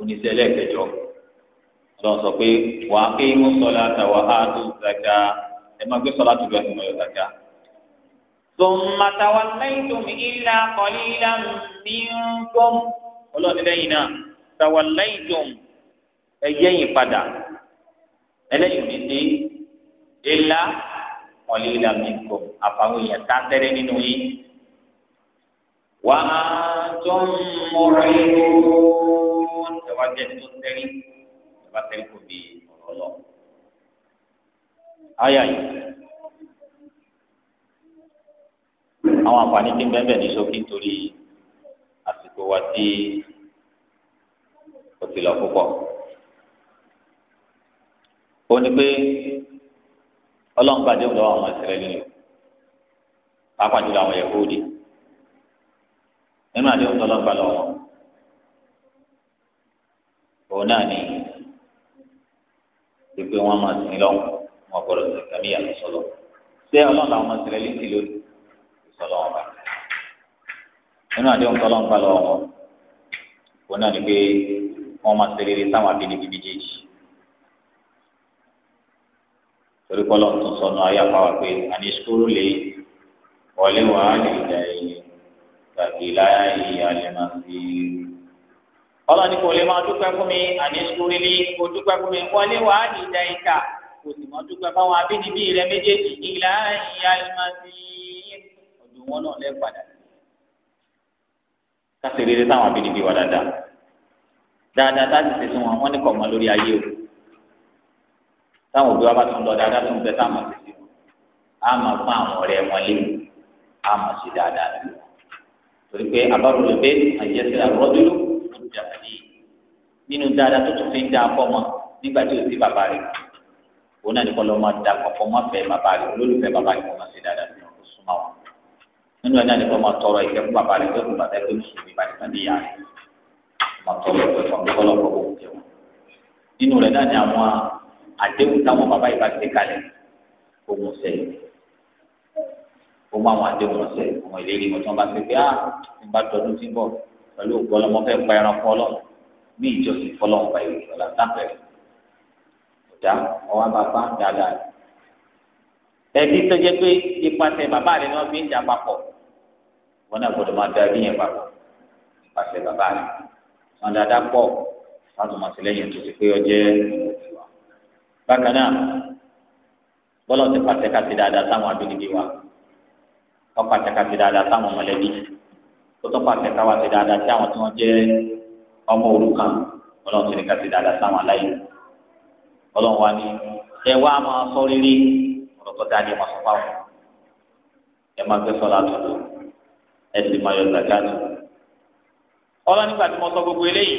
oníṣẹ́ ẹlẹ́ẹ̀kẹjọ ọlọ́run sọ pé wàá kéwọn sọ láta wàá zaka ẹ máa gbé sọlá tìlú ẹ̀sìn ọ̀yọ́ zaka. thumma tawallaytum illa qalilan minkum ọlọ́ọ̀nìlẹ́yìn náà tawallaytum ẹ̀yẹ́yìn padà ẹlẹ́yìn ní dé illa qalilan minkum àfàwọn èèyàn tá tẹ́lẹ̀ nínú yín. wa antum mu'ridun ẹ̀wá jẹ́ tó tẹ́rí ẹ̀wá tẹ́rí kò bí ọ̀rọ̀ lọ àyà yìí àwọn àǹfààní tí ń bẹ́ẹ̀ bẹ́ẹ̀ ní ṣókí nítorí àsìkò wa tí ó ti lọ púpọ̀ ó ní pé ọlọ́run gbàdé lọ́wọ́ àwọn ìsirẹ́lì ni pàápàá jùlọ àwọn Yẹhudi nínú àdéhùn tó lọ́gbà lọ́wọ́ òun náà ni pípé wọn máa sin lọ́wọ́ wọn gbọ́dọ̀ sí kàmí yàtọ̀ sọlọ ṣé Ọlọ́run àwọn ọmọ ìṣẹ̀lẹ̀ létí lórí sọlọ wọn bá nínú àdéhùn tọlọ ń bá lọ wọn wọn náà ni pé wọn máa ṣe rere sáwọn abínibí méjèèjì torí kọlọ ń tún sọnù ayé àpáwà pé àní sukúrú lè wọlé wàá lè dà yìí tàbí láyé alẹ́ máa fi ọlọ́ni kò lè máa dúpẹ́ fún mi àní sukúrú lè kò dúpẹ́ fún mi wọlé wàá lè dà yìí kà kò sì mọ́ dúpẹ́ fáwọn abínibí rẹ méjèèjì ìlà ìyá ìmọ̀sí ọ̀dùn wọn náà lẹ́ẹ̀padà kásì rere táwọn abínibí wa dáadáa dáadáa táàtì ṣe fún wọn wọn ní kọ̀ mọ́ lórí ayé o táwọn òbí wa bá tún lọ dáadáa tó ń bẹ táwọn àti ṣe á máa fún àwọn ọ̀rẹ́ wọn lé á máa ṣe dáadáa sí wọn torí pé abáru lè bẹ àyẹ̀sẹ̀ àrọ́dúró ó ti nínú dáadáa tó tún fi ń dáa fọ́ mọ́ nígbà tí ò sí bàbá rẹ̀ kù òun náà ní kọ́ lọ́ máa da kọ̀ọ̀kan má fẹ́ bàbá rẹ̀ olólùfẹ́ bàbá rẹ̀ kọ́ máa ṣe dáadáa sí ọ̀rọ̀ súnmọ́ wọn nínú ẹ̀ náà ní kọ́ máa tọrọ ìfẹ́ fún bàbá rẹ̀ tó kù bàtẹ́ pé mùsùlùmí bá nípa níyà rẹ̀ máa tọrọ ìfẹ́ fún kọ́ lọ́ fọwọ́ òkè wọn nínú rẹ̀ náà ní àwọn àdéhùn táwọn bàbá yìí bá gbé kalẹ̀ òun sẹ́ òun àwọn àdéhùn dá ọwọ́ bàbá dáadáa ẹbí tó jẹ́ pé ipasẹ̀ bàbá rẹ̀ náà fi ń jà papọ̀ wọn náà gbọ́dọ̀ máa da ẹbí yẹn papọ̀ ipasẹ̀ bàbá rẹ̀ wọn dáadáa pọ̀ láti máa ti lẹ́yìn tó ti pé ọjẹ́ ìwà bákan náà bọ́lá ti pàṣẹ káti dáadáa táwọn abínibí wa wọ́n pàṣẹ káti dáadáa táwọn mọ̀lẹ́bí tó tó pàṣẹ káwa ti dáadáa tí àwọn tí wọ́n jẹ́ ọmọ òrukàn bọ́lá ti ní káti dáadáa táwọn aláìní ọlọ́run wa ni ẹ wá máa sọ rírí ọ̀rọ̀ tó dáa ní ma sọ fáwọn ẹ máa gbé sọ́la tuntun ẹ sì máa yọ gbàgbáàtù ọlọ́run nígbà tí mo sọ gbogbo eléyìí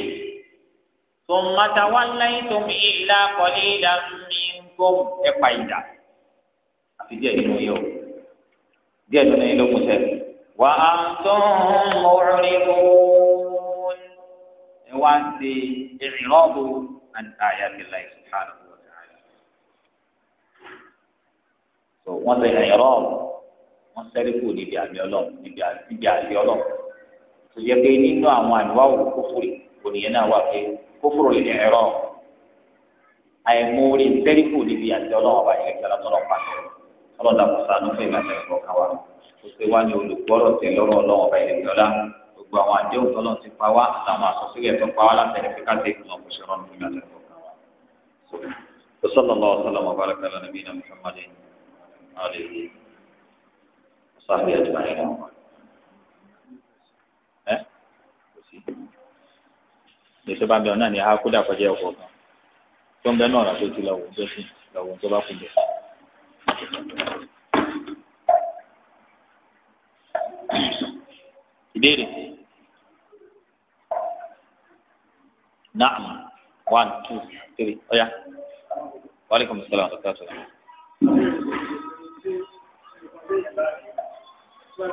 tó ń mata wá láyé tó ń ilá kọ́lé ìlà mi ń kó ẹ pa ìdá àfi díẹ̀ nínú yìí o díẹ̀ nínú yìí ló kù sẹ́ wà á tó ń mọ̀rẹ́ mọ́ọ́n ẹ wá ń ṣe ìrìnlọ́gbọ̀n àti àyàtìláì sùhánù. tó wọn bẹ ẹyọrọ wọn sẹrí kù níbi àmì Ọlọ́run níbi níbi àmì Ọlọ́run tó yẹ pé nínú àwọn àníwá wò kófòrè ònìyẹn náà wà pé kófòrò lè ẹyọrọ àìmúrí sẹrí kù níbi àmì Ọlọ́run ọba yẹn kí ọlọtọ lọpa ọlọdà kò sànú fún ìgbà tẹ ẹkọ káwa ó pé wá ní olùgbọrọ tẹ lọ́rọ̀ Ọlọ́run ọba yẹn kí ọlá gbogbo àwọn àdéhùn tọlọ ti pa wá àtàwọn àsọsílẹ̀ tó pa wá látẹ̀lẹ́ fi ká آله وصحبه أجمعين ẹ gbèsè bá bẹ̀rù náà ni a kó dàpọ̀ jẹ́ ọ̀pọ̀ kan tó ń bẹ náà rà tó ti lọ wò ó bẹ́sìn lọ wò tó bá kú bẹ̀. ìbéèrè naam one two three ọ̀ya wàlẹ́kùn sọ́lá ọ̀sán asọ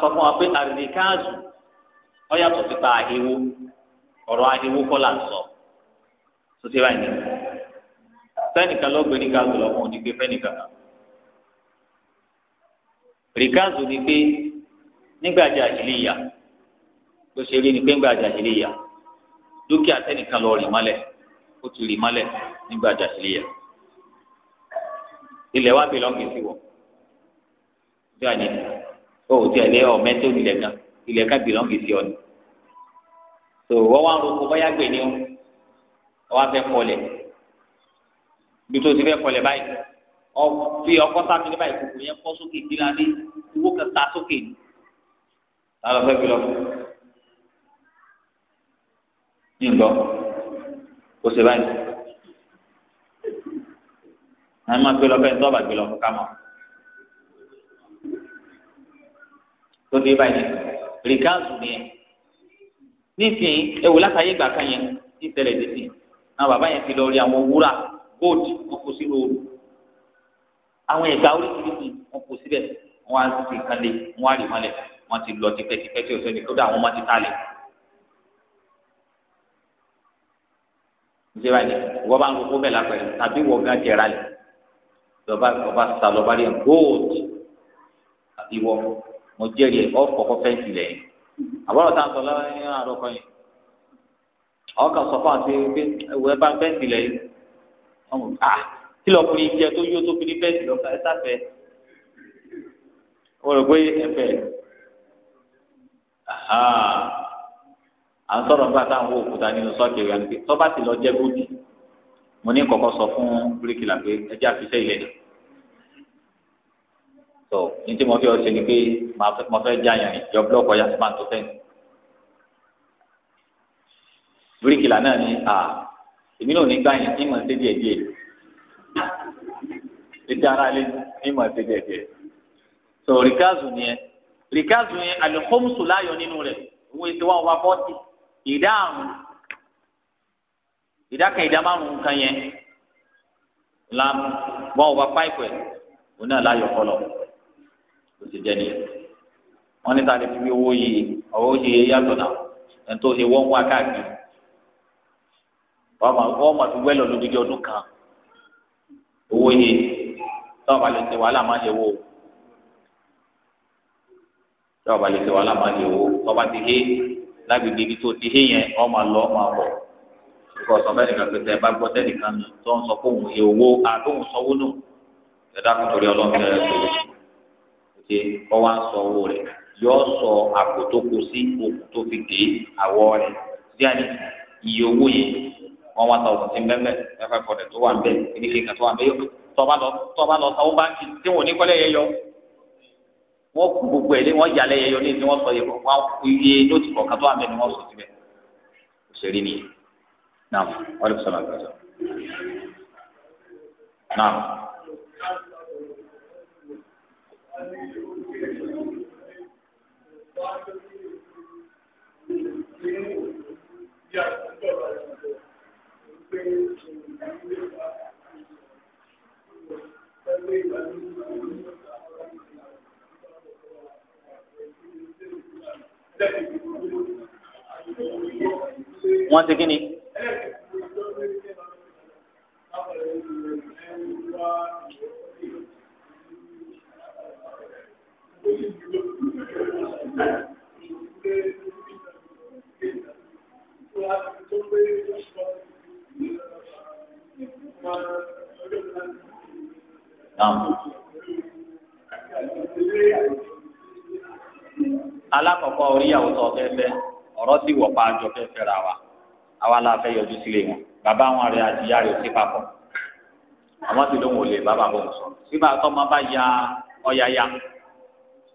fún wa pé àrídìkáàzù ó yàtọ̀ sípa àhíwó ọ̀rọ̀ àhíwó kọ́ là ń sọ tó ti báyìí nìyẹn fẹ́nìkan lọ́gbẹ̀ẹ́ ní káàzù lọ́wọ́ òní gbé fẹ́nìkan kan rìkáàzù ni pé nígbà jàhílíyà bó ṣe rí ni pé nígbà jàhílíyà dúkìá tẹnìkan lọ rì mọ́lẹ̀ ó ti rì mọ́lẹ̀ nígbà jàhílíyà ilẹ̀ wa bìlọ́ǹgì sí wọ̀ bí wàá ní o ò tiẹ̀ lé ọ̀mẹ́tò nílẹ̀ gan ilẹ̀ ká bìlọ́ǹgì sí ọ ni tó wọ́n wá roko bóyá gbè ní o wá fẹ́ kọlẹ̀ bí tó ti fẹ́ kọlẹ̀ báyìí ọfi ọkọ sábẹ ní báyìí kòkò yẹn kọ sókè ìdílé alẹ owó kẹta sókè ní. lálọ fẹ́ fi lọ ní ìgbọ́ kó ṣe báyìí. àyìn máa gbé lọ bẹ́ẹ̀ tọ́ba gbé lọ fún kámọ́. tó dé báyìí rìkáàzù ni ẹ nísìnyí ewu látàyè ìgbà kan yẹn ní tẹ̀lé nísìnyí àwọn bàbá yẹn ti lọ rí àwọn wúrà góòdì wọn kó sínú òòlù àwọn ẹ̀gbà oríṣiríṣi wọn kò síbẹ̀ wọn á ti kan lé wọn á rì mọ́lẹ̀ wọn ti lọ tipẹ́tipẹ́ tí òṣèlú kódà wọn máa ti ta lẹ̀. ìjẹba ni ìwọ bá ń kókó bẹ́ẹ̀ lápẹ̀rẹ̀ tàbí ìwọ gán jẹra lẹ̀ lọ́ba lọ́ba sa lọ́ba rẹ̀ góòdì tàbí ìwọ mo jẹ́rìí ẹ̀ ọ́ kọ́kọ́ fẹ́ǹsì lẹ̀ àbúrò tá a sọ lọ́wọ́ ní àròkọ yẹn ọkàn sọ fún àti ẹwẹ́ bá fẹ́ǹsì lẹ̀ yìí tí lọkùnrin jẹ tó yó tó fi bẹ́ẹ̀ sì lọ́ka ẹ sáfẹ́ wọ́n rò pé ẹ̀fẹ̀ à ń sọ̀rọ̀ nígbà táwọn òkúta nínú sọ́ọ̀kì rẹ̀ ni tọ́ba ti lọ jẹ́ bóòdì mo ní kọ́kọ́ sọ fún bíríkìlà pé ẹjẹ́ àfisẹ́ ilẹ̀ ni tó ní tí mo fi ọ̀sẹ̀ ni pé mo fẹ́ já yàn yọ búlọ́ọ̀kì ọ̀yà tó máa tó fẹ́ ni bíríkìlà náà ni à èmi náà ní gbà yẹn ní mọ̀ ní dédìẹ̀ díẹ̀ ètò ara lé ní ìmọ̀ ẹ̀sẹ̀ so sọ ríkàzù nìyẹn ríkàzù yẹn àlùkòmùsù láyọ̀ nínú rẹ̀ òun ètò wa wà fọ́tì ìdá àrùn ìdá kan ìdá márùn-ún kan yẹn láàmú wọn wà páìpù ẹ̀ òun náà láyọ̀ kọlọ̀ ó ti jẹ́ nìyẹn. wọ́n ní tàbí fi owó yìí ọ̀wọ́ yìí yàtọ̀ náà ẹ̀ tó ṣe wọ́n wá káàkiri wọ́n máa fi wẹ́lọ̀ lódìdí ọdún kan owó yìí tọ́ ọba lè ṣe wàhálà máa yẹ wò tọ́ ọba lè ṣe wàhálà máa yẹ wò tọ́ba ti hé lágbègbè ibi tó ti hé yẹn ọmọ àlọ́ ọmọ àbọ̀ ìkọ̀ sọ̀fẹ́ nìkan pé tẹ́ ẹ bá gbọ́ tẹ́nìkan tó ń sọ pé òun hé owó àtòun sanwó nù ẹ dákun torí ọlọ́run ẹ sọ̀rọ̀ ṣe kọ́ wá ń sọ owó rẹ̀ yọ sọ àpò tó kù sí òkú tó fi dé àwọ̀ rẹ̀ sí àná iye owó yẹn one thousand ti bẹ́ẹ̀ bẹ́ẹ̀ five hundred tó wà ń bẹ́ẹ̀ kíníkì kan tó wà ń bẹ́ẹ̀ yóò tọba lọ tọba lọ sanwó báńkì tí wọn ní kọ́lẹ́ yẹyọ wọn kú gbogbo ẹ̀ lé wọn yàlẹ́ yẹyọ ní ìdí wọn sọ yẹ wọn kú iye lóòtù kọ̀ọ̀kan tó wà mẹ́nu wọn sọ síbẹ̀ òṣèré nìyẹn náà wọn lè sọ̀rọ̀ àgbàdo náà. Yeah. wọ́n ti Thank you. alákọ̀ọ́kọ́ oríyàwó sọ fẹ́fẹ́ ọ̀rọ̀ sì wọ̀ pa àjọ fẹ́fẹ́ ra wa àwa la fẹ́ yọjú sílé wọn bàbá wọn rẹ àti ìyá rẹ ò sí papọ̀ àwọn sì lóun ò lè bá bàbá òun sọ sígbà tó máa bá ya ọ̀yàyà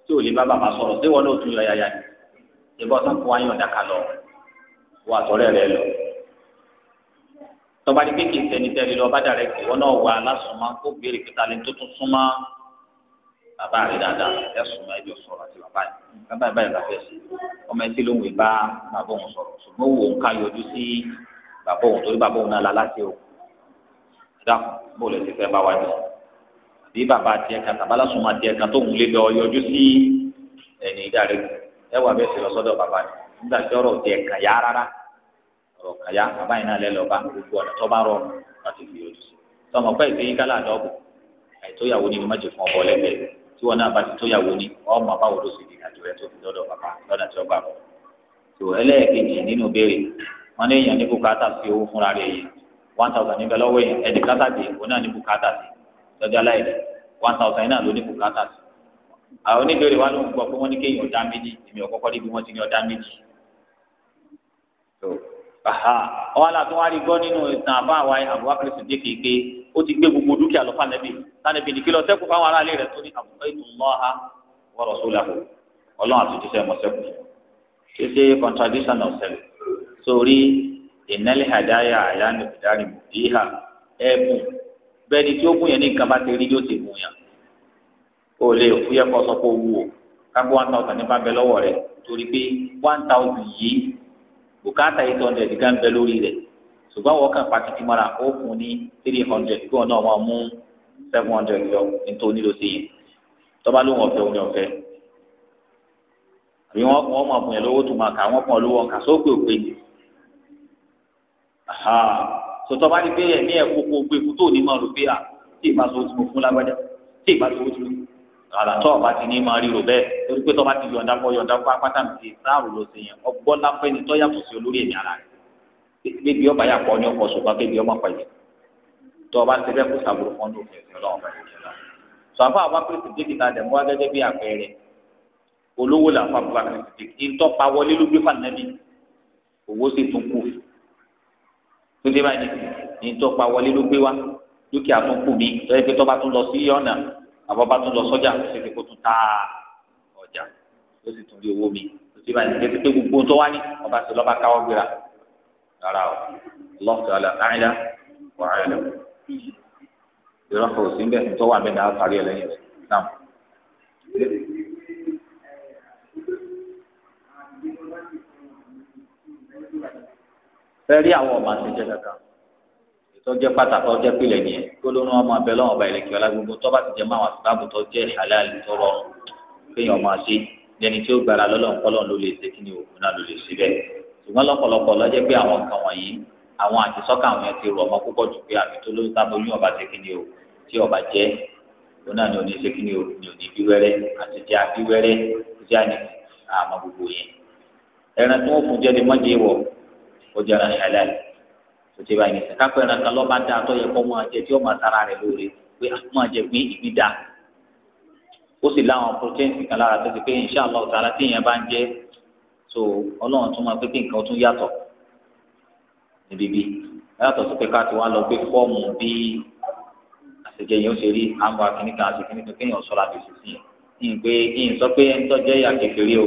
tí ò lè bá bàbá sọ̀rọ̀ síwọ́n náà tún yọ ni ìbọn tó fún wa yàn dáka lọ wọ́n àtọ́rẹ́ rẹ lọ tọ́ba ní kéèké sẹ́ni tẹ́lẹ̀ lọ bá dàrẹ́ kí wọ́n náà wà lásùnmọ́ kó béèrè pé talẹ́ tó tún súnmọ́ bàbá rẹ̀ dáadáa ẹ̀ súnmọ́ ẹjọ́ sọ̀rọ̀ àti bàbá yìí bàbá yìí báyìí láfẹ́ sí ọmọ ẹtí ló ń wè bá bàbá òun sọ̀rọ̀ ṣùgbọ́n wò ó ń ká yọjú sí bàbá òun torí bàbá òun náà la láti o dákun bó lè ti fẹ́ bá wa jọ àbí bàbá tiẹ̀ kan tàbá lásùnmọ́ tiẹ̀ kan tó ń lé lọ yọjú sí ẹni ìdá rẹ̀ bẹ́ẹ̀ sí lọ sọ́dọ̀ bàbá yìí nígbà tí ọ̀rọ̀ tiẹ̀ kan yá rárá sọ kàyà bàbá yìí náà lẹ́lọ́ bá gbogbo ọ̀nà tó bá rọrùn láti fi ojú sí tọmọ pẹ́ ìfẹ́ yín kálá àdọ́gbò àìtóyàwó ni mo má jẹ fún ọkọ lẹ́gbẹ̀ẹ́ tí wọn náà bá ti tóyàwó ni ọmọ báwo ló sì di àjò rẹ tó fi dọ́dọ̀ bàbá lọ́nà tí ó gbà bọ̀. tó ẹlẹ́ẹ̀kejì nínú béèrè wọn ní èèyàn ní bùkátà sí owó fúnra rẹ̀ yìí one thousand níbẹ̀ lọ́wọ́ èèyàn ẹnì kátàdé òun náà ní bùkátà sí lọ́jọ́ aláìlẹ̀ one thousand yìí náà ló ní bùkátà sí. àwọn oníbèrè wa ló ń gbọ́ pé wọ́n ní kéèyàn ọ̀dá méjì èmi ọ̀kọ́kọ́ aha ọwọ la tó wá rí gbọ́ nínú ìtàn àbá àwa ikpe Siddiq pé ó ti gbé gbogbo dúkìá lọ fànẹbì fànẹbì ní kílọ sẹkù fáwọn aráàlú rẹ̀ tó ní àbùkọ ìtùnúlọ́ha wa rasulahu ọlọ́run àtúntìṣe mọ̀ sẹ́kù ṣíṣe contradiction of self sórí ni tí ó gún yẹn ní nǹkan bá ti rí yóò ti gún kó o lè o kápẹ́ bùkátà eight hundred gan bẹ lórí rẹ̀ ṣùgbọ́n wọ́n kàn pàtìkì mọ́ra ó fún ní three hundred kí wọn náà máa mú seven hundred yọ nítorí nílò sí yẹn tọ́ba ló wọ́n fẹ́ wọn ni wọ́n fẹ́ àbí wọ́n wọ́n máa bùn yẹn lówó tó máa kà wọ́n pọ̀ lówó kà sóòpè òpè ni sọtọ́ bá ní pé ẹ̀mí ẹ̀ kókó gbé kú tó ní máa rò pé à tí ì bá sọ oṣù fún lágbájá tí ì bá sọ oṣù fún àlàtọ̀ ọba ti ní máa ríro bẹ́ẹ̀ torí pé tọ́ba ti yọ̀ǹda fún yọ̀ǹda fún apáta mi ti sáàrù ló ṣe yẹn ọgbọ́n lápẹ́ ni tọ́yàtọ̀ sí olórí èmi ara rẹ̀ bébí ọba yà pọ̀ ní ọkọ̀ ṣùgbọ́n bébí ọmọ pẹ̀lú tọ́ba ti bẹ́ẹ̀ kó sàbùrù fún ọdún òfin ìṣẹ̀lẹ̀ ọ̀hún. sọ̀fà Abubakar Siddiq ta dẹ̀ mú wá gẹ́gẹ́ bí àpẹẹrẹ olówó làfà Abubakar Siddiq ntọ́pa wọlé ló àbọ̀bá tún lọ sọ́jà ṣe ti kó tún ta ọjà ó sì tún rí owó mi ó sì báyìí kété pé gbogbo tó wá ní ọba sí lọ́ba káwọ́ gbéra rárá o lọ́ọ̀tì ọ̀la káyidá wà á yẹlẹ o ìrọ́pọ̀ òsì ń bẹ̀ tó wà bẹ́ẹ̀ náà parí ẹ̀ lẹ́yìn rẹ̀ náà. fẹ́ẹ́ rí àwọn ọmọ àti ìjẹ́ kankan tọjẹ pàtàkì ọjẹ pilẹ nìyẹn gbólóhùn ọmọ abẹ lọ́wọ́ ọba ìlẹkẹ ọlá gbogbo tọba ti jẹ mọ àwọn àtúbàbò tó jẹ halal tó rọrùn kéèyàn máa ṣe lẹni tí ó gbára lọlọrun kọlọ ló lè ṣe kí ni òògùn náà ló lè ṣe bẹ́ẹ̀ ṣùgbọ́n lọ́pọ̀lọpọ̀ lọjẹ pé àwọn nǹkan wọ̀nyí àwọn àtisọ́kà àwọn ti rọ ọmọ púpọ̀ jù pé àfi tó lóyún tábóyún ọba ṣe kí ni o tí ọba jẹ òun náà ni òní ni o ni òní bí wẹrẹ àti jẹ àbí wẹrẹ jẹ àní àmọ́ gbogbo ni mọjẹ wọ ó tòtí báyìí ní sèkápẹ́ ẹran kan lọ́ba dáa tó yẹ kó máa jẹ tí ó máa sára rẹ̀ lóore pé a ah, máa jẹ gbé ìgbín dáa ó sì láwọn proteins kan lára tó ti pé inṣàlá ọ̀tàlá tí èèyàn bá ń jẹ so ọlọ́run tún máa pé kí nǹkan tún yàtọ̀ níbi bí yàtọ̀ sí pé ká ti wá lọ gbé fọ́ọ̀mù bí àṣejẹ yẹn ó ṣe rí àwọn akínníkan àti kínníkan kéèyàn sọ̀rọ̀ àbẹ̀sí sí i pé ìyìn sọ pé ẹni tó jẹ́ kékeré o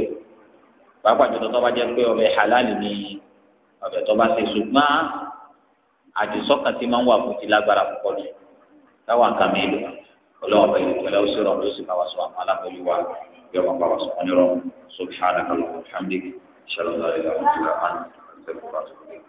pàápàá jùlọ tó bá jẹ́ pé ọbẹ̀ halal ni ọbẹ̀ tó bá ṣe ṣùgbọ́n àdìsọ́kàn tí máa ń wà fún ti lágbára púpọ̀ lọ táwa nǹkan mi lò ọlọ́wọ́ bẹ̀rẹ̀ ìpínlẹ̀ ọ̀sẹ̀ rọ̀ ló sì bá wa sọ àwọn alábọ̀lú wa yóò máa bá wa sọ wọn nírọ̀ subhanaka Allahumma wa bihamdika ṣàlọ́